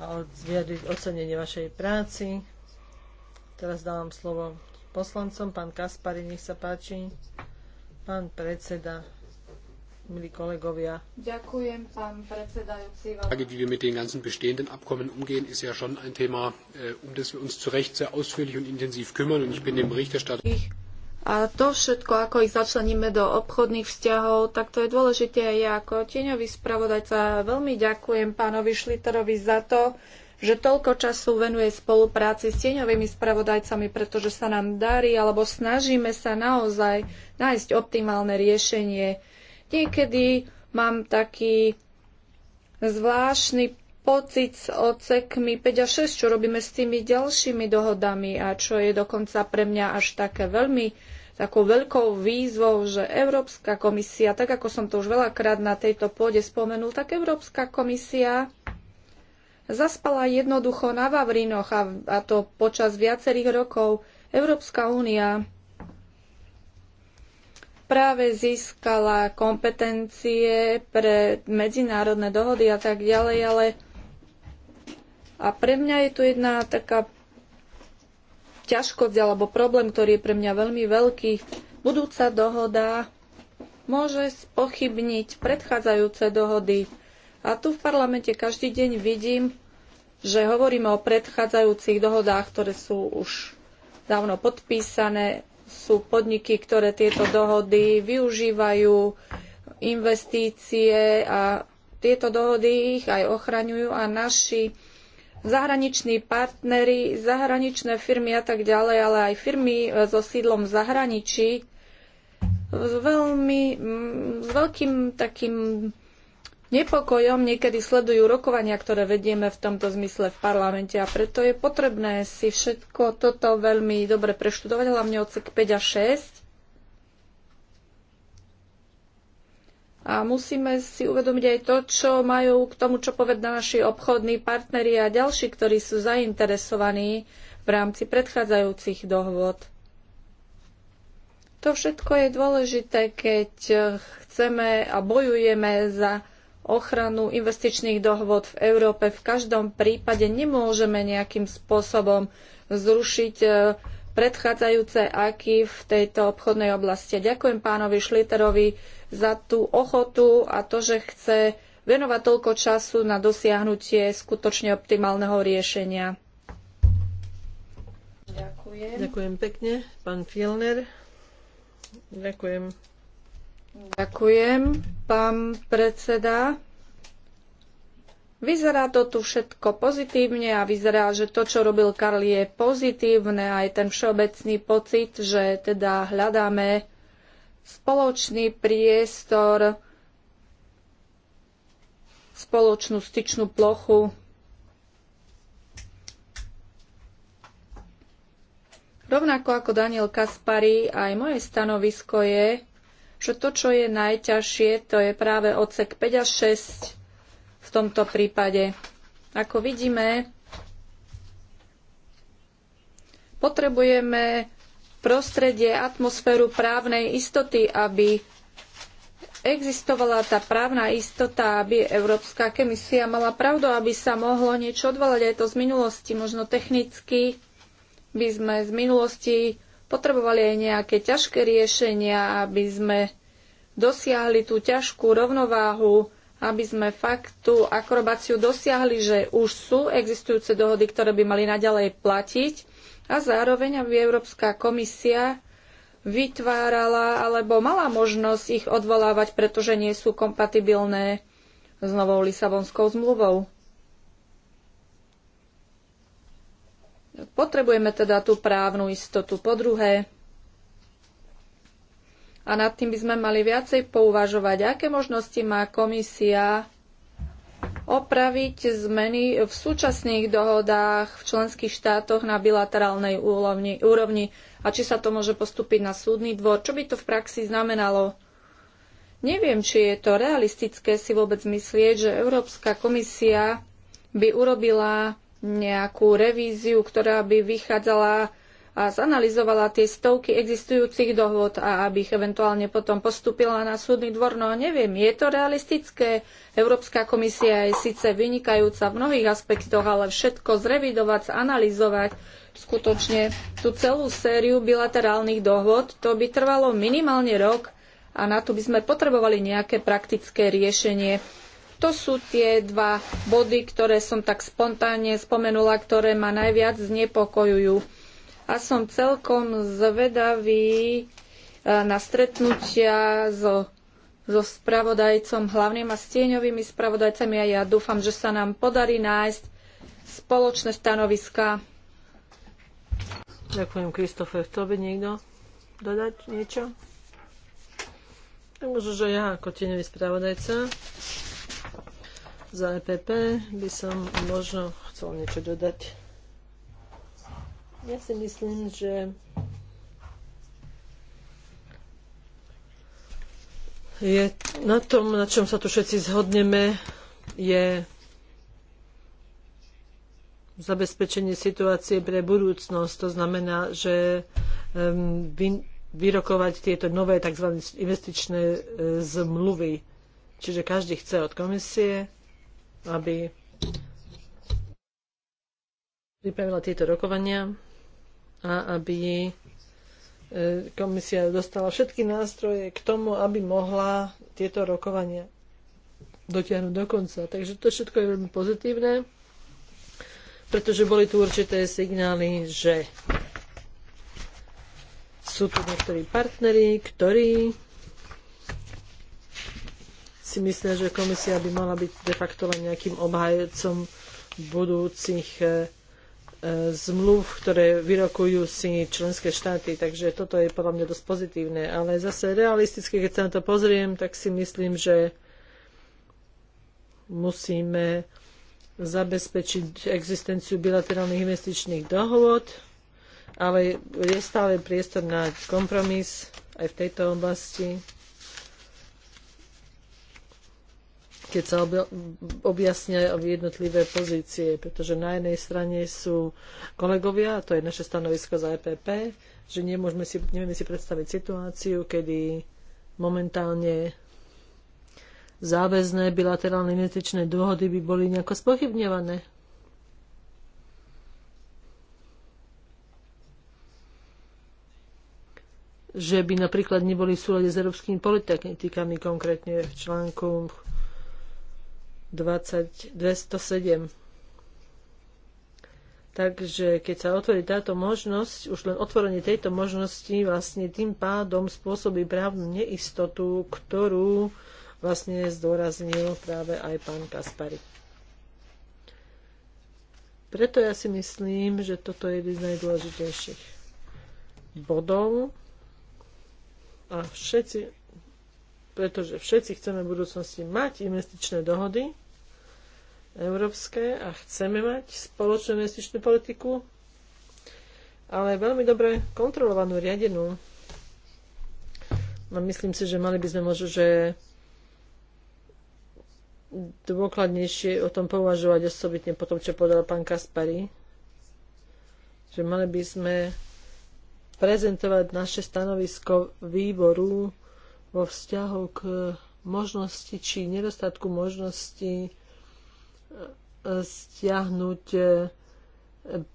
a vyjadriť ocenenie vašej práci. Teraz dávam slovo poslancom. Pán Kaspari, nech sa páči. Pán predseda, milí kolegovia. Ďakujem, pán predsedajúci. Frage, wie wir mit den ganzen bestehenden Abkommen umgehen, ist ja schon ein Thema, äh, um das wir uns zu Recht sehr ausführlich und intensiv kümmern. Und ich bin dem Berichterstatter... A to všetko, ako ich začleníme do obchodných vzťahov, tak to je dôležité. Ja ako tieňový spravodajca veľmi ďakujem pánovi Šliterovi za to, že toľko času venuje spolupráci s tieňovými spravodajcami, pretože sa nám darí, alebo snažíme sa naozaj nájsť optimálne riešenie. Niekedy mám taký zvláštny pocit s ocekmi 5 a 6, čo robíme s tými ďalšími dohodami a čo je dokonca pre mňa až také veľmi takou veľkou výzvou, že Európska komisia, tak ako som to už veľakrát na tejto pôde spomenul, tak Európska komisia zaspala jednoducho na Vavrinoch a, a to počas viacerých rokov. Európska únia práve získala kompetencie pre medzinárodné dohody a tak ďalej, ale a pre mňa je tu jedna taká ťažkosť alebo problém, ktorý je pre mňa veľmi veľký. Budúca dohoda môže spochybniť predchádzajúce dohody. A tu v parlamente každý deň vidím, že hovoríme o predchádzajúcich dohodách, ktoré sú už dávno podpísané. Sú podniky, ktoré tieto dohody využívajú, investície a tieto dohody ich aj ochraňujú a naši zahraniční partnery, zahraničné firmy a tak ďalej, ale aj firmy e, so sídlom v zahraničí s, veľmi, s veľkým takým nepokojom niekedy sledujú rokovania, ktoré vedieme v tomto zmysle v parlamente a preto je potrebné si všetko toto veľmi dobre preštudovať, hlavne odsek 5 a 6 A musíme si uvedomiť aj to, čo majú k tomu, čo povedia naši obchodní partneri a ďalší, ktorí sú zainteresovaní v rámci predchádzajúcich dohôd. To všetko je dôležité, keď chceme a bojujeme za ochranu investičných dohôd v Európe. V každom prípade nemôžeme nejakým spôsobom zrušiť eh, predchádzajúce aky v tejto obchodnej oblasti. Ďakujem pánovi Šliterovi za tú ochotu a to, že chce venovať toľko času na dosiahnutie skutočne optimálneho riešenia. Ďakujem. Ďakujem pekne, pán Fielner. Ďakujem. Ďakujem, pán predseda. Vyzerá to tu všetko pozitívne a vyzerá, že to, čo robil Karl, je pozitívne a je ten všeobecný pocit, že teda hľadáme spoločný priestor, spoločnú styčnú plochu. Rovnako ako Daniel Kaspari, aj moje stanovisko je, že to, čo je najťažšie, to je práve odsek 5 a 6 v tomto prípade. Ako vidíme, potrebujeme prostredie, atmosféru právnej istoty, aby existovala tá právna istota, aby Európska komisia mala pravdu, aby sa mohlo niečo odvolať aj to z minulosti. Možno technicky by sme z minulosti potrebovali aj nejaké ťažké riešenia, aby sme dosiahli tú ťažkú rovnováhu aby sme fakt tú akrobáciu dosiahli, že už sú existujúce dohody, ktoré by mali naďalej platiť a zároveň, aby Európska komisia vytvárala alebo mala možnosť ich odvolávať, pretože nie sú kompatibilné s novou Lisabonskou zmluvou. Potrebujeme teda tú právnu istotu. Po druhé, a nad tým by sme mali viacej pouvažovať, aké možnosti má komisia opraviť zmeny v súčasných dohodách v členských štátoch na bilaterálnej úrovni, úrovni a či sa to môže postúpiť na súdny dvor. Čo by to v praxi znamenalo? Neviem, či je to realistické si vôbec myslieť, že Európska komisia by urobila nejakú revíziu, ktorá by vychádzala a zanalizovala tie stovky existujúcich dohôd a aby ich eventuálne potom postupila na súdny dvor. No neviem, je to realistické. Európska komisia je síce vynikajúca v mnohých aspektoch, ale všetko zrevidovať, zanalizovať skutočne tú celú sériu bilaterálnych dohôd, to by trvalo minimálne rok a na to by sme potrebovali nejaké praktické riešenie. To sú tie dva body, ktoré som tak spontánne spomenula, ktoré ma najviac znepokojujú a som celkom zvedavý e, na stretnutia so, so spravodajcom hlavným a stieňovými spravodajcami a ja dúfam, že sa nám podarí nájsť spoločné stanoviska. Ďakujem, Kristofe. Chcel by niekto dodať niečo? Možno, že ja ako tieňový spravodajca za EPP by som možno chcel niečo dodať. Ja si myslím, že je na tom, na čom sa tu všetci zhodneme, je zabezpečenie situácie pre budúcnosť. To znamená, že vyrokovať tieto nové tzv. investičné e, zmluvy. Čiže každý chce od komisie, aby pripravila tieto rokovania a aby e, komisia dostala všetky nástroje k tomu, aby mohla tieto rokovania dotiahnuť do konca. Takže to všetko je veľmi pozitívne, pretože boli tu určité signály, že sú tu niektorí partneri, ktorí si myslia, že komisia by mala byť de facto len nejakým obhajcom budúcich e, E, zmluv, ktoré vyrokujú si členské štáty, takže toto je podľa mňa dosť pozitívne. Ale zase realisticky, keď sa na to pozriem, tak si myslím, že musíme zabezpečiť existenciu bilaterálnych investičných dohôd, ale je stále priestor na kompromis aj v tejto oblasti. keď sa objasnia jednotlivé pozície, pretože na jednej strane sú kolegovia, a to je naše stanovisko za EPP, že nemôžeme si, nevieme si predstaviť situáciu, kedy momentálne záväzné bilaterálne investičné dohody by boli nejako spochybňované. že by napríklad neboli v súlade s európskymi politikami konkrétne v článku 20, 207. Takže keď sa otvorí táto možnosť, už len otvorenie tejto možnosti vlastne tým pádom spôsobí právnu neistotu, ktorú vlastne zdôraznil práve aj pán Kaspari. Preto ja si myslím, že toto je jeden z najdôležitejších bodov a všetci pretože všetci chceme v budúcnosti mať investičné dohody európske a chceme mať spoločnú investičnú politiku, ale veľmi dobre kontrolovanú, riadenú. No, myslím si, že mali by sme možno, že dôkladnejšie o tom považovať osobitne po tom, čo povedal pán Kaspari. Že mali by sme prezentovať naše stanovisko výboru vo vzťahu k možnosti či nedostatku možnosti e, stiahnuť e,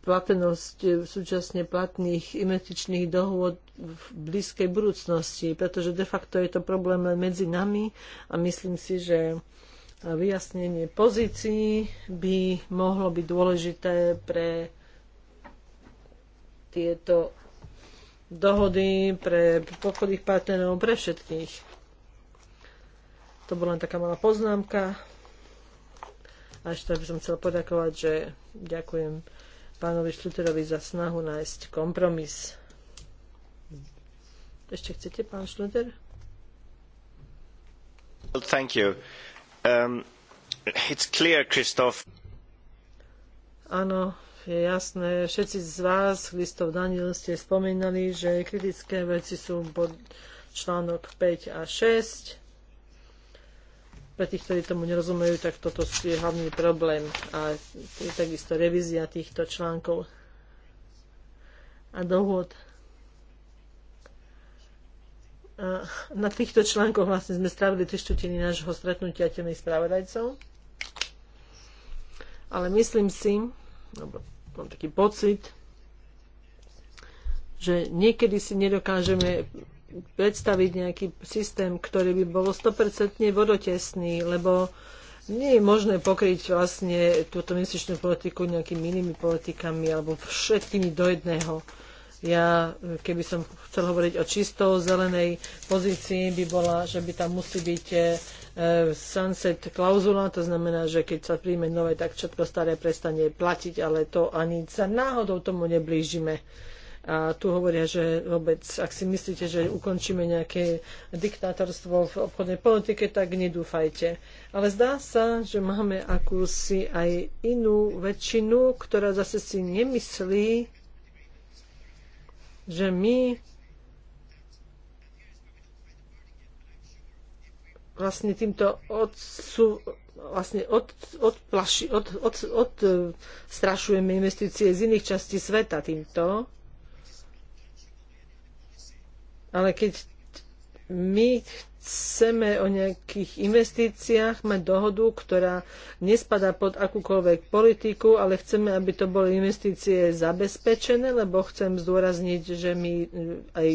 platenosť e, súčasne platných investičných dohôd v blízkej budúcnosti, pretože de facto je to problém medzi nami a myslím si, že vyjasnenie pozícií by mohlo byť dôležité pre tieto dohody pre pochodných partnerov, pre všetkých. To bola len taká malá poznámka. A ešte by som chcela poďakovať, že ďakujem pánovi Šluterovi za snahu nájsť kompromis. Ešte chcete, pán Šluter? Well, thank you. Um, it's clear, Christoph. Áno, je jasné, všetci z vás, v Daniel, ste spomínali, že kritické veci sú pod článok 5 a 6. Pre tých, ktorí tomu nerozumejú, tak toto je hlavný problém a je takisto revízia týchto článkov a dohod. A na týchto článkoch vlastne sme strávili tri štutiny nášho stretnutia temných spravodajcov. Ale myslím si, mám taký pocit, že niekedy si nedokážeme predstaviť nejaký systém, ktorý by bol 100% vodotesný, lebo nie je možné pokryť vlastne túto investičnú politiku nejakými inými politikami alebo všetkými do jedného. Ja, keby som chcel hovoriť o čisto zelenej pozícii, by bola, že by tam musí byť eh, E, sunset klauzula, to znamená, že keď sa príjme nové, tak všetko staré prestane platiť, ale to ani sa náhodou tomu neblížime. A tu hovoria, že vôbec, ak si myslíte, že ukončíme nejaké diktátorstvo v obchodnej politike, tak nedúfajte. Ale zdá sa, že máme akúsi aj inú väčšinu, ktorá zase si nemyslí, že my vlastne týmto odsú, vlastne od, odplaši, od, od, od, odstrašujeme investície z iných častí sveta týmto. Ale keď my chceme o nejakých investíciách mať dohodu, ktorá nespadá pod akúkoľvek politiku, ale chceme, aby to boli investície zabezpečené, lebo chcem zdôrazniť, že my e, aj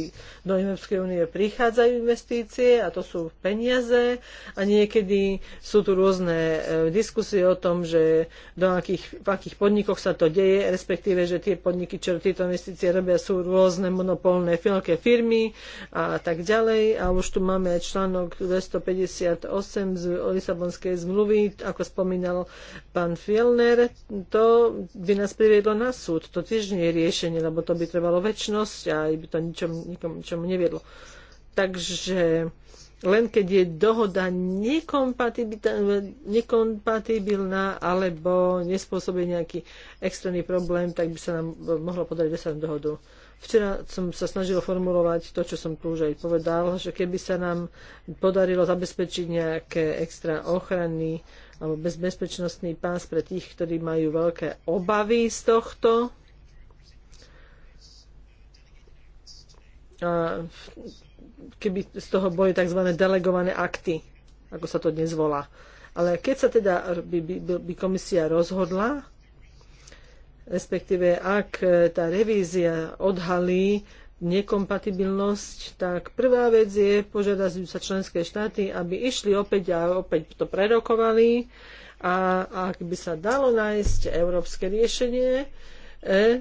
do Európskej únie prichádzajú investície a to sú peniaze a niekedy sú tu rôzne e, diskusie o tom, že do akých, v akých podnikoch sa to deje, respektíve, že tie podniky, čo tieto investície robia, sú rôzne monopolné veľké firmy a tak ďalej a už tu máme aj článok 258 z Lisabonskej zmluvy, ako spomínal pán Fielner, to by nás priviedlo na súd. To tiež nie je riešenie, lebo to by trvalo väčšnosť a by to ničom, nikom, ničomu neviedlo. Takže len keď je dohoda nekompatibilná alebo nespôsobí nejaký extrémny problém, tak by sa nám mohlo podať dosať dohodu. Včera som sa snažil formulovať to, čo som tu už aj povedal, že keby sa nám podarilo zabezpečiť nejaké extra ochrany alebo bezbezpečnostný pás pre tých, ktorí majú veľké obavy z tohto, a keby z toho boli tzv. delegované akty, ako sa to dnes volá. Ale keď sa teda by, by, by komisia rozhodla, respektíve ak e, tá revízia odhalí nekompatibilnosť, tak prvá vec je, požiadať sa členské štáty, aby išli opäť a opäť to prerokovali a ak by sa dalo nájsť európske riešenie, e,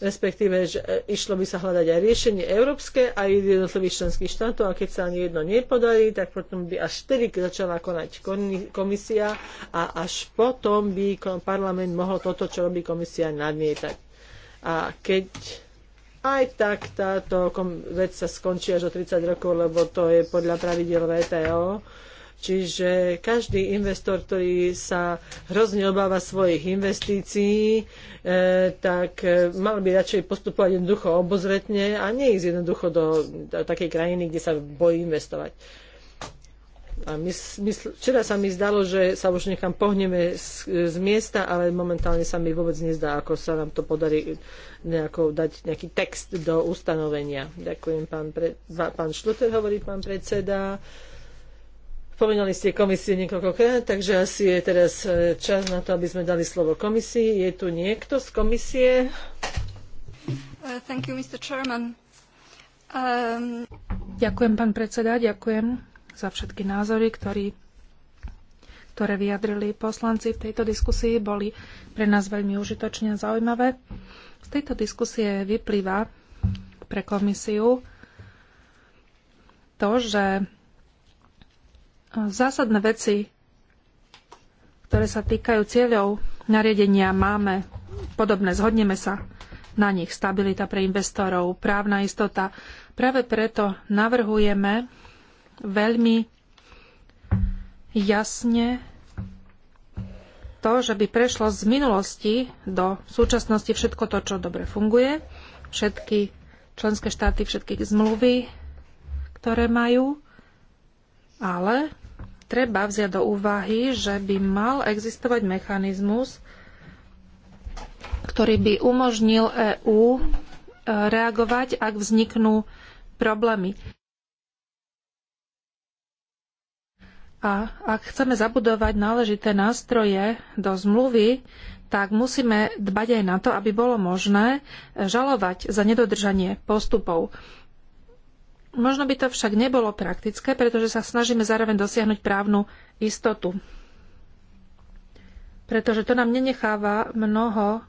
respektíve že e, išlo by sa hľadať aj riešenie európske, aj jednotlivých členských štátov a keď sa ani jedno nepodarí, tak potom by až vtedy začala konať komisia a až potom by parlament mohol toto, čo robí komisia, nadmietať. A keď aj tak táto vec sa skončí až o 30 rokov, lebo to je podľa pravidel VTO, Čiže každý investor, ktorý sa hrozne obáva svojich investícií, e, tak e, mal by radšej postupovať jednoducho obozretne a neísť jednoducho do takej krajiny, kde sa bojí investovať. A my, my, včera sa mi zdalo, že sa už nechám pohneme z, z miesta, ale momentálne sa mi vôbec nezdá, ako sa nám to podarí nejako dať nejaký text do ustanovenia. Ďakujem, pán, pre, pán Šluter, hovorí pán predseda. Spomínali ste komisie niekoľkokrát, takže asi je teraz e, čas na to, aby sme dali slovo komisii. Je tu niekto z komisie? Uh, you, um... Ďakujem, pán predseda, ďakujem za všetky názory, ktorý, ktoré vyjadrili poslanci v tejto diskusii. Boli pre nás veľmi užitočne a zaujímavé. Z tejto diskusie vyplýva pre komisiu to, že Zásadné veci, ktoré sa týkajú cieľov nariadenia, máme podobné, zhodneme sa na nich. Stabilita pre investorov, právna istota. Práve preto navrhujeme veľmi jasne to, že by prešlo z minulosti do súčasnosti všetko to, čo dobre funguje, všetky členské štáty, všetky zmluvy, ktoré majú, ale treba vziať do úvahy, že by mal existovať mechanizmus, ktorý by umožnil EÚ e, reagovať, ak vzniknú problémy. A ak chceme zabudovať náležité nástroje do zmluvy, tak musíme dbať aj na to, aby bolo možné žalovať za nedodržanie postupov. Možno by to však nebolo praktické, pretože sa snažíme zároveň dosiahnuť právnu istotu. Pretože to nám nenecháva mnoho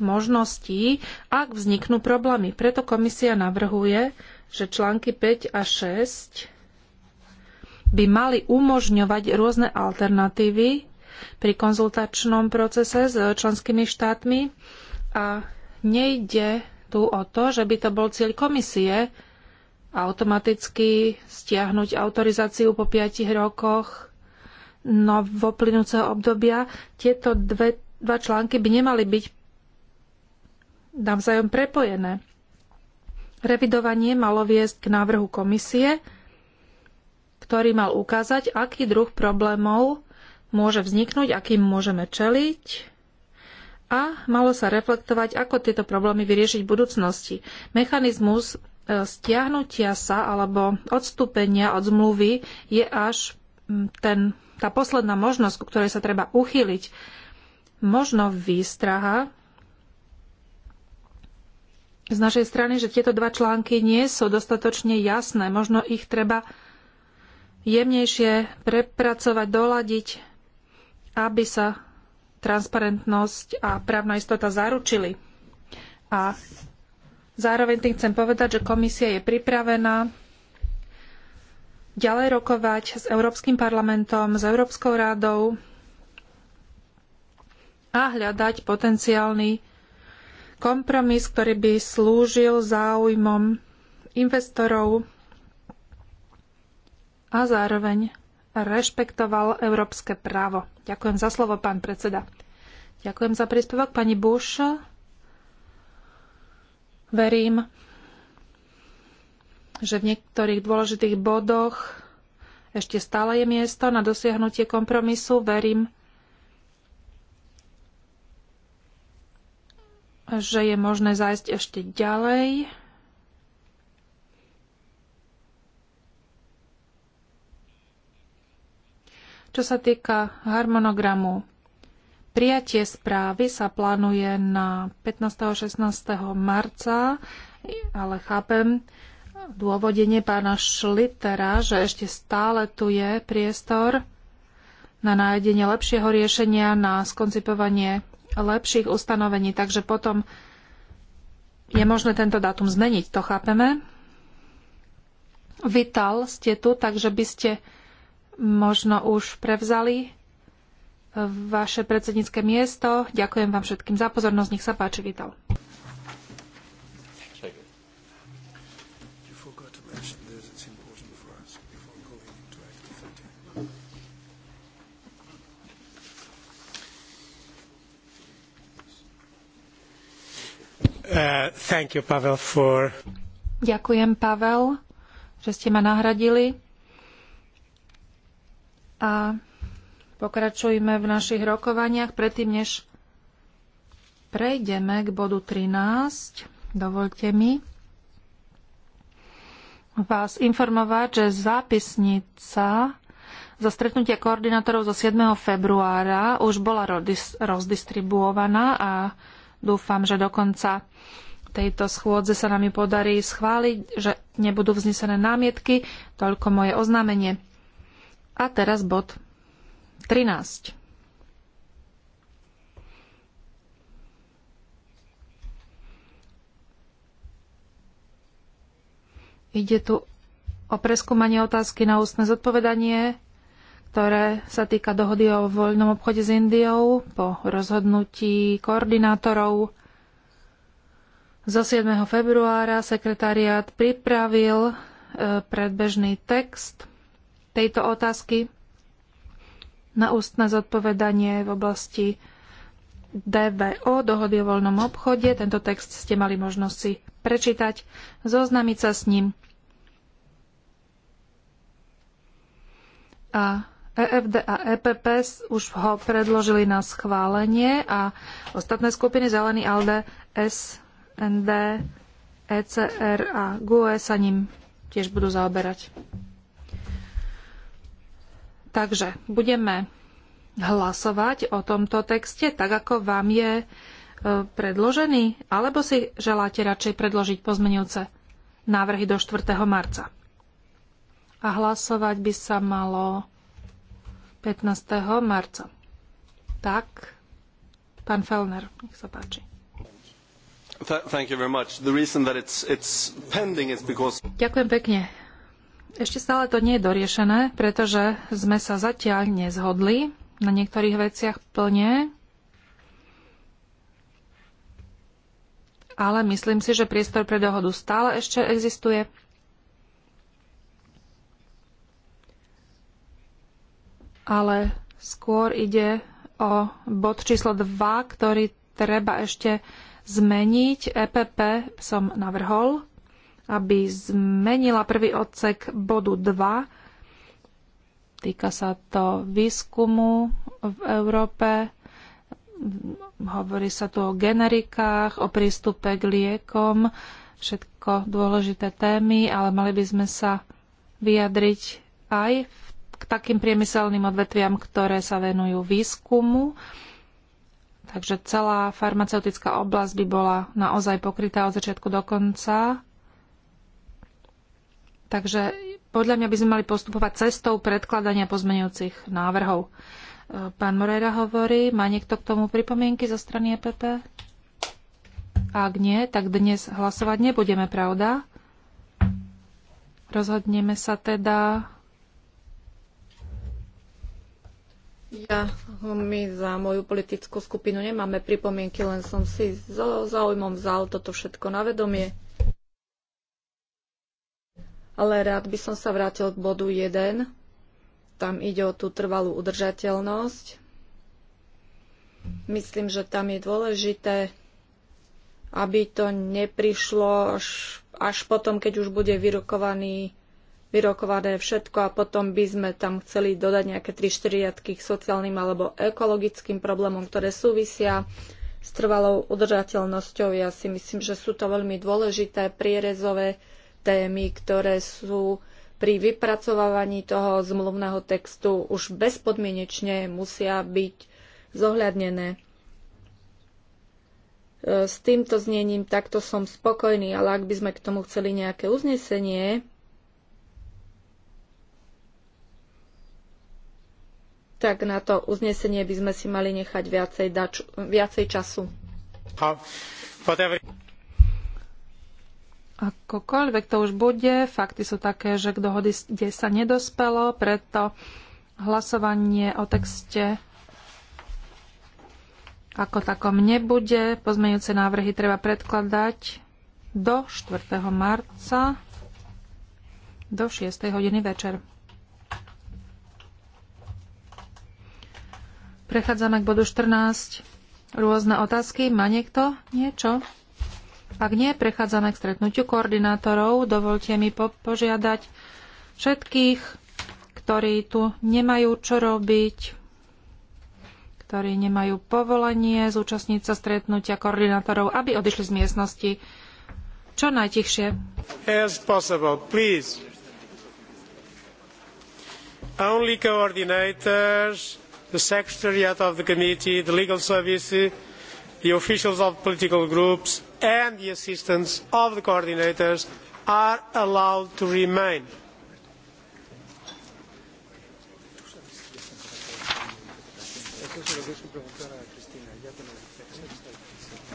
možností, ak vzniknú problémy. Preto komisia navrhuje, že články 5 a 6 by mali umožňovať rôzne alternatívy pri konzultačnom procese s členskými štátmi a nejde tu o to, že by to bol cieľ komisie, automaticky stiahnuť autorizáciu po 5 rokoch novoplynúceho obdobia. Tieto dve, dva články by nemali byť navzájom prepojené. Revidovanie malo viesť k návrhu komisie, ktorý mal ukázať, aký druh problémov môže vzniknúť, akým môžeme čeliť a malo sa reflektovať, ako tieto problémy vyriešiť v budúcnosti. Mechanizmus E, stiahnutia sa alebo odstúpenia od zmluvy je až ten, tá posledná možnosť, ku ktorej sa treba uchyliť. Možno výstraha z našej strany, že tieto dva články nie sú dostatočne jasné. Možno ich treba jemnejšie prepracovať, doladiť, aby sa transparentnosť a právna istota zaručili. A Zároveň tým chcem povedať, že komisia je pripravená ďalej rokovať s Európskym parlamentom, s Európskou radou a hľadať potenciálny kompromis, ktorý by slúžil záujmom investorov a zároveň rešpektoval európske právo. Ďakujem za slovo, pán predseda. Ďakujem za príspevok. Pani Bush, Verím, že v niektorých dôležitých bodoch ešte stále je miesto na dosiahnutie kompromisu. Verím, že je možné zájsť ešte ďalej. Čo sa týka harmonogramu Prijatie správy sa plánuje na 15. a 16. marca, ale chápem dôvodenie pána Šlitera, že ešte stále tu je priestor na nájdenie lepšieho riešenia, na skoncipovanie lepších ustanovení, takže potom je možné tento dátum zmeniť, to chápeme. Vital ste tu, takže by ste možno už prevzali vaše predsednícke miesto. Ďakujem vám všetkým za pozornosť. Nech sa páči, Vital. Uh, you, Pavel, for... Ďakujem, Pavel, že ste ma nahradili. A Pokračujme v našich rokovaniach. Predtým, než prejdeme k bodu 13, dovolte mi vás informovať, že zápisnica za stretnutie koordinátorov zo 7. februára už bola rozdistribuovaná a dúfam, že do konca tejto schôdze sa nám ju podarí schváliť, že nebudú vznesené námietky. Toľko moje oznámenie. A teraz bod 13. Ide tu o preskúmanie otázky na ústne zodpovedanie, ktoré sa týka dohody o voľnom obchode s Indiou po rozhodnutí koordinátorov. Zo 7. februára sekretariát pripravil e, predbežný text tejto otázky na ústne zodpovedanie v oblasti DVO, dohody o voľnom obchode. Tento text ste mali možnosť si prečítať, zoznamiť sa s ním. A EFD a EPP už ho predložili na schválenie a ostatné skupiny Zelený ALDE, SND, ECR a GUE sa ním tiež budú zaoberať. Takže budeme hlasovať o tomto texte tak, ako vám je e, predložený, alebo si želáte radšej predložiť pozmenujúce návrhy do 4. marca. A hlasovať by sa malo 15. marca. Tak, pán Fellner, nech sa páči. Ďakujem pekne. Ešte stále to nie je doriešené, pretože sme sa zatiaľ nezhodli na niektorých veciach plne. Ale myslím si, že priestor pre dohodu stále ešte existuje. Ale skôr ide o bod číslo 2, ktorý treba ešte zmeniť. EPP som navrhol aby zmenila prvý odsek bodu 2. Týka sa to výskumu v Európe. Hovorí sa tu o generikách, o prístupe k liekom, všetko dôležité témy, ale mali by sme sa vyjadriť aj k takým priemyselným odvetviam, ktoré sa venujú výskumu. Takže celá farmaceutická oblasť by bola naozaj pokrytá od začiatku do konca Takže podľa mňa by sme mali postupovať cestou predkladania pozmeňujúcich návrhov. E, pán Moreira hovorí, má niekto k tomu pripomienky zo strany EPP? Ak nie, tak dnes hlasovať nebudeme, pravda? Rozhodneme sa teda... Ja, my za moju politickú skupinu nemáme pripomienky, len som si so zaujímom vzal toto všetko na vedomie ale rád by som sa vrátil k bodu 1. Tam ide o tú trvalú udržateľnosť. Myslím, že tam je dôležité, aby to neprišlo až, až potom, keď už bude vyrokovaný vyrokované všetko a potom by sme tam chceli dodať nejaké 3-4 riadky k sociálnym alebo ekologickým problémom, ktoré súvisia s trvalou udržateľnosťou. Ja si myslím, že sú to veľmi dôležité prierezové témy, ktoré sú pri vypracovávaní toho zmluvného textu už bezpodmienečne musia byť zohľadnené. E, s týmto znením takto som spokojný, ale ak by sme k tomu chceli nejaké uznesenie, tak na to uznesenie by sme si mali nechať viacej, daču, viacej času. Akokoľvek to už bude, fakty sú také, že k dohody kde sa nedospelo, preto hlasovanie o texte ako takom nebude. Pozmeňujúce návrhy treba predkladať do 4. marca do 6. hodiny večer. Prechádzame k bodu 14. Rôzne otázky. Má niekto niečo? Ak nie, prechádzame k stretnutiu koordinátorov. Dovolte mi po- požiadať všetkých, ktorí tu nemajú čo robiť, ktorí nemajú povolenie zúčastniť sa stretnutia koordinátorov, aby odišli z miestnosti čo najtichšie. As possible, please. Only coordinators, the secretariat of the committee, the legal services, the officials of political groups and the assistants of the coordinators are allowed to remain.